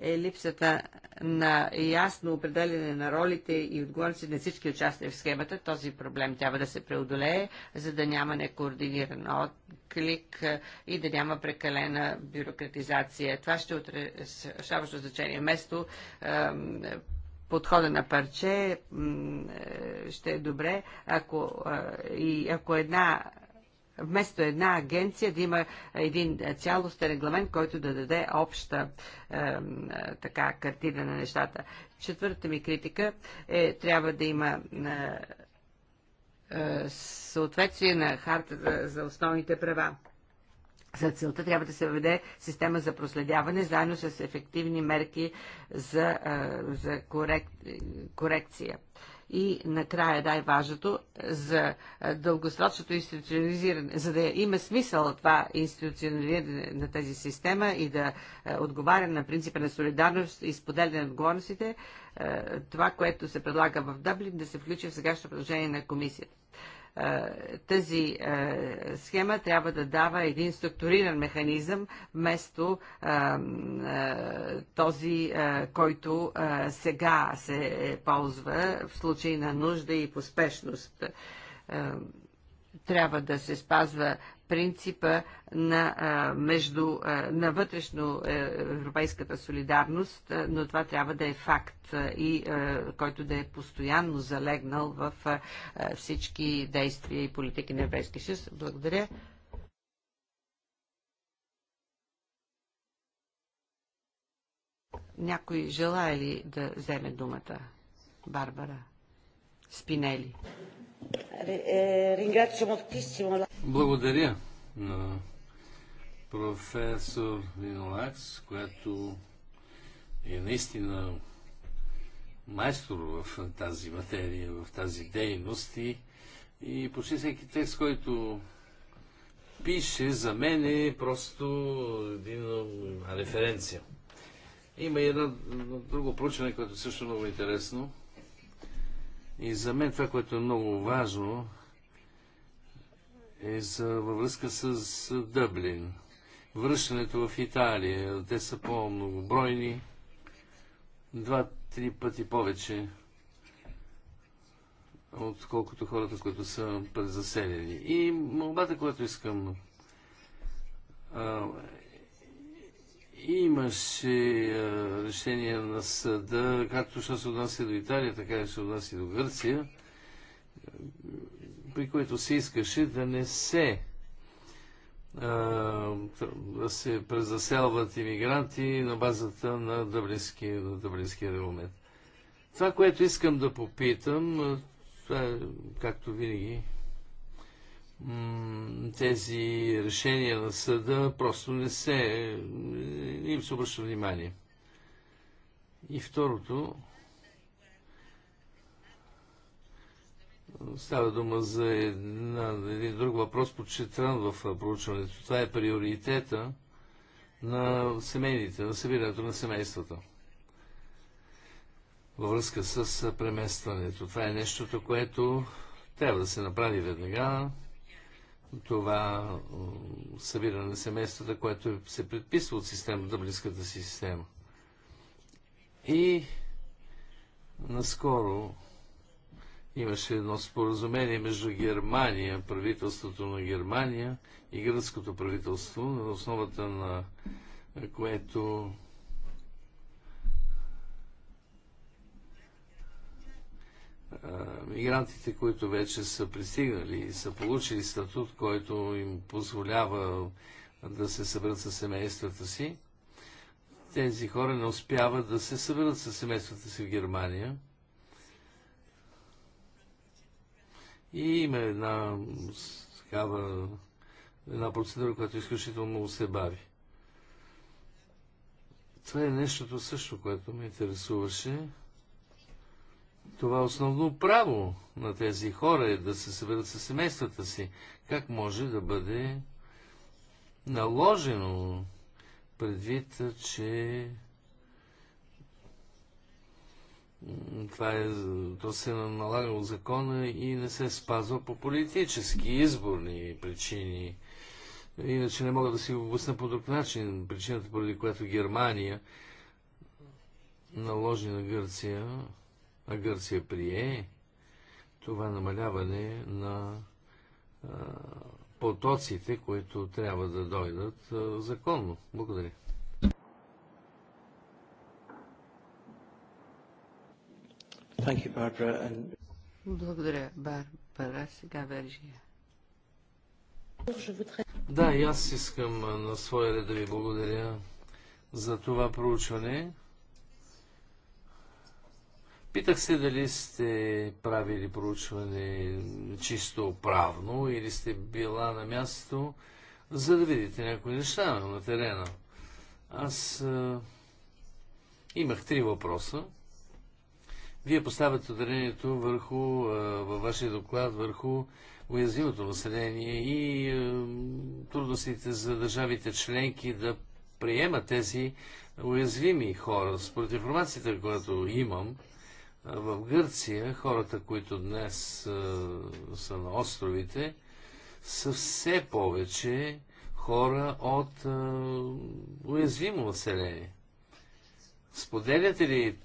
S2: е липсата на ясно определене на ролите и отговорности на всички участия в схемата. Този проблем трябва да се преодолее, за да няма некоординиран отклик и да няма прекалена бюрократизация. Това ще отрешаващо значение. Место подхода на парче е, ще е добре, ако, и ако една вместо една агенция да има един цялостен регламент, който да даде обща е, е така картина на нещата. Четвъртата ми критика е трябва да има е, е, съответствие на хартата за основните права. За целта трябва да се въведе система за проследяване, заедно с ефективни мерки за, е, за корек, корекция. И накрая най-важното за е, дългосрочното институционализиране, за да има смисъл това институционализиране на тази система и да е, отговаря на принципа на солидарност и споделяне на отговорностите, е, това, което се предлага в Дъблин, да се включи в сегашното предложение на комисията. Е, тази е, схема трябва да дава един структуриран механизъм вместо е, този, който сега се ползва в случай на нужда и поспешност трябва да се спазва принципа на, между, на вътрешно е, европейската солидарност, но това трябва да е факт и който да е постоянно залегнал в всички действия и политики на Европейския съюз. Благодаря. Някой желая ли да вземе думата? Барбара Спинели.
S3: Благодаря на професор Винолакс, която е наистина майстор в тази материя, в тази дейност и, и почти всеки текст, който пише, за мен е просто един референция. Има и едно друго проучване, което е също е много интересно – и за мен това, което е много важно, е за, във връзка с Дъблин. Връщането в Италия. Те са по-многобройни. Два-три пъти повече отколкото хората, които са презаселени. И молбата, която искам Имаше решение на съда, както що се отнася до Италия, така и се отнася до Гърция, при което се искаше да не се да се презаселват иммигранти на базата на на Дъблинския регламент. Това, което искам да попитам, това е, както винаги, тези решения на съда просто не се... не им се обръща внимание. И второто, става дума за една, един друг въпрос, подчетран в проучването. Това е приоритета на семейните, на събирането на семействата във връзка с преместването. Това е нещото, което трябва да се направи веднага, това събиране на семействата, което е- се предписва от системата близката си система. И наскоро имаше едно споразумение между Германия, правителството на Германия и гръцкото правителство, на основата на което мигрантите, които вече са пристигнали и са получили статут, който им позволява да се съберат с семействата си, тези хора не успяват да се съберат с семействата си в Германия. И има една такава една процедура, която изключително много се бави. Това е нещото също, което ме интересуваше това основно право на тези хора е да се съберат със семействата си. Как може да бъде наложено предвид, че това е, то се е налагало закона и не се спазва по политически изборни причини. Иначе не мога да си обясна по друг начин. Причината, поради която Германия наложи на Гърция а Гърция прие това намаляване на а, потоците, които трябва да дойдат а, законно. Благодаря. Thank you, Barbara. And...
S2: Благодаря, Барбара. Сега Вержия. Да, и аз
S3: искам на своя ред да ви благодаря за това проучване. Питах се дали сте правили проучване чисто правно или сте била на място, за да видите някои неща на терена. Аз а, имах три въпроса. Вие поставяте ударението върху, а, във вашия доклад върху уязвимото население и а, трудностите за държавите членки да приемат тези уязвими хора. Според информацията, която имам, в Гърция хората, които днес са на островите, са все повече хора от уязвимо население. Споделяте ли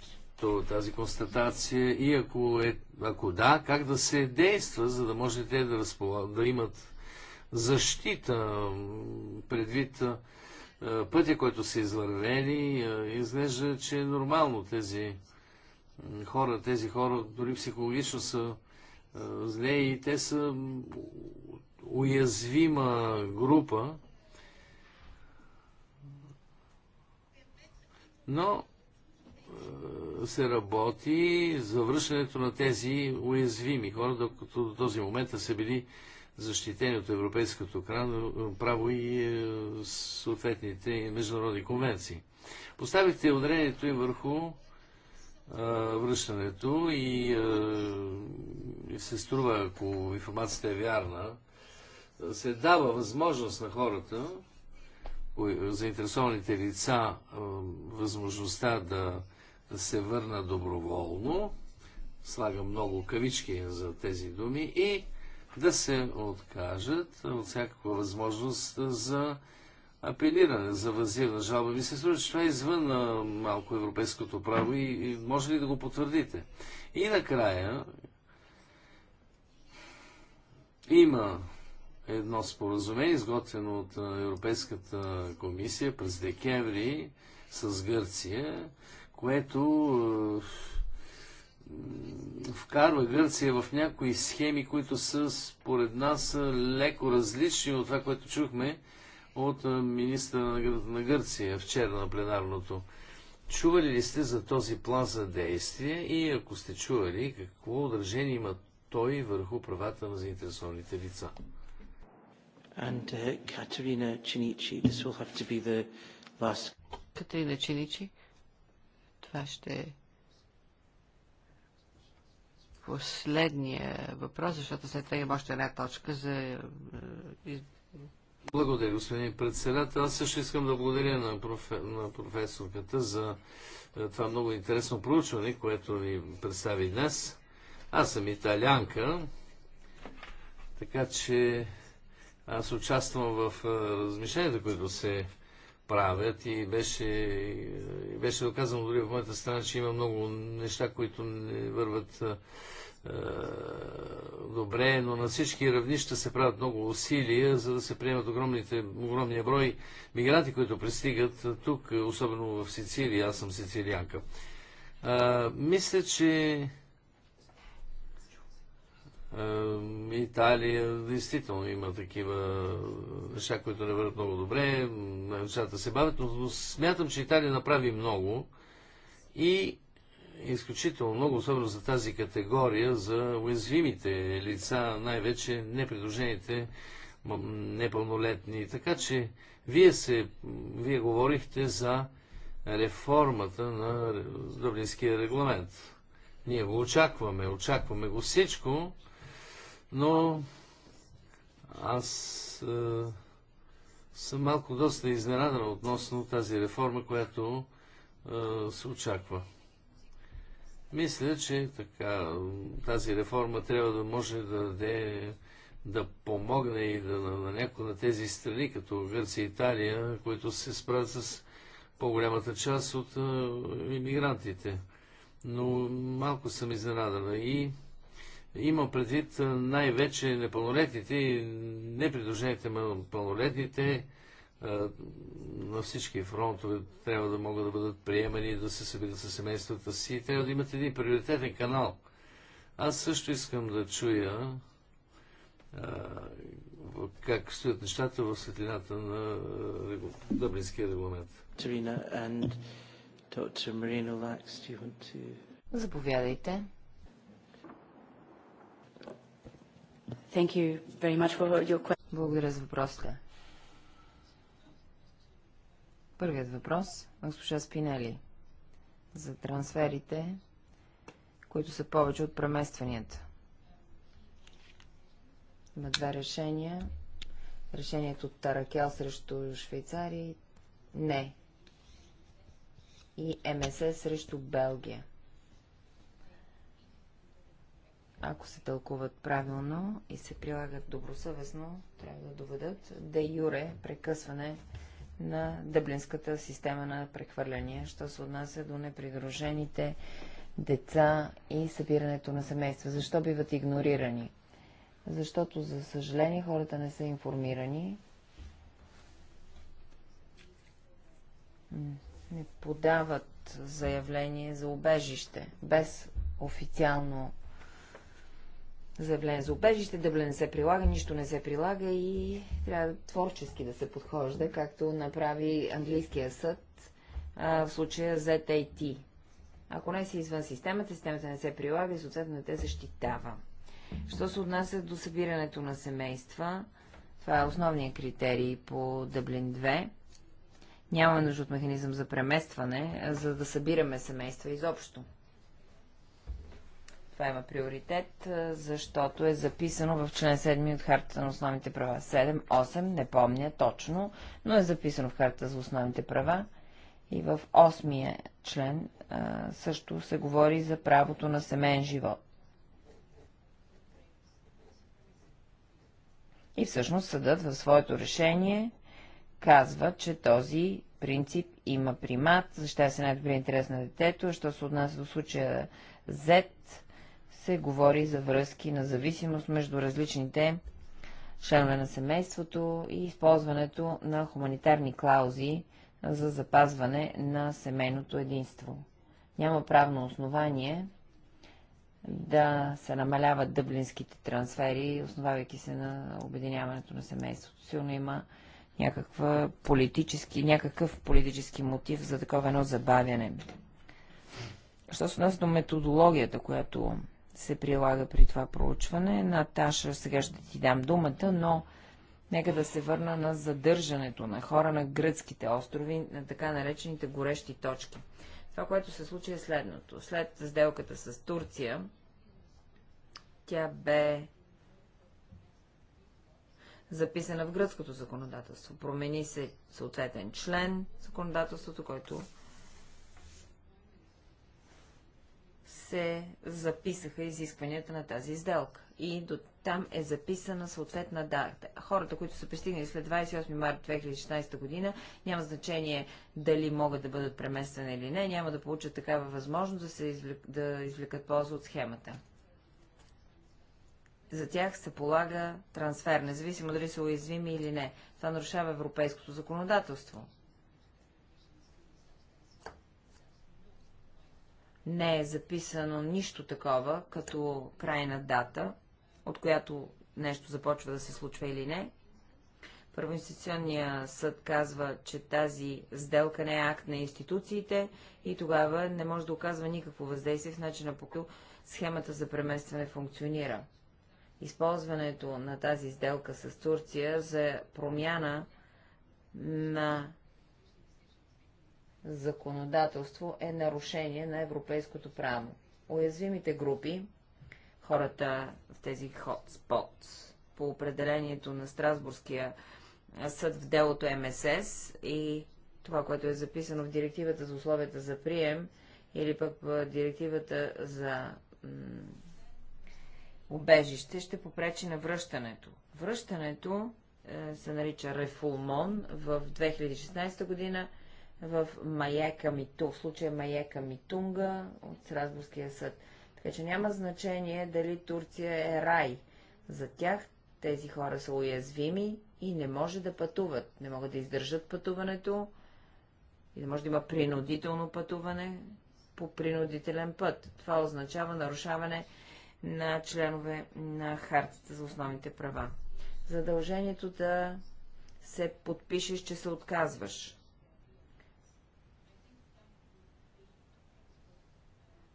S3: тази констатация и ако, е, ако да, как да се действа, за да може те да, да имат защита предвид пътя, който са извървели, изглежда, че е нормално тези хора, тези хора дори психологично са зле и те са уязвима група. Но се работи за връщането на тези уязвими хора, докато до този момент са били защитени от европейското право и е, съответните международни конвенции. Поставихте ударението и върху връщането и се струва, ако информацията е вярна, се дава възможност на хората, заинтересованите лица, възможността да се върна доброволно, слагам много кавички за тези думи, и да се откажат от всякаква възможност за апелиране за въззивна жалба. Ми се струва, че това е извън а, малко европейското право и, и може ли да го потвърдите? И накрая има едно споразумение, изготвено от Европейската комисия през декември с Гърция, което вкарва Гърция в някои схеми, които са според нас леко различни от това, което чухме от министра на Гърция вчера на пленарното. Чували ли сте за този план за действие и ако сте чували, какво отражение има той върху правата на заинтересованите лица? And uh, Катерина Чиничи,
S2: това ще е последния въпрос, защото след това има още една точка за е,
S3: благодаря, господин председател. Аз също искам да благодаря на, профе... на професорката за е, това много интересно проучване, което ви представи днес. Аз съм италянка, така че аз участвам в е, размишленията, които се правят и беше, и беше доказано дори в моята страна, че има много неща, които не върват е, е, добре, но на всички равнища се правят много усилия, за да се приемат огромните, огромния брой мигранти, които пристигат тук, особено в Сицилия. Аз съм сицилианка. А, е, мисля, че а, е, Италия действително има такива неща, които не върват много добре, нещата се бавят, но смятам, че Италия направи много и изключително много, особено за тази категория, за уязвимите лица, най-вече непридружените непълнолетни. Така че вие, се, вие говорихте за реформата на Дъблинския регламент. Ние го очакваме, очакваме го всичко, но аз е, съм малко доста изненадан относно тази реформа, която е, се очаква. Мисля, че така, тази реформа трябва да може да даде да помогне и да, на, на някои на тези страни, като Гърция и Италия, които се справят с по-голямата част от а, иммигрантите. Но малко съм изненадана и има предвид най-вече непълнолетните и непридружените пълнолетните, на всички фронтове трябва да могат да бъдат приемани, да се събират с семействата си трябва да имат един приоритетен канал. Аз също искам да чуя как стоят нещата в светлината на Дъблинския регламент.
S1: Заповядайте. Благодаря за въпросите. Първият въпрос на госпожа Спинели за трансферите, които са повече от преместванията. Има две решения. Решението от Таракел срещу Швейцария не. И МСС срещу Белгия. Ако се тълкуват правилно и се прилагат добросъвестно, трябва да доведат де юре прекъсване на дъблинската система на прехвърляния, що се отнася до непридружените деца и събирането на семейства. Защо биват игнорирани? Защото, за съжаление, хората не са информирани. Не подават заявление за убежище без официално заявление за убежище, Дъбле не се прилага, нищо не се прилага и трябва творчески да се подхожда, както направи английския съд а, в случая ZAT. Ако не си извън системата, системата не се прилага и съответно не те защитава. Що се отнася до събирането на семейства, това е основният критерий по Дъблин 2. Няма нужда от механизъм за преместване, за да събираме семейства изобщо. Това има приоритет, защото е записано в член 7 от Хартата на основните права. 7, 8, не помня точно, но е записано в Хартата за основните права. И в 8 член също се говори за правото на семейен живот. И всъщност съдът в своето решение казва, че този принцип има примат, защитава е се най-добрия интерес на детето, що се отнася до случая Z, се говори за връзки на зависимост между различните членове на семейството и използването на хуманитарни клаузи за запазване на семейното единство. Няма правно основание да се намаляват дъблинските трансфери, основавайки се на обединяването на семейството. Силно има някаква политически, някакъв политически мотив за такова едно забавяне. Що се отнася до методологията, която се прилага при това проучване. Наташа, сега ще ти дам думата, но нека да се върна на задържането на хора на гръцките острови, на така наречените горещи точки. Това, което се случи е следното. След сделката с Турция, тя бе записана в гръцкото законодателство. Промени се съответен член законодателството, който се записаха изискванията на тази изделка. И до там е записана съответна дата. Хората, които са пристигнали след 28 марта 2016 година, няма значение дали могат да бъдат преместени или не, няма да получат такава възможност да, се извлек, да извлекат полза от схемата. За тях се полага трансфер, независимо дали са уязвими или не. Това нарушава европейското законодателство. не е записано нищо такова, като крайна дата, от която нещо започва да се случва или не. Първоинституционният съд казва, че тази сделка не е акт на институциите и тогава не може да оказва никакво въздействие в начина по който схемата за преместване функционира. Използването на тази сделка с Турция за промяна на законодателство е нарушение на европейското право. Уязвимите групи, хората в тези хотспот, по определението на Страсбургския съд в делото МСС и това, което е записано в директивата за условията за прием или пък в директивата за убежище, ще попречи на връщането. Връщането е, се нарича рефулмон в 2016 година в Маека Миту, в случая Маека Митунга от Сразбургския съд. Така че няма значение дали Турция е рай. За тях тези хора са уязвими и не може да пътуват. Не могат да издържат пътуването и не може да има принудително пътуване по принудителен път. Това означава нарушаване на членове на Хартата за основните права. Задължението да се подпишеш, че се
S2: отказваш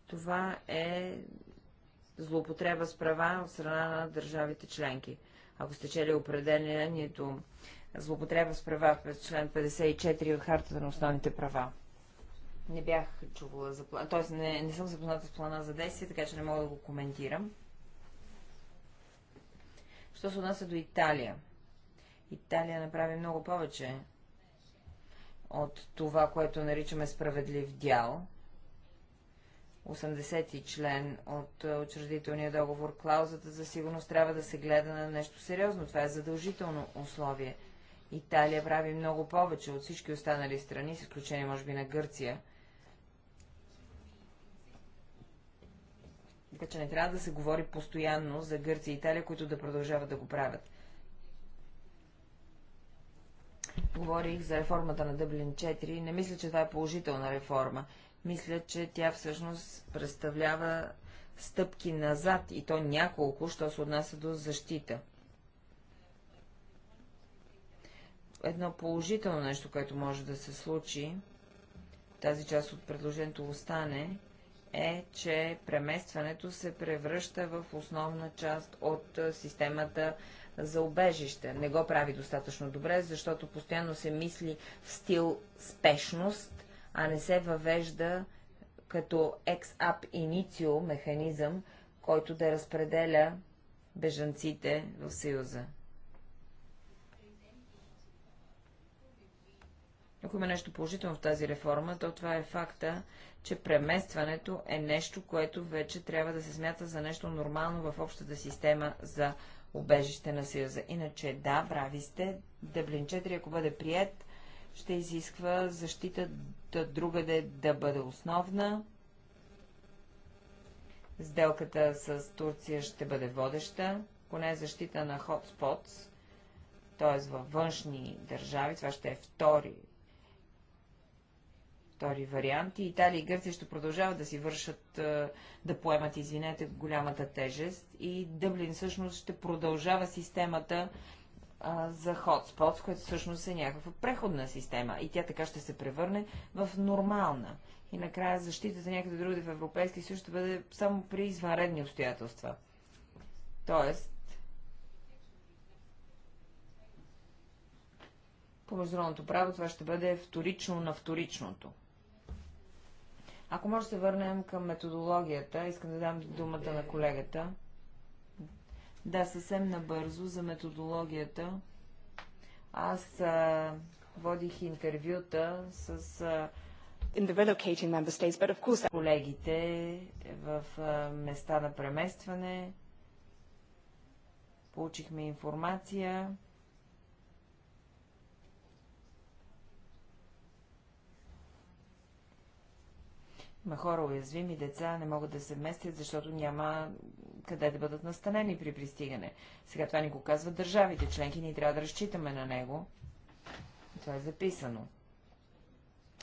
S1: Това е злоупотреба с права от страна на държавите членки. Ако сте чели определението злоупотреба с права през член 54 от Хартата на основните права. Не бях чувала за плана, т.е. Не, не съм запозната с плана за действие, така че не мога да го коментирам. Що се отнася до Италия? Италия направи много повече от това, което наричаме справедлив дял. 80 член от е, учредителния договор, клаузата за сигурност трябва да се гледа на нещо сериозно. Това е задължително условие. Италия прави много повече от всички останали страни, с изключение може би на Гърция. Така че не трябва да се говори постоянно за Гърция и Италия, които да продължават да го правят. Говорих за реформата на Дъблин 4. Не мисля, че това е положителна реформа мисля, че тя всъщност представлява стъпки назад, и то няколко, що се отнася до защита. Едно положително нещо, което може да се случи, тази част от предложението остане, е, че преместването се превръща в основна част от системата за обежище. Не го прави достатъчно добре, защото постоянно се мисли в стил спешност, а не се въвежда като ex-ап иницио механизъм, който да разпределя бежанците в Съюза. Ако има нещо положително в тази реформа, то това е факта, че преместването е нещо, което вече трябва да се смята за нещо нормално в общата система за убежище на Съюза. Иначе да, прави сте, Дъблин 4, ако бъде прият, ще изисква защита да другаде да бъде основна. Сделката с Турция ще бъде водеща, поне защита на хотспотс, т.е. във външни държави, това ще е втори, втори вариант. И Италия и Гърция ще продължават да си вършат, е, да поемат, извинете, голямата тежест. И Дъблин всъщност ще продължава системата а, за хотспот, което всъщност е някаква преходна система и тя така ще се превърне в нормална. И накрая защитата някъде другаде в Европейски съюз ще бъде само при извънредни обстоятелства. Тоест, по международното право това ще бъде вторично на вторичното. Ако може да се върнем към методологията, искам да дам думата на колегата. Да, съвсем набързо за методологията. Аз а, водих интервюта с а, states, course... колегите в а, места на преместване. Получихме информация. Има хора уязвими, деца не могат да се местят, защото няма къде да бъдат настанени при пристигане. Сега това ни го казват държавите членки, ние трябва да разчитаме на него. Това е записано.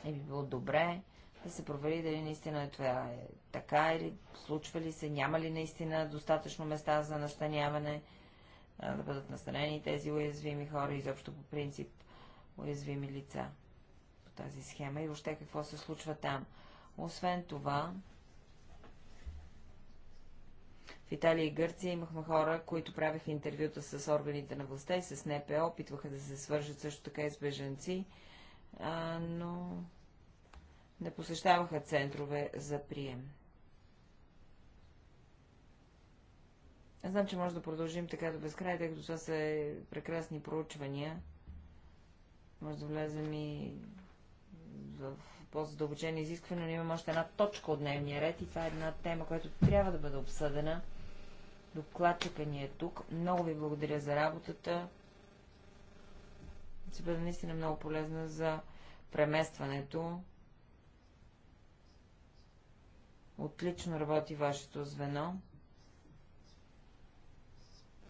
S1: И би било добре да се провери дали наистина това е така или случва ли се, няма ли наистина достатъчно места за настаняване, да бъдат настанени тези уязвими хора, изобщо по принцип уязвими лица по тази схема и въобще какво се случва там. Освен това, в Италия и Гърция имахме хора, които правеха интервюта с органите на властта и с НПО, опитваха да се свържат също така и с беженци, а, но не посещаваха центрове за прием. Знам, че може да продължим така до безкрай, тъй като това са прекрасни проучвания. Може да влезем и в по-задълбочени изисквания, но имам още една точка от дневния ред и това е една тема, която трябва да бъде обсъдена – Докладчика ни е тук. Много ви благодаря за работата. Ще бъде наистина много полезна за преместването. Отлично работи вашето звено.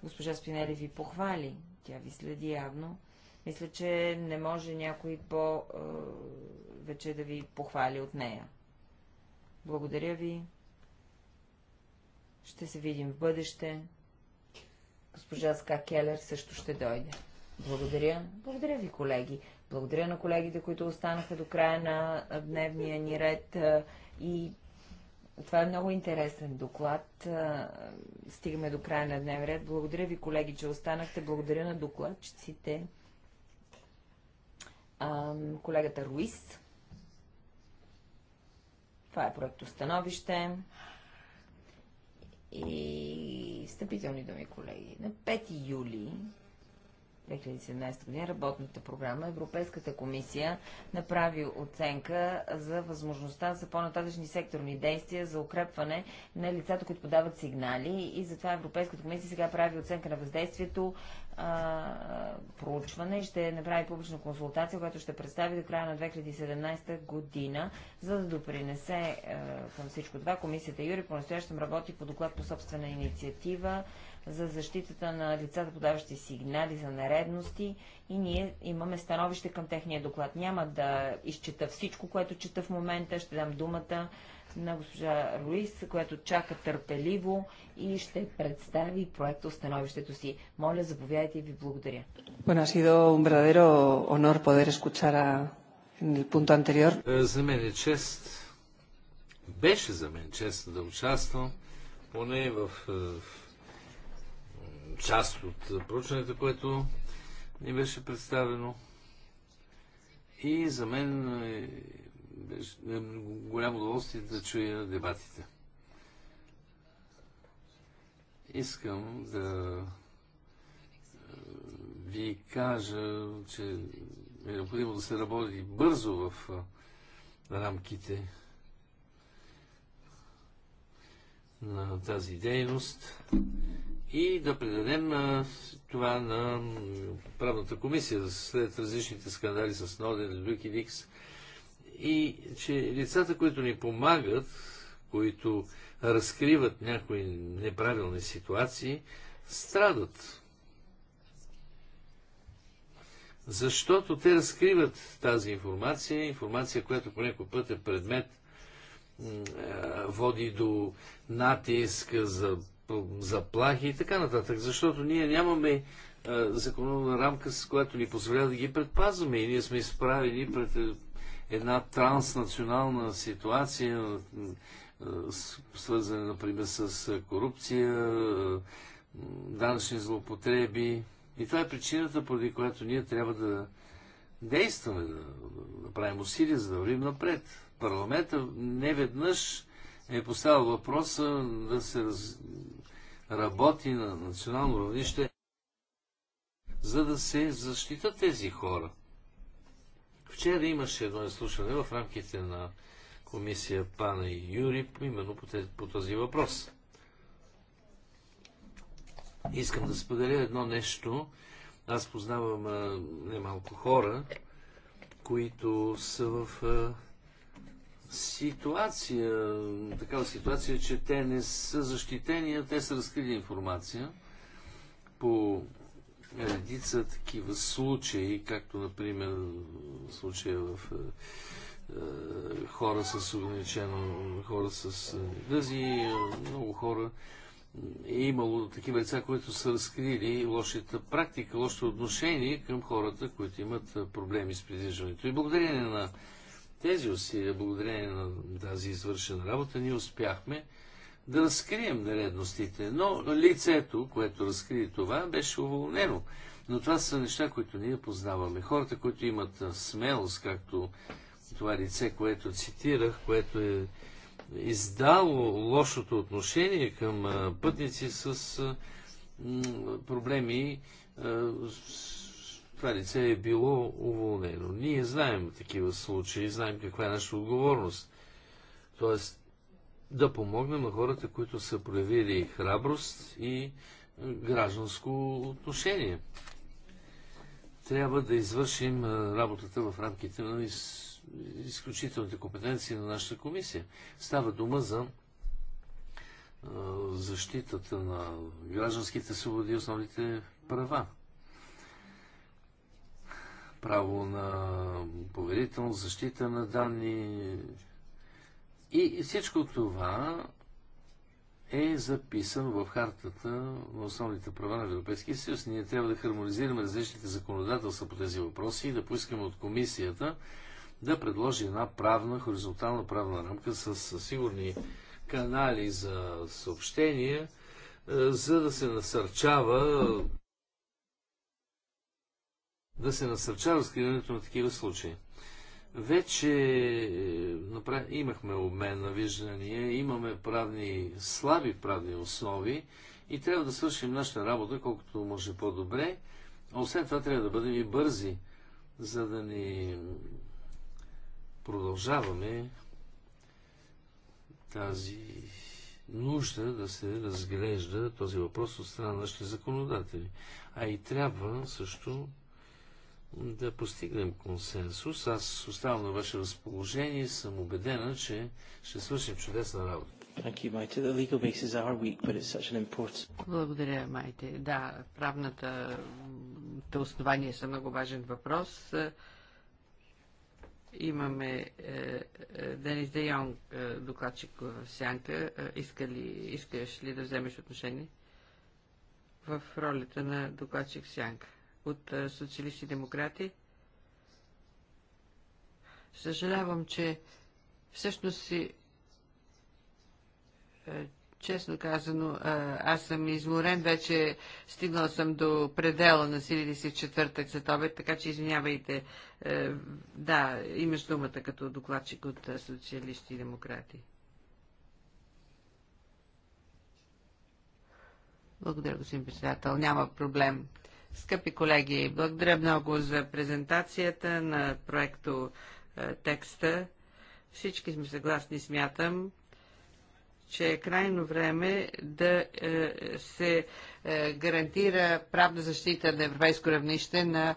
S1: Госпожа Спинели ви похвали. Тя ви следи явно. Мисля, че не може някой по-вече е, да ви похвали от нея. Благодаря ви. Ще се видим в бъдеще. Госпожа Ска Келер също ще дойде. Благодаря. Благодаря ви, колеги. Благодаря на колегите, които останаха до края на дневния ни ред. И това е много интересен доклад. Стигаме до края на дневния ред. Благодаря ви, колеги, че останахте. Благодаря на докладчиците. Колегата Руис. Това е проекто становище и встъпителни думи, колеги. На 5 юли 2017 година работната програма, Европейската комисия направи оценка за възможността за по-нататъчни секторни действия за укрепване на лицата, които подават сигнали и затова Европейската комисия сега прави оценка на въздействието а, проучване и ще направи публична консултация, която ще представи до края на 2017 година, за да допринесе а, към всичко това. Комисията Юри по-настоящем работи по доклад по собствена инициатива за защитата на лицата, подаващи сигнали за нередности и ние имаме становище към техния доклад. Няма да изчета всичко, което чета в момента, ще дам думата на госпожа Руис, която чака търпеливо и ще представи проекта становището си.
S3: Моля, заповядайте и ви благодаря.
S1: Bueno, ha sido un verdadero honor poder escuchar a...
S2: en el punto anterior.
S3: Е, за мен е чест. Беше за мен чест да участвам поне в е, част от проучването, което ни беше представено. И за мен е, беше е, голямо удоволствие да чуя дебатите. Искам да е, ви кажа, че е необходимо да се работи бързо в рамките на тази дейност и да предадем това на правната комисия след различните скандали с Ноден, Люкидикс и че лицата, които ни помагат, които разкриват някои неправилни ситуации, страдат. Защото те разкриват тази информация, информация, която по някой път е предмет, води до натиск за заплахи и така нататък, защото ние нямаме е, законова рамка, с която ни позволява да ги предпазваме и ние сме изправени пред е, една транснационална ситуация, е, свързана, например, с корупция, данъчни злоупотреби. И това е причината, поради която ние трябва да действаме, да, да правим усилия, за да вървим напред. Парламента не веднъж е поставил въпроса да се раз работи на национално равнище, за да се защитат тези хора. Вчера имаше едно изслушване в рамките на комисия Пана и Юри, именно по, този въпрос. Искам да споделя едно нещо. Аз познавам немалко хора, които са в ситуация, такава ситуация, че те не са защитени, а те са разкрили информация по редица такива случаи, както, например, случая в е, е, хора с ограничено, хора с е, гъзи, много хора е имало такива лица, които са разкрили лошата практика, лошото отношение към хората, които имат проблеми с придвижването. И благодарение на тези усилия, благодарение на тази извършена работа, ние успяхме да разкрием нередностите. Но лицето, което разкри това, беше уволнено. Но това са неща, които ние познаваме. Хората, които имат смелост, както това лице, което цитирах, което е издало лошото отношение към пътници с проблеми, това лице е било уволнено. Ние знаем такива случаи, знаем каква е нашата отговорност. Тоест, да помогнем на хората, които са проявили храброст и е, гражданско отношение. Трябва да извършим е, работата в рамките на изключителните компетенции на нашата комисия. Става дума за е, защитата на гражданските свободи и основните права право на поверителност, защита на данни. И всичко това е записано в хартата на основните права на Европейския съюз. Ние трябва да хармонизираме различните законодателства по тези въпроси и да поискаме от комисията да предложи една правна, хоризонтална правна рамка с сигурни канали за съобщения, е, за да се насърчава да се насърчава разкриването на такива случаи. Вече е, направ... имахме обмен на виждания, имаме правни, слаби правни основи и трябва да свършим нашата работа колкото може по-добре. А освен това трябва да бъдем и бързи, за да ни продължаваме тази нужда да се разглежда този въпрос от страна на нашите законодатели. А и трябва също да постигнем консенсус. Аз оставам на ваше разположение и съм убедена, че ще свършим чудесна работа.
S2: Благодаря, Майте. Да, правната основания са много важен въпрос. Имаме е, е, Денис Де Йонг, е, докладчик в Сянка. Иска ли, искаш ли да вземеш отношение в ролята на докладчик в Сянка? от е, социалисти демократи. Съжалявам, че всъщност си е, честно казано, е, аз съм изморен, вече стигнал съм до предела на силите си в четвъртък за това, така че извинявайте. Да, имаш думата като докладчик от социалисти и демократи. Благодаря, господин председател. Няма проблем. Скъпи колеги, благодаря много за презентацията на проекто е, текста. Всички сме съгласни, смятам, че е крайно време да е, се е, гарантира правна защита на европейско равнище на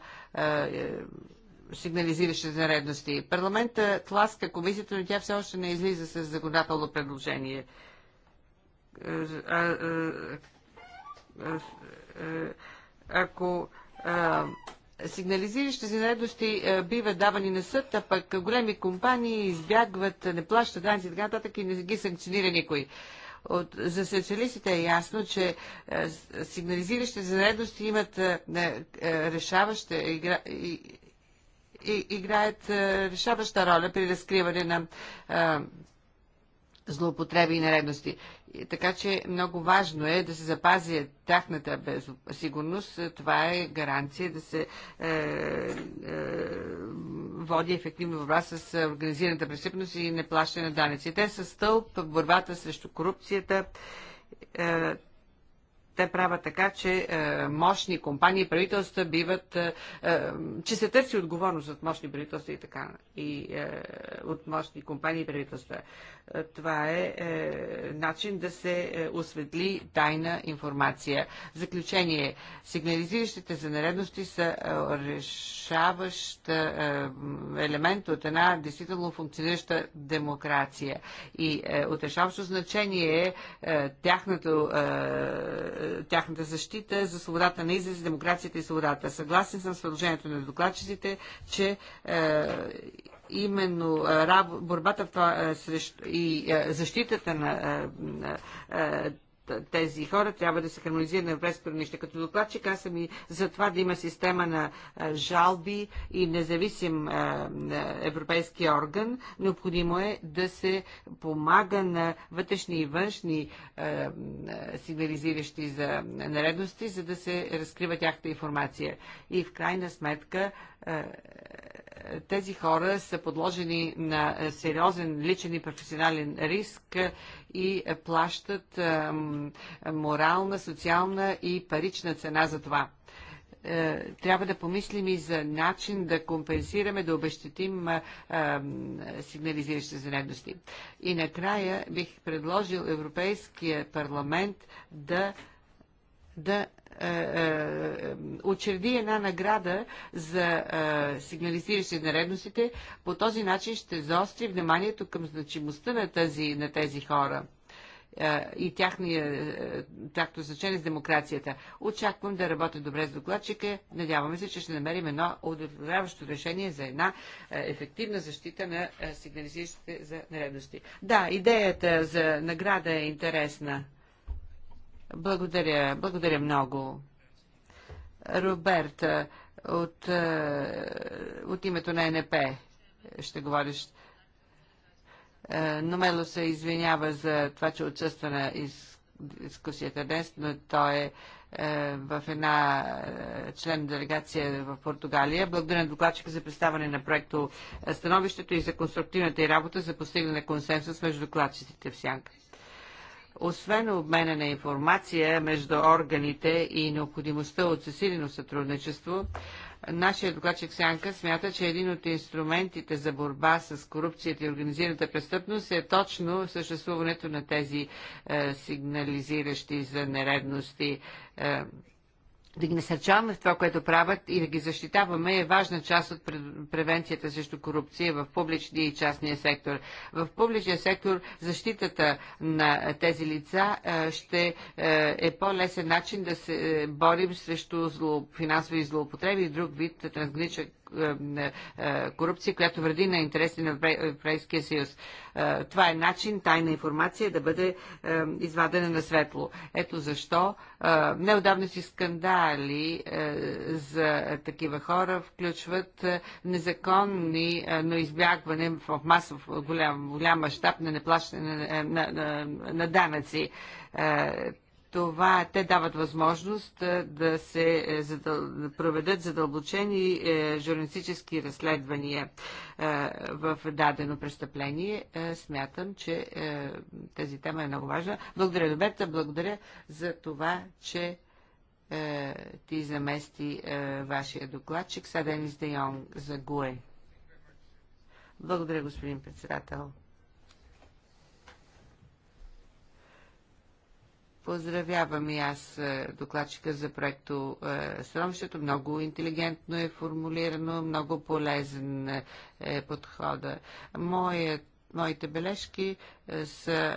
S2: сигнализиращи за нередности. Парламента тласка комисията, но тя все още не излиза с законодателно предложение ако а, сигнализиращи за нередности биват давани на съд, а пък големи компании избягват, не плащат данци и така нататък и не ги санкционира никой. От, за социалистите е ясно, че е, сигнализиращи за нередности имат е, е, решаваща игра, и, и, играят е, решаваща роля при разкриване на е, злоупотреби и нередности. Така че много важно е да се запази тяхната сигурност. Това е гаранция да се е, е, води ефективно борба с е, организираната престъпност и неплащане на данъци. Те са стълб в борбата срещу корупцията. Е, те правят така, че е, мощни компании правителства биват, е, е, че се търси отговорност от мощни правителства и така, и е, от мощни компании и правителства. Е, това е, е начин да се е, осветли тайна информация. заключение, сигнализиращите за нередности са решаващ е, елемент от една действително функционираща демокрация. И е, от решаващо значение е, тяхното е, тяхната защита, за свободата на израз, демокрацията и свободата. Съгласен съм с продължението на докладчиците, че е, именно е, борбата в това, е, срещу, и е, защитата на тези хора трябва да се хармонизира на европейското равнище. Като докладчик аз съм и за това да има система на жалби и независим европейски орган. Необходимо е да се помага на вътрешни и външни сигнализиращи за наредности, за да се разкрива тяхната информация. И в крайна сметка тези хора са подложени на е, сериозен личен и професионален риск е, и е, плащат морална, социална и парична цена за това трябва да помислим и за начин да компенсираме, да обещетим сигнализиращи заредности. И накрая бих предложил Европейския парламент да, да е, е, учреди една награда за е, сигнализиращи нередностите. По този начин ще заостри вниманието към значимостта на, тази, на тези хора и тяхния, тяхното значение с демокрацията. Очаквам да работя добре с докладчика. Надяваме се, че ще намерим едно удовлетворяващо решение за една ефективна защита на сигнализиращите за нередности. Да, идеята за награда е интересна. Благодаря, благодаря много. Роберт, от, е, от името на НП ще говориш. Е, Номело се извинява за това, че отсъства на дискусията днес, но той е, е в една член делегация в Португалия. Благодаря на докладчика за представане на проекто становището и за конструктивната и работа за постигане на консенсус между докладчиците в Сянка. Освен обмена на информация между органите и необходимостта от засилено сътрудничество, Нашият докладчик Сянка смята, че един от инструментите за борба с корупцията и организираната престъпност е точно съществуването на тези е, сигнализиращи за нередности е, да ги насърчаваме в това, което правят и да ги защитаваме е важна част от превенцията срещу корупция в публичния и частния сектор. В публичния сектор защитата на тези лица е, ще е, е по-лесен начин да се е, борим срещу финансови злоупотреби и друг вид трансгранична е, е, корупция, която вреди на интереси на Европейския съюз. Е, това е начин тайна информация да бъде извадена на светло. Ето защо неодавно си скандали за такива хора включват незаконни, но избягване в масов голям, голям мащаб на неплащане на, на, на, на данъци това те дават възможност да се е, задъл... проведат задълбочени е, журналистически разследвания е, в дадено престъпление. Смятам, че тази тема е много важна. Благодаря, Доберта, благодаря за това, че ти замести вашия докладчик Саденис Де за ГУЕ. Благодаря, господин председател. Поздравявам и аз е, докладчика за проекто е, Сромщето. Много интелигентно е формулирано, много полезен е, е подхода. Моят Моите бележки са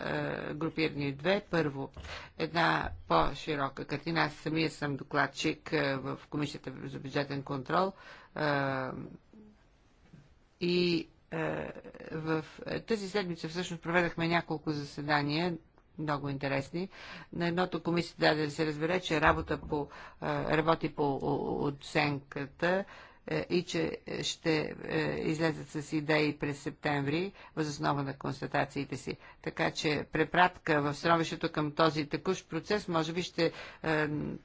S2: групирани две. Първо, една по-широка картина. Аз самия съм докладчик в Комисията за бюджетен контрол и в тази седмица всъщност проведахме няколко заседания много интересни. На едното комисията даде да се разбере, че работа по, е, работи по оценката е, и че е, ще е, излезат с идеи през септември, възоснова на констатациите си. Така че препратка в сновището към този такъв процес, може би ще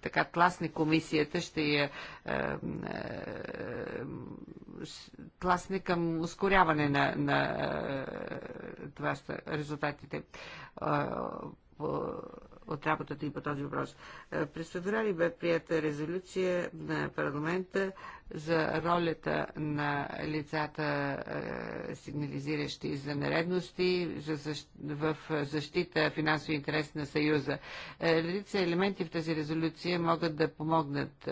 S2: така тласне комисията, ще я тласне към ускоряване на, на това резултатите от работата им по този въпрос. Е, през феврали бе прията резолюция на парламента за ролята на лицата, е, сигнализиращи за нередности за защ... в защита финансови интерес на Съюза. Е, редица елементи в тази резолюция могат да помогнат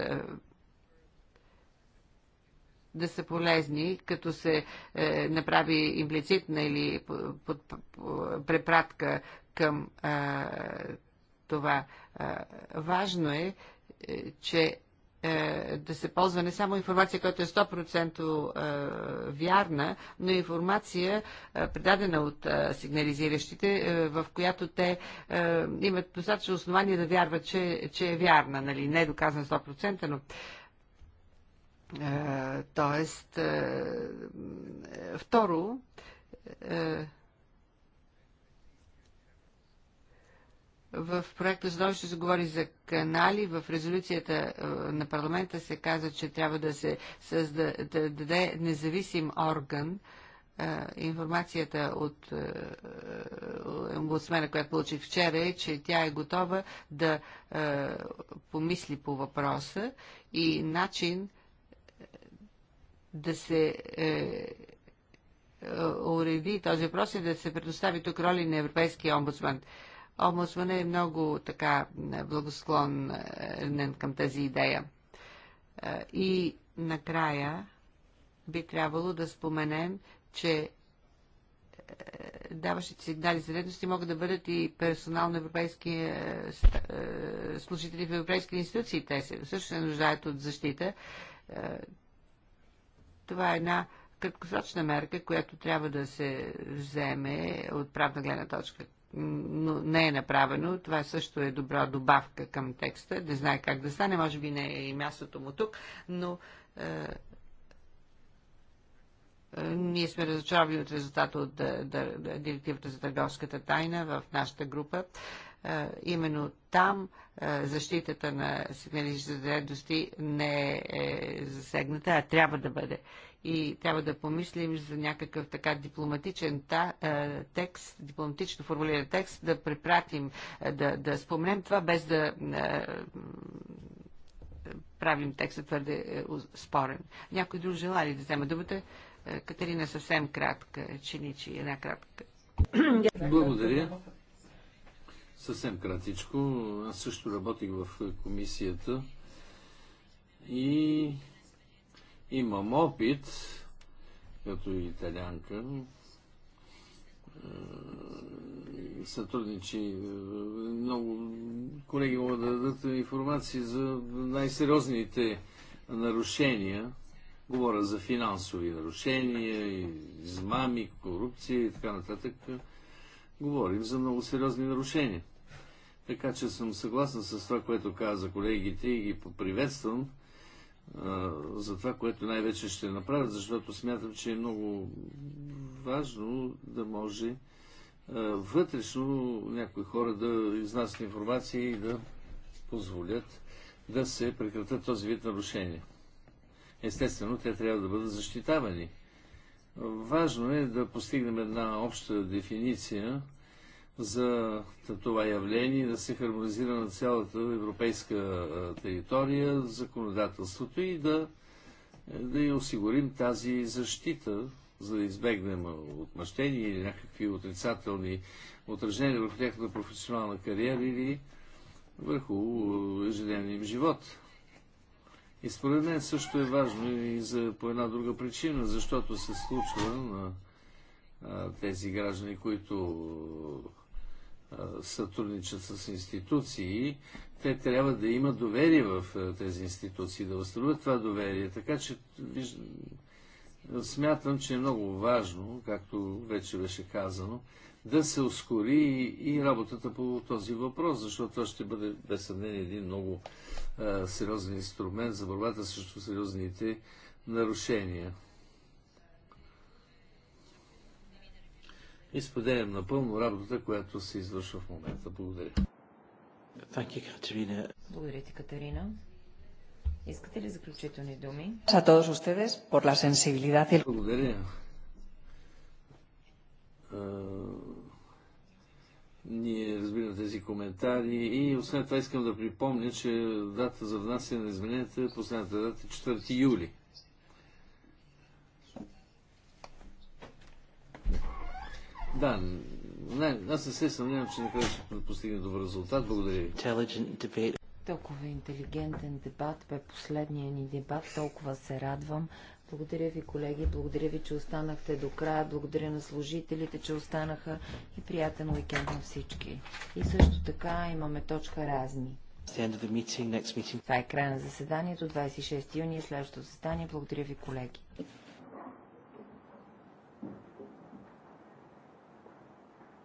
S2: да са полезни, като се е, направи имплицитна или под, под, под, препратка към е, това. Важно е, е че е, да се ползва не само информация, която е 100% е, вярна, но информация, предадена от сигнализиращите, в която те имат достатъчно основание да вярват, че, че е вярна. Нали? Не е доказана 100%, но Тоест, второ, В проекта ще се говори за канали. В резолюцията е, на парламента се каза, че трябва да се създаде да даде независим орган. Е, информацията от е, омбудсмена, която получих вчера е, че тя е готова да помисли по въпроса и начин да се уреди този въпрос и да се предостави тук роли на Европейския омбудсман. Омбудсмана е много така е, благосклонен към тази идея. Е, и накрая би трябвало да споменем, че е, даващите сигнали за редности могат да бъдат и персонал на европейски служители в европейски институции. Те се също се нуждаят от защита. Това е една краткосрочна мерка, която трябва да се вземе от правна гледна точка но не е направено. Това също е добра добавка към текста. Не знае как да стане, може би не е и мястото му тук, но е, е, ние сме разочаровани от резултата от да, е, да, да, директивата за търговската тайна в нашата група. Е, именно там е, защитата на сигналистите за не е, е засегната, а трябва да бъде и трябва да помислим за някакъв така дипломатичен та, е, текст, дипломатично формулиран текст, да препратим, е, да, да спомнем това, без да е, правим текста твърде е, спорен. Някой друг желая ли да взема думата? Е, Катерина съвсем кратка, чиничи, една кратка. Благодаря.
S3: Съвсем кратичко. Аз също работих в комисията и Имам опит, като италянка, е, сътрудничи. Е, много колеги могат да дадат информации за най-сериозните нарушения. Говоря за финансови нарушения, измами, корупция и така нататък. Говорим за много сериозни нарушения. Така че съм съгласен с това, което каза колегите и ги поприветствам за това, което най-вече ще направят, защото смятам, че е много важно да може вътрешно някои хора да изнасят информация и да позволят да се прекратят този вид нарушения. Естествено, те трябва да бъдат защитавани. Важно е да постигнем една обща дефиниция за това явление да се хармонизира на цялата европейска територия законодателството и да, да и осигурим тази защита, за да избегнем отмъщения или някакви отрицателни отражения върху тяхната професионална кариера или върху ежедневния им живот. И според мен също е важно и за, по една друга причина, защото се случва на тези граждани, които сътрудничат с институции, те трябва да имат доверие в тези институции, да възстановят това доверие. Така че виж, смятам, че е много важно, както вече беше казано, да се ускори и, и работата по този въпрос, защото това ще бъде, без съмнение, един много а, сериозен инструмент за борбата срещу сериозните нарушения. и споделям напълно работата, която се извършва в момента. Благодаря. You,
S1: Благодаря ти, Катерина. Искате ли заключителни думи? Благодаря.
S3: Ние разбираме тези коментари и освен това искам да припомня, че дата за внасяне на измененията е последната дата 4 юли. Да, не, аз не се съмнявам, че никога ще постигне добър резултат. Благодаря ви.
S1: Толкова интелигентен дебат бе последния ни дебат. Толкова се радвам. Благодаря ви, колеги. Благодаря ви, че останахте до края. Благодаря на служителите, че останаха. И приятен уикенд на всички. И също така имаме точка разни. Това е края на заседанието. 26 юни е следващото заседание. Благодаря ви, колеги.